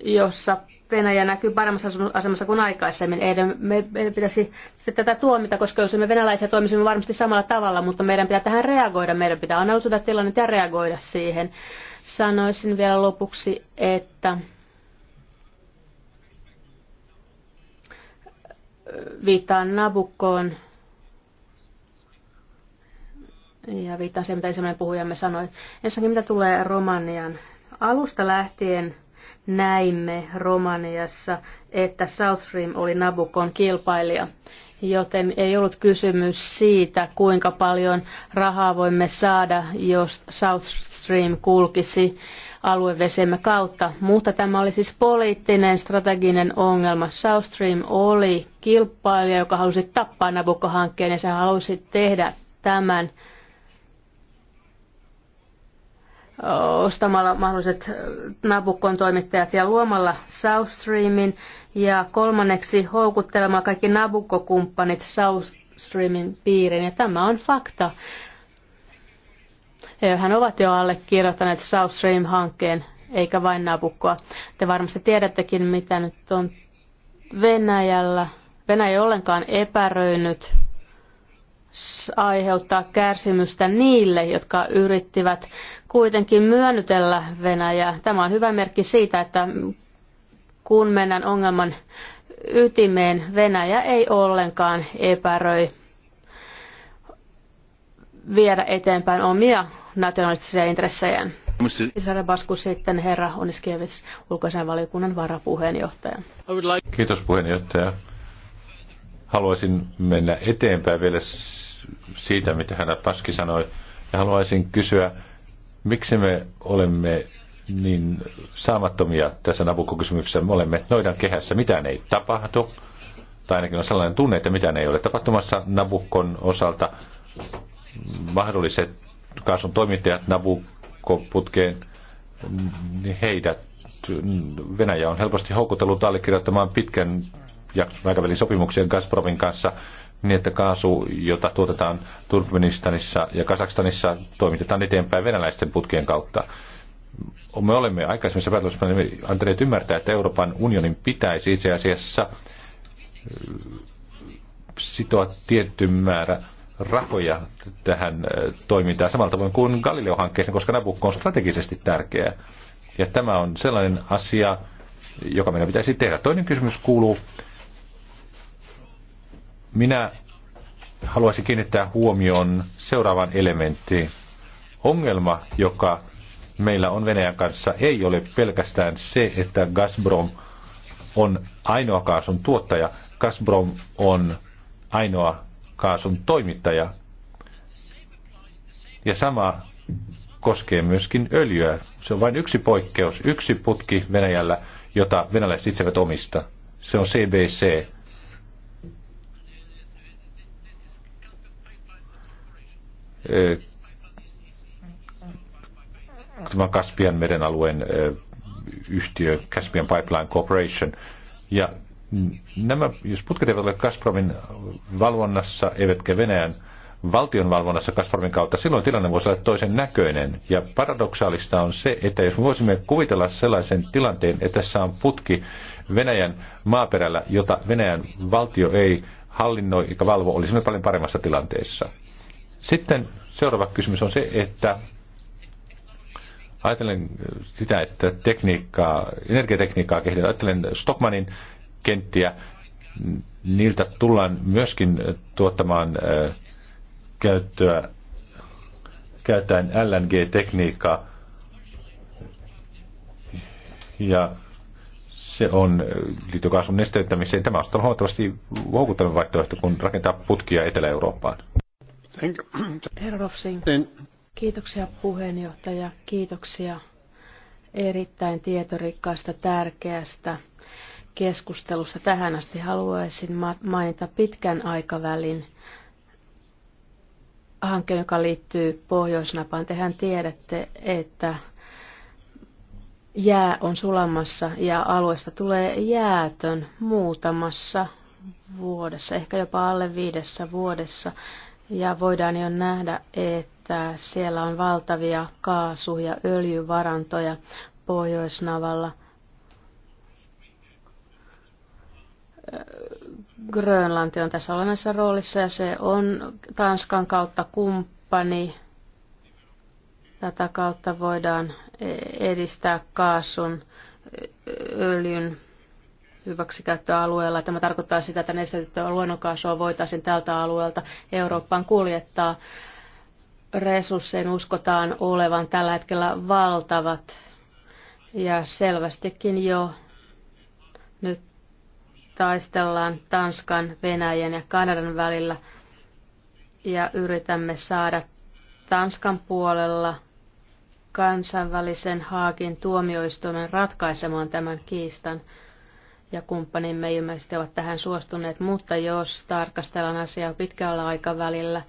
jossa Venäjä näkyy paremmassa asemassa kuin aikaisemmin. Eiden, me, meidän pitäisi tätä tuomita, koska jos me venäläisiä toimisimme varmasti samalla tavalla, mutta meidän pitää tähän reagoida. Meidän pitää analysoida tilannetta ja reagoida siihen. Sanoisin vielä lopuksi, että viittaan Nabukkoon ja viittaan siihen, mitä ensimmäinen puhujamme sanoi. Ensinnäkin mitä tulee Romanian alusta lähtien – näimme Romaniassa, että South Stream oli Nabukon kilpailija. Joten ei ollut kysymys siitä, kuinka paljon rahaa voimme saada, jos South Stream kulkisi aluevesemme kautta. Mutta tämä oli siis poliittinen strateginen ongelma. South Stream oli kilpailija, joka halusi tappaa Nabukko-hankkeen ja se halusi tehdä tämän ostamalla mahdolliset Nabukon toimittajat ja luomalla South Streamin ja kolmanneksi houkuttelemaan kaikki Nabukko-kumppanit South Streamin piiriin. Ja tämä on fakta. Hän ovat jo allekirjoittaneet South Stream-hankkeen, eikä vain Nabukkoa. Te varmasti tiedättekin, mitä nyt on Venäjällä. Venäjä ei ollenkaan epäröinyt aiheuttaa kärsimystä niille, jotka yrittivät kuitenkin myönnytellä Venäjää. Tämä on hyvä merkki siitä, että kun mennään ongelman ytimeen, Venäjä ei ollenkaan epäröi viedä eteenpäin omia nationalistisia intressejään. Isäre Basku sitten herra Oniskevits, ulkoisen valiokunnan varapuheenjohtaja. Kiitos puheenjohtaja. Haluaisin mennä eteenpäin vielä siitä, mitä hän Paski sanoi. Ja haluaisin kysyä, Miksi me olemme niin saamattomia tässä Nabukko-kysymyksessä? Me olemme noidan kehässä, mitään ei tapahdu. Tai ainakin on sellainen tunne, että mitään ei ole tapahtumassa Nabukon osalta. Mahdolliset kaasun toimittajat Nabukko-putkeen, niin heidät Venäjä on helposti houkutellut allekirjoittamaan pitkän aikavälin sopimuksen Gazpromin kanssa – niin, että kaasu, jota tuotetaan Turkmenistanissa ja Kasakstanissa, toimitetaan eteenpäin venäläisten putkien kautta. Me olemme aikaisemmissa päätöksissä antaneet ymmärtää, että Euroopan unionin pitäisi itse asiassa äh, sitoa tietty määrä rahoja tähän äh, toimintaan samalla tavoin kuin Galileo-hankkeeseen, koska Nabucco on strategisesti tärkeä. Ja tämä on sellainen asia, joka meidän pitäisi tehdä. Toinen kysymys kuuluu, minä haluaisin kiinnittää huomioon seuraavan elementtiin. Ongelma, joka meillä on Venäjän kanssa, ei ole pelkästään se, että Gazprom on ainoa kaasun tuottaja. Gazprom on ainoa kaasun toimittaja. Ja sama koskee myöskin öljyä. Se on vain yksi poikkeus, yksi putki Venäjällä, jota venäläiset itse omista. Se on CBC, tämä Kaspian meren alueen yhtiö Caspian Pipeline Corporation. Ja nämä, jos putket eivät ole Gazpromin valvonnassa, eivätkä Venäjän valtion valvonnassa Gazpromin kautta, silloin tilanne voisi olla toisen näköinen. Ja paradoksaalista on se, että jos voisimme kuvitella sellaisen tilanteen, että tässä on putki Venäjän maaperällä, jota Venäjän valtio ei hallinnoi eikä valvo, olisimme paljon paremmassa tilanteessa. Sitten seuraava kysymys on se, että ajattelen sitä, että tekniikkaa, energiatekniikkaa kehitetään. Ajattelen Stockmanin kenttiä, niiltä tullaan myöskin tuottamaan äh, käyttöä käyttäen LNG-tekniikkaa. Ja se on liittokaasun nesteyttämiseen. Tämä on huomattavasti houkutteleva vaihtoehto, kun rakentaa putkia Etelä-Eurooppaan. Herra Rofsing, kiitoksia puheenjohtaja, kiitoksia erittäin tietorikkaasta, tärkeästä keskustelusta. Tähän asti haluaisin mainita pitkän aikavälin hankkeen, joka liittyy Pohjoisnapaan. Tehän tiedätte, että jää on sulamassa ja alueesta tulee jäätön muutamassa vuodessa, ehkä jopa alle viidessä vuodessa. Ja voidaan jo nähdä, että siellä on valtavia kaasu- ja öljyvarantoja Pohjoisnavalla. Grönlanti on tässä olennaisessa roolissa ja se on Tanskan kautta kumppani. Tätä kautta voidaan e- edistää kaasun, öljyn hyväksikäyttöalueella. Tämä tarkoittaa sitä, että nesteytettyä luonnonkaasua voitaisiin tältä alueelta Eurooppaan kuljettaa. Resurssien uskotaan olevan tällä hetkellä valtavat ja selvästikin jo nyt taistellaan Tanskan, Venäjän ja Kanadan välillä ja yritämme saada Tanskan puolella kansainvälisen Haakin tuomioistuimen ratkaisemaan tämän kiistan ja kumppanimme ilmeisesti ovat tähän suostuneet, mutta jos tarkastellaan asiaa pitkällä aikavälillä,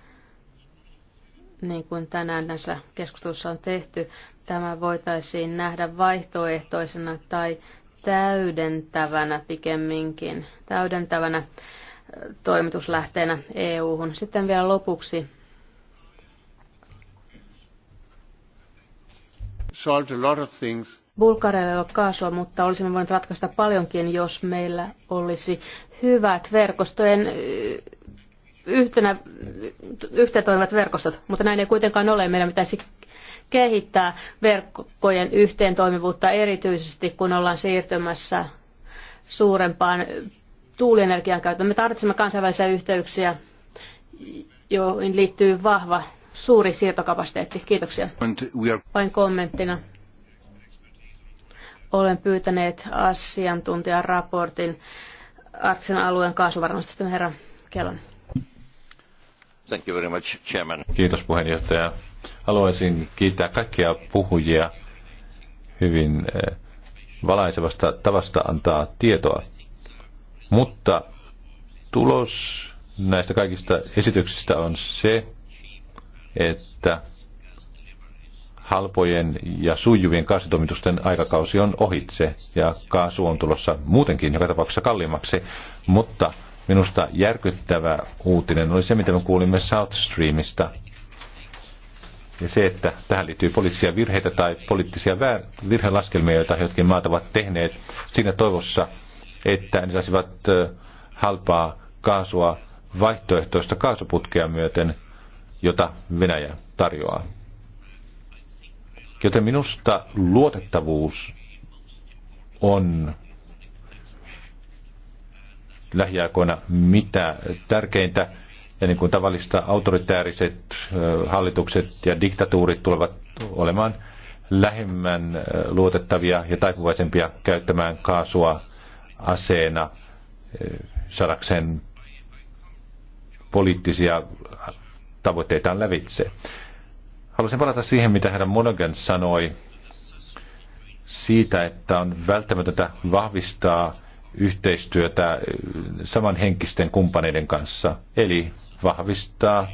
niin kuin tänään tässä keskustelussa on tehty, tämä voitaisiin nähdä vaihtoehtoisena tai täydentävänä pikemminkin, täydentävänä toimituslähteenä EU-hun. Sitten vielä lopuksi. Solved a lot of things Bulgarialla ei ole kaasua, mutta olisimme voineet ratkaista paljonkin, jos meillä olisi hyvät verkostojen yhtenä, yhteen toimivat verkostot, mutta näin ei kuitenkaan ole. Meidän pitäisi kehittää verkkojen yhteen toimivuutta erityisesti, kun ollaan siirtymässä suurempaan tuulienergian käyttöön. Me tarvitsemme kansainvälisiä yhteyksiä, joihin liittyy vahva suuri siirtokapasiteetti. Kiitoksia. Vain kommenttina. Olen pyytäneet asiantuntijan raportin Arktisen alueen kaasuvarmasti herra Kellon. Thank you very much, Chairman. Kiitos puheenjohtaja. Haluaisin kiittää kaikkia puhujia hyvin eh, valaisevasta tavasta antaa tietoa. Mutta tulos näistä kaikista esityksistä on se, että halpojen ja sujuvien kaasutoimitusten aikakausi on ohitse ja kaasu on tulossa muutenkin joka tapauksessa kalliimmaksi, mutta minusta järkyttävä uutinen oli se, mitä me kuulimme South Streamista. Ja se, että tähän liittyy poliittisia virheitä tai poliittisia virhelaskelmia, joita jotkin maat ovat tehneet siinä toivossa, että ne saisivat halpaa kaasua vaihtoehtoista kaasuputkea myöten, jota Venäjä tarjoaa. Joten minusta luotettavuus on lähiaikoina mitä tärkeintä. Ja niin kuin tavallista autoritääriset hallitukset ja diktatuurit tulevat olemaan lähemmän luotettavia ja taipuvaisempia käyttämään kaasua aseena saadakseen poliittisia tavoitteitaan lävitse. Haluaisin palata siihen, mitä herra monogen sanoi siitä, että on välttämätöntä vahvistaa yhteistyötä samanhenkisten kumppaneiden kanssa, eli vahvistaa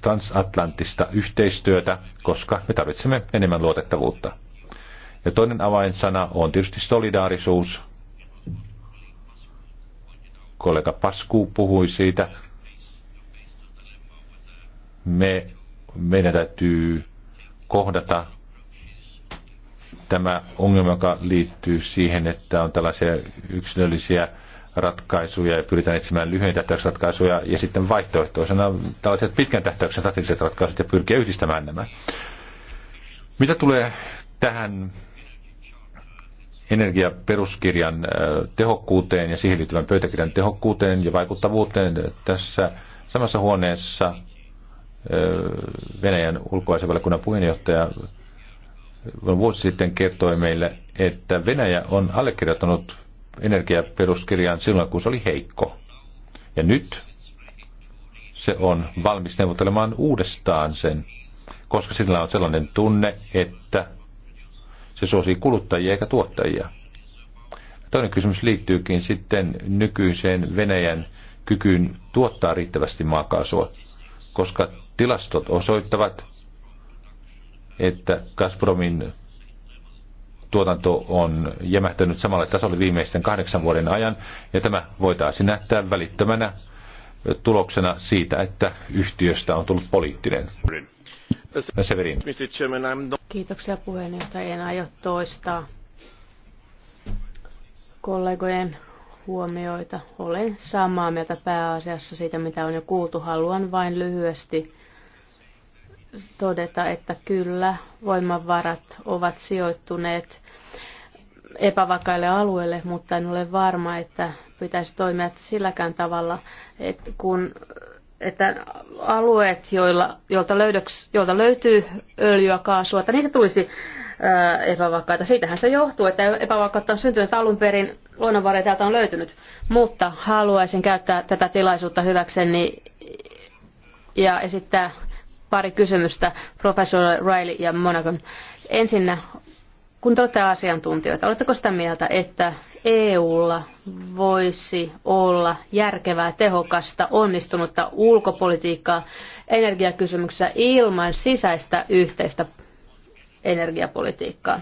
transatlanttista yhteistyötä, koska me tarvitsemme enemmän luotettavuutta. Ja toinen avainsana on tietysti solidaarisuus. Kollega Pasku puhui siitä. Me meidän täytyy kohdata tämä ongelma, joka liittyy siihen, että on tällaisia yksilöllisiä ratkaisuja ja pyritään etsimään lyhyen tähtäyksen ratkaisuja ja sitten vaihtoehtoisena tällaiset pitkän tähtäyksen strategiset ratkaisut ja pyrkiä yhdistämään nämä. Mitä tulee tähän energiaperuskirjan äh, tehokkuuteen ja siihen liittyvän pöytäkirjan tehokkuuteen ja vaikuttavuuteen tässä samassa huoneessa Venäjän ulkoasevaliokunnan puheenjohtaja vuosi sitten kertoi meille, että Venäjä on allekirjoittanut energiaperuskirjan silloin, kun se oli heikko. Ja nyt se on valmis neuvottelemaan uudestaan sen, koska sillä on sellainen tunne, että se suosii kuluttajia eikä tuottajia. Toinen kysymys liittyykin sitten nykyiseen Venäjän kykyyn tuottaa riittävästi maakaasua, koska Tilastot osoittavat, että Gazpromin tuotanto on jämähtänyt samalle tasolle viimeisten kahdeksan vuoden ajan, ja tämä voitaisiin näyttää välittömänä tuloksena siitä, että yhtiöstä on tullut poliittinen. Severin. Kiitoksia puheenjohtaja. En aio toistaa kollegojen huomioita. Olen samaa mieltä pääasiassa siitä, mitä on jo kuultu. Haluan vain lyhyesti todeta, että kyllä voimavarat ovat sijoittuneet epävakaille alueille, mutta en ole varma, että pitäisi toimia silläkään tavalla, että kun että alueet, joilla, joilta, löydöks, joilta löytyy öljyä, kaasua, että niistä tulisi ää, epävakaita. Siitähän se johtuu, että epävakautta on syntynyt alun perin, luonnonvaroja täältä on löytynyt. Mutta haluaisin käyttää tätä tilaisuutta hyväkseni ja esittää pari kysymystä professori Riley ja Monaghan. Ensinnä, kun te olette asiantuntijoita, oletteko sitä mieltä, että EUlla voisi olla järkevää, tehokasta, onnistunutta ulkopolitiikkaa energiakysymyksessä ilman sisäistä yhteistä energiapolitiikkaa?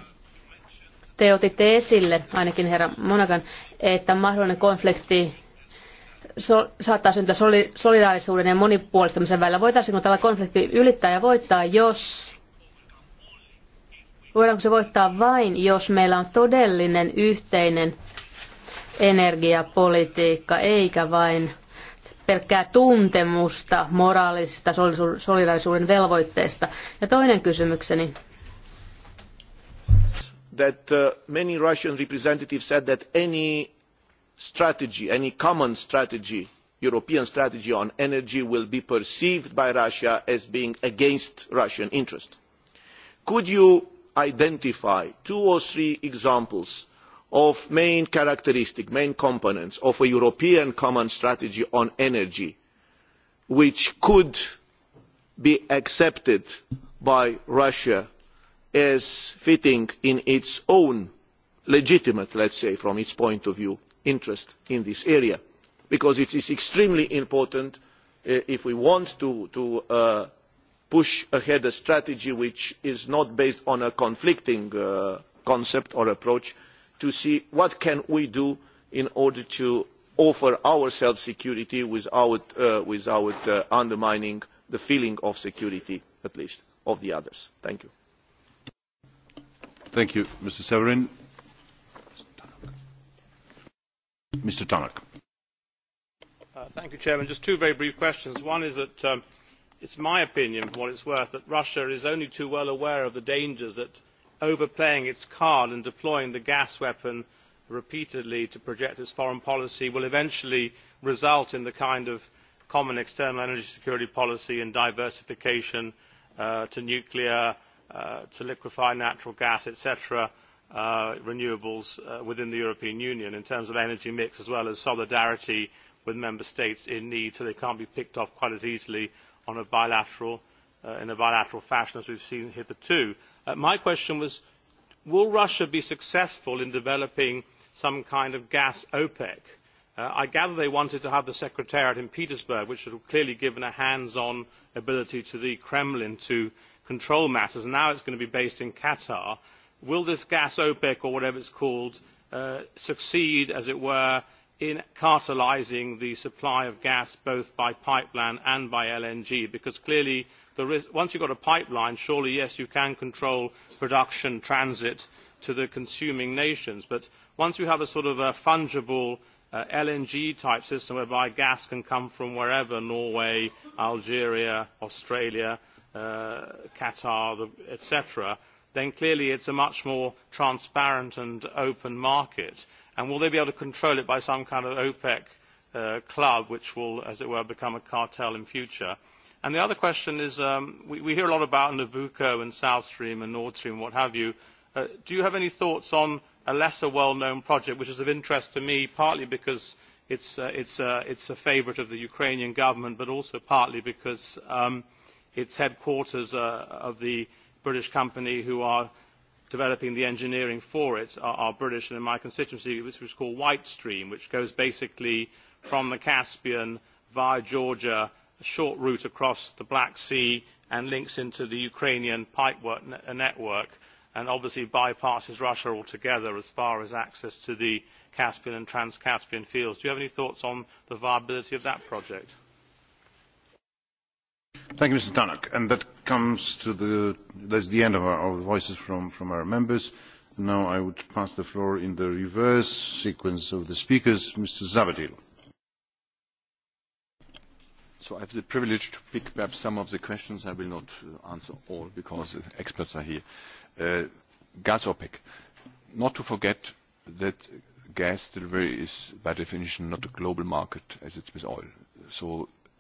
Te otitte esille, ainakin herra Monakan, että mahdollinen konflikti saattaa syntyä solidaarisuuden ja monipuolistamisen välillä. Voitaisiinko tällä konflikti ylittää ja voittaa, jos... Voidaanko se voittaa vain, jos meillä on todellinen yhteinen energiapolitiikka, eikä vain pelkkää tuntemusta moraalisista solidaarisuuden velvoitteista. Ja toinen kysymykseni. That uh, many Russian representatives said that any strategy any common european strategy on energy will be perceived by russia as being against russian interests. could you identify two or three examples of main characteristics main components of a european common strategy on energy which could be accepted by russia as fitting in its own legitimate let us say from its point of view interest in this area because it is extremely important uh, if we want to, uh, push ahead a strategy which is not based on a conflicting uh, concept or approach to see what we can do in order to offer ourselves security without, undermining the feeling of security at least of the others. Mr. Tannock. Uh, thank you, Chairman. Just two very brief questions. One is that um, it's my opinion, for what it's worth, that Russia is only too well aware of the dangers that overplaying its card and deploying the gas weapon repeatedly to project its foreign policy will eventually result in the kind of common external energy security policy and diversification uh, to nuclear uh, to liquefy natural gas etc. Uh, renewables uh, within the European Union in terms of energy mix as well as solidarity with member states in need so they can't be picked off quite as easily uh, in a bilateral fashion as we've seen hitherto. my question was, will Russia be successful in developing some kind of gas OPEC? I gather they wanted to have the Secretariat in Petersburg, which would have clearly given a hands-on ability to the Kremlin to control matters. And now it's going to be based in Qatar will this gas opec or whatever it is called uh, succeed as it were in cartelising the supply of gas both by pipeline and by lng because clearly once you have got a pipeline surely yes you can control production transit to the consuming nations but once you have a sort of a fungible uh, lng type system whereby gas can come from wherever norway algeria australia uh, qatar etc then clearly it is a much more transparent and open market. And will they be able to control it by some kind of opec uh, club which will as it were become a cartel in future? And the other question is um, we, hear a lot about nabucco and south stream and nord stream and what have you. Uh, do you have any thoughts on a lesser well known project which is of interest to me partly because it uh, is a favourite of the ukrainian government but also partly because um, its headquarters of the british company who are developing the engineering for it are, are british and in my constituency which is called white stream which goes basically from the caspian via georgia a short route across the black sea and links into the ukrainian pipe uh, network and obviously bypasses russia altogether as far as access to the caspian and trans caspian fields. do you have any thoughts on the viability of that project? Thank you, Mr. Tannock. And that comes to the that's the end of our of voices from from our members. Now I would pass the floor in the reverse sequence of the speakers. Mr. Zavadil. So I have the privilege to pick up some of the questions. I will not uh, answer all because the experts are here. Uh, gas OPEC. Not to forget that gas delivery is by definition not a global market as it's with oil. So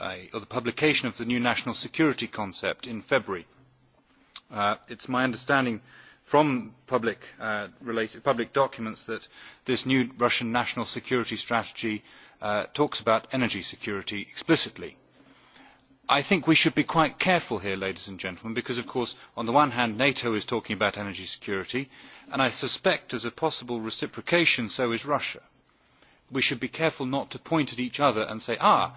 or the publication of the new national security concept in February. Uh, it's my understanding from public, uh, related, public documents that this new Russian national security strategy uh, talks about energy security explicitly. I think we should be quite careful here, ladies and gentlemen, because, of course, on the one hand, NATO is talking about energy security, and I suspect as a possible reciprocation, so is Russia. We should be careful not to point at each other and say, ah,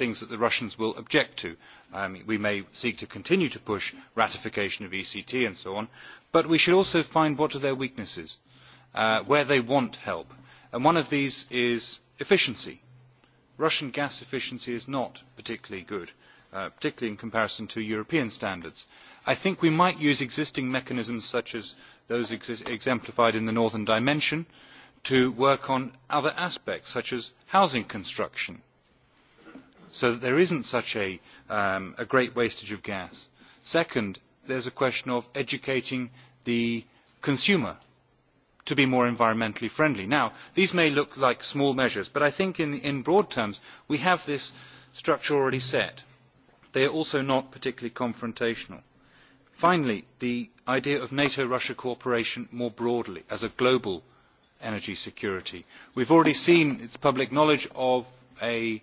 things that the Russians will object to. Um, we may seek to continue to push ratification of ECT and so on, but we should also find what are their weaknesses, uh, where they want help. And one of these is efficiency. Russian gas efficiency is not particularly good, uh, particularly in comparison to European standards. I think we might use existing mechanisms such as those ex exemplified in the Northern Dimension to work on other aspects such as housing construction so that there is not such a, um, a great wastage of gas. Second, there is a question of educating the consumer to be more environmentally friendly. Now, these may look like small measures, but I think in, in broad terms, we have this structure already set. They are also not particularly confrontational. Finally, the idea of NATO-Russia cooperation more broadly as a global energy security. We've already seen, it's public knowledge, of a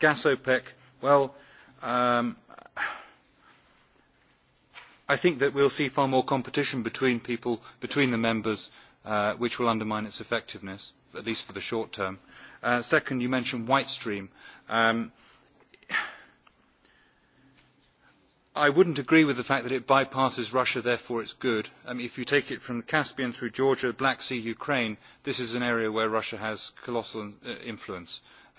gas OPEC, well, um, I think that we'll see far more competition between people, between the members, uh, which will undermine its effectiveness, at least for the short term. Uh, second, you mentioned White Stream. Um, I wouldn't agree with the fact that it bypasses Russia, therefore it's good. I mean, if you take it from the Caspian through Georgia, Black Sea, Ukraine, this is an area where Russia has colossal uh, influence. Uh,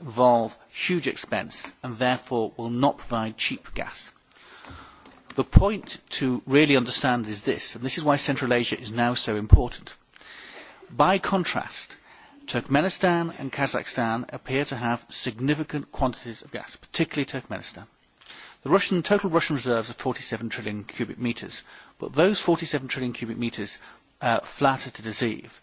involve huge expense and therefore will not provide cheap gas. The point to really understand is this, and this is why Central Asia is now so important. By contrast, Turkmenistan and Kazakhstan appear to have significant quantities of gas, particularly Turkmenistan. The Russian, total Russian reserves are 47 trillion cubic metres, but those 47 trillion cubic metres uh, flatter to deceive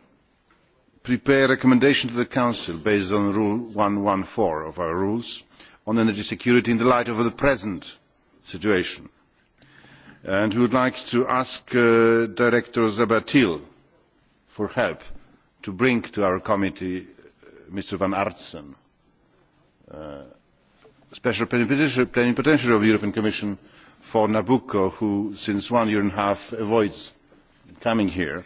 prepare a recommendation to the council based on rule one hundred and fourteen of our rules on energy security in the light of the present situation and we would like to ask uh, director Zabatil for help to bring to our committee uh, mr van artsen uh, special plenipotentiary of the european commission for nabucco who for one year and a half avoids coming here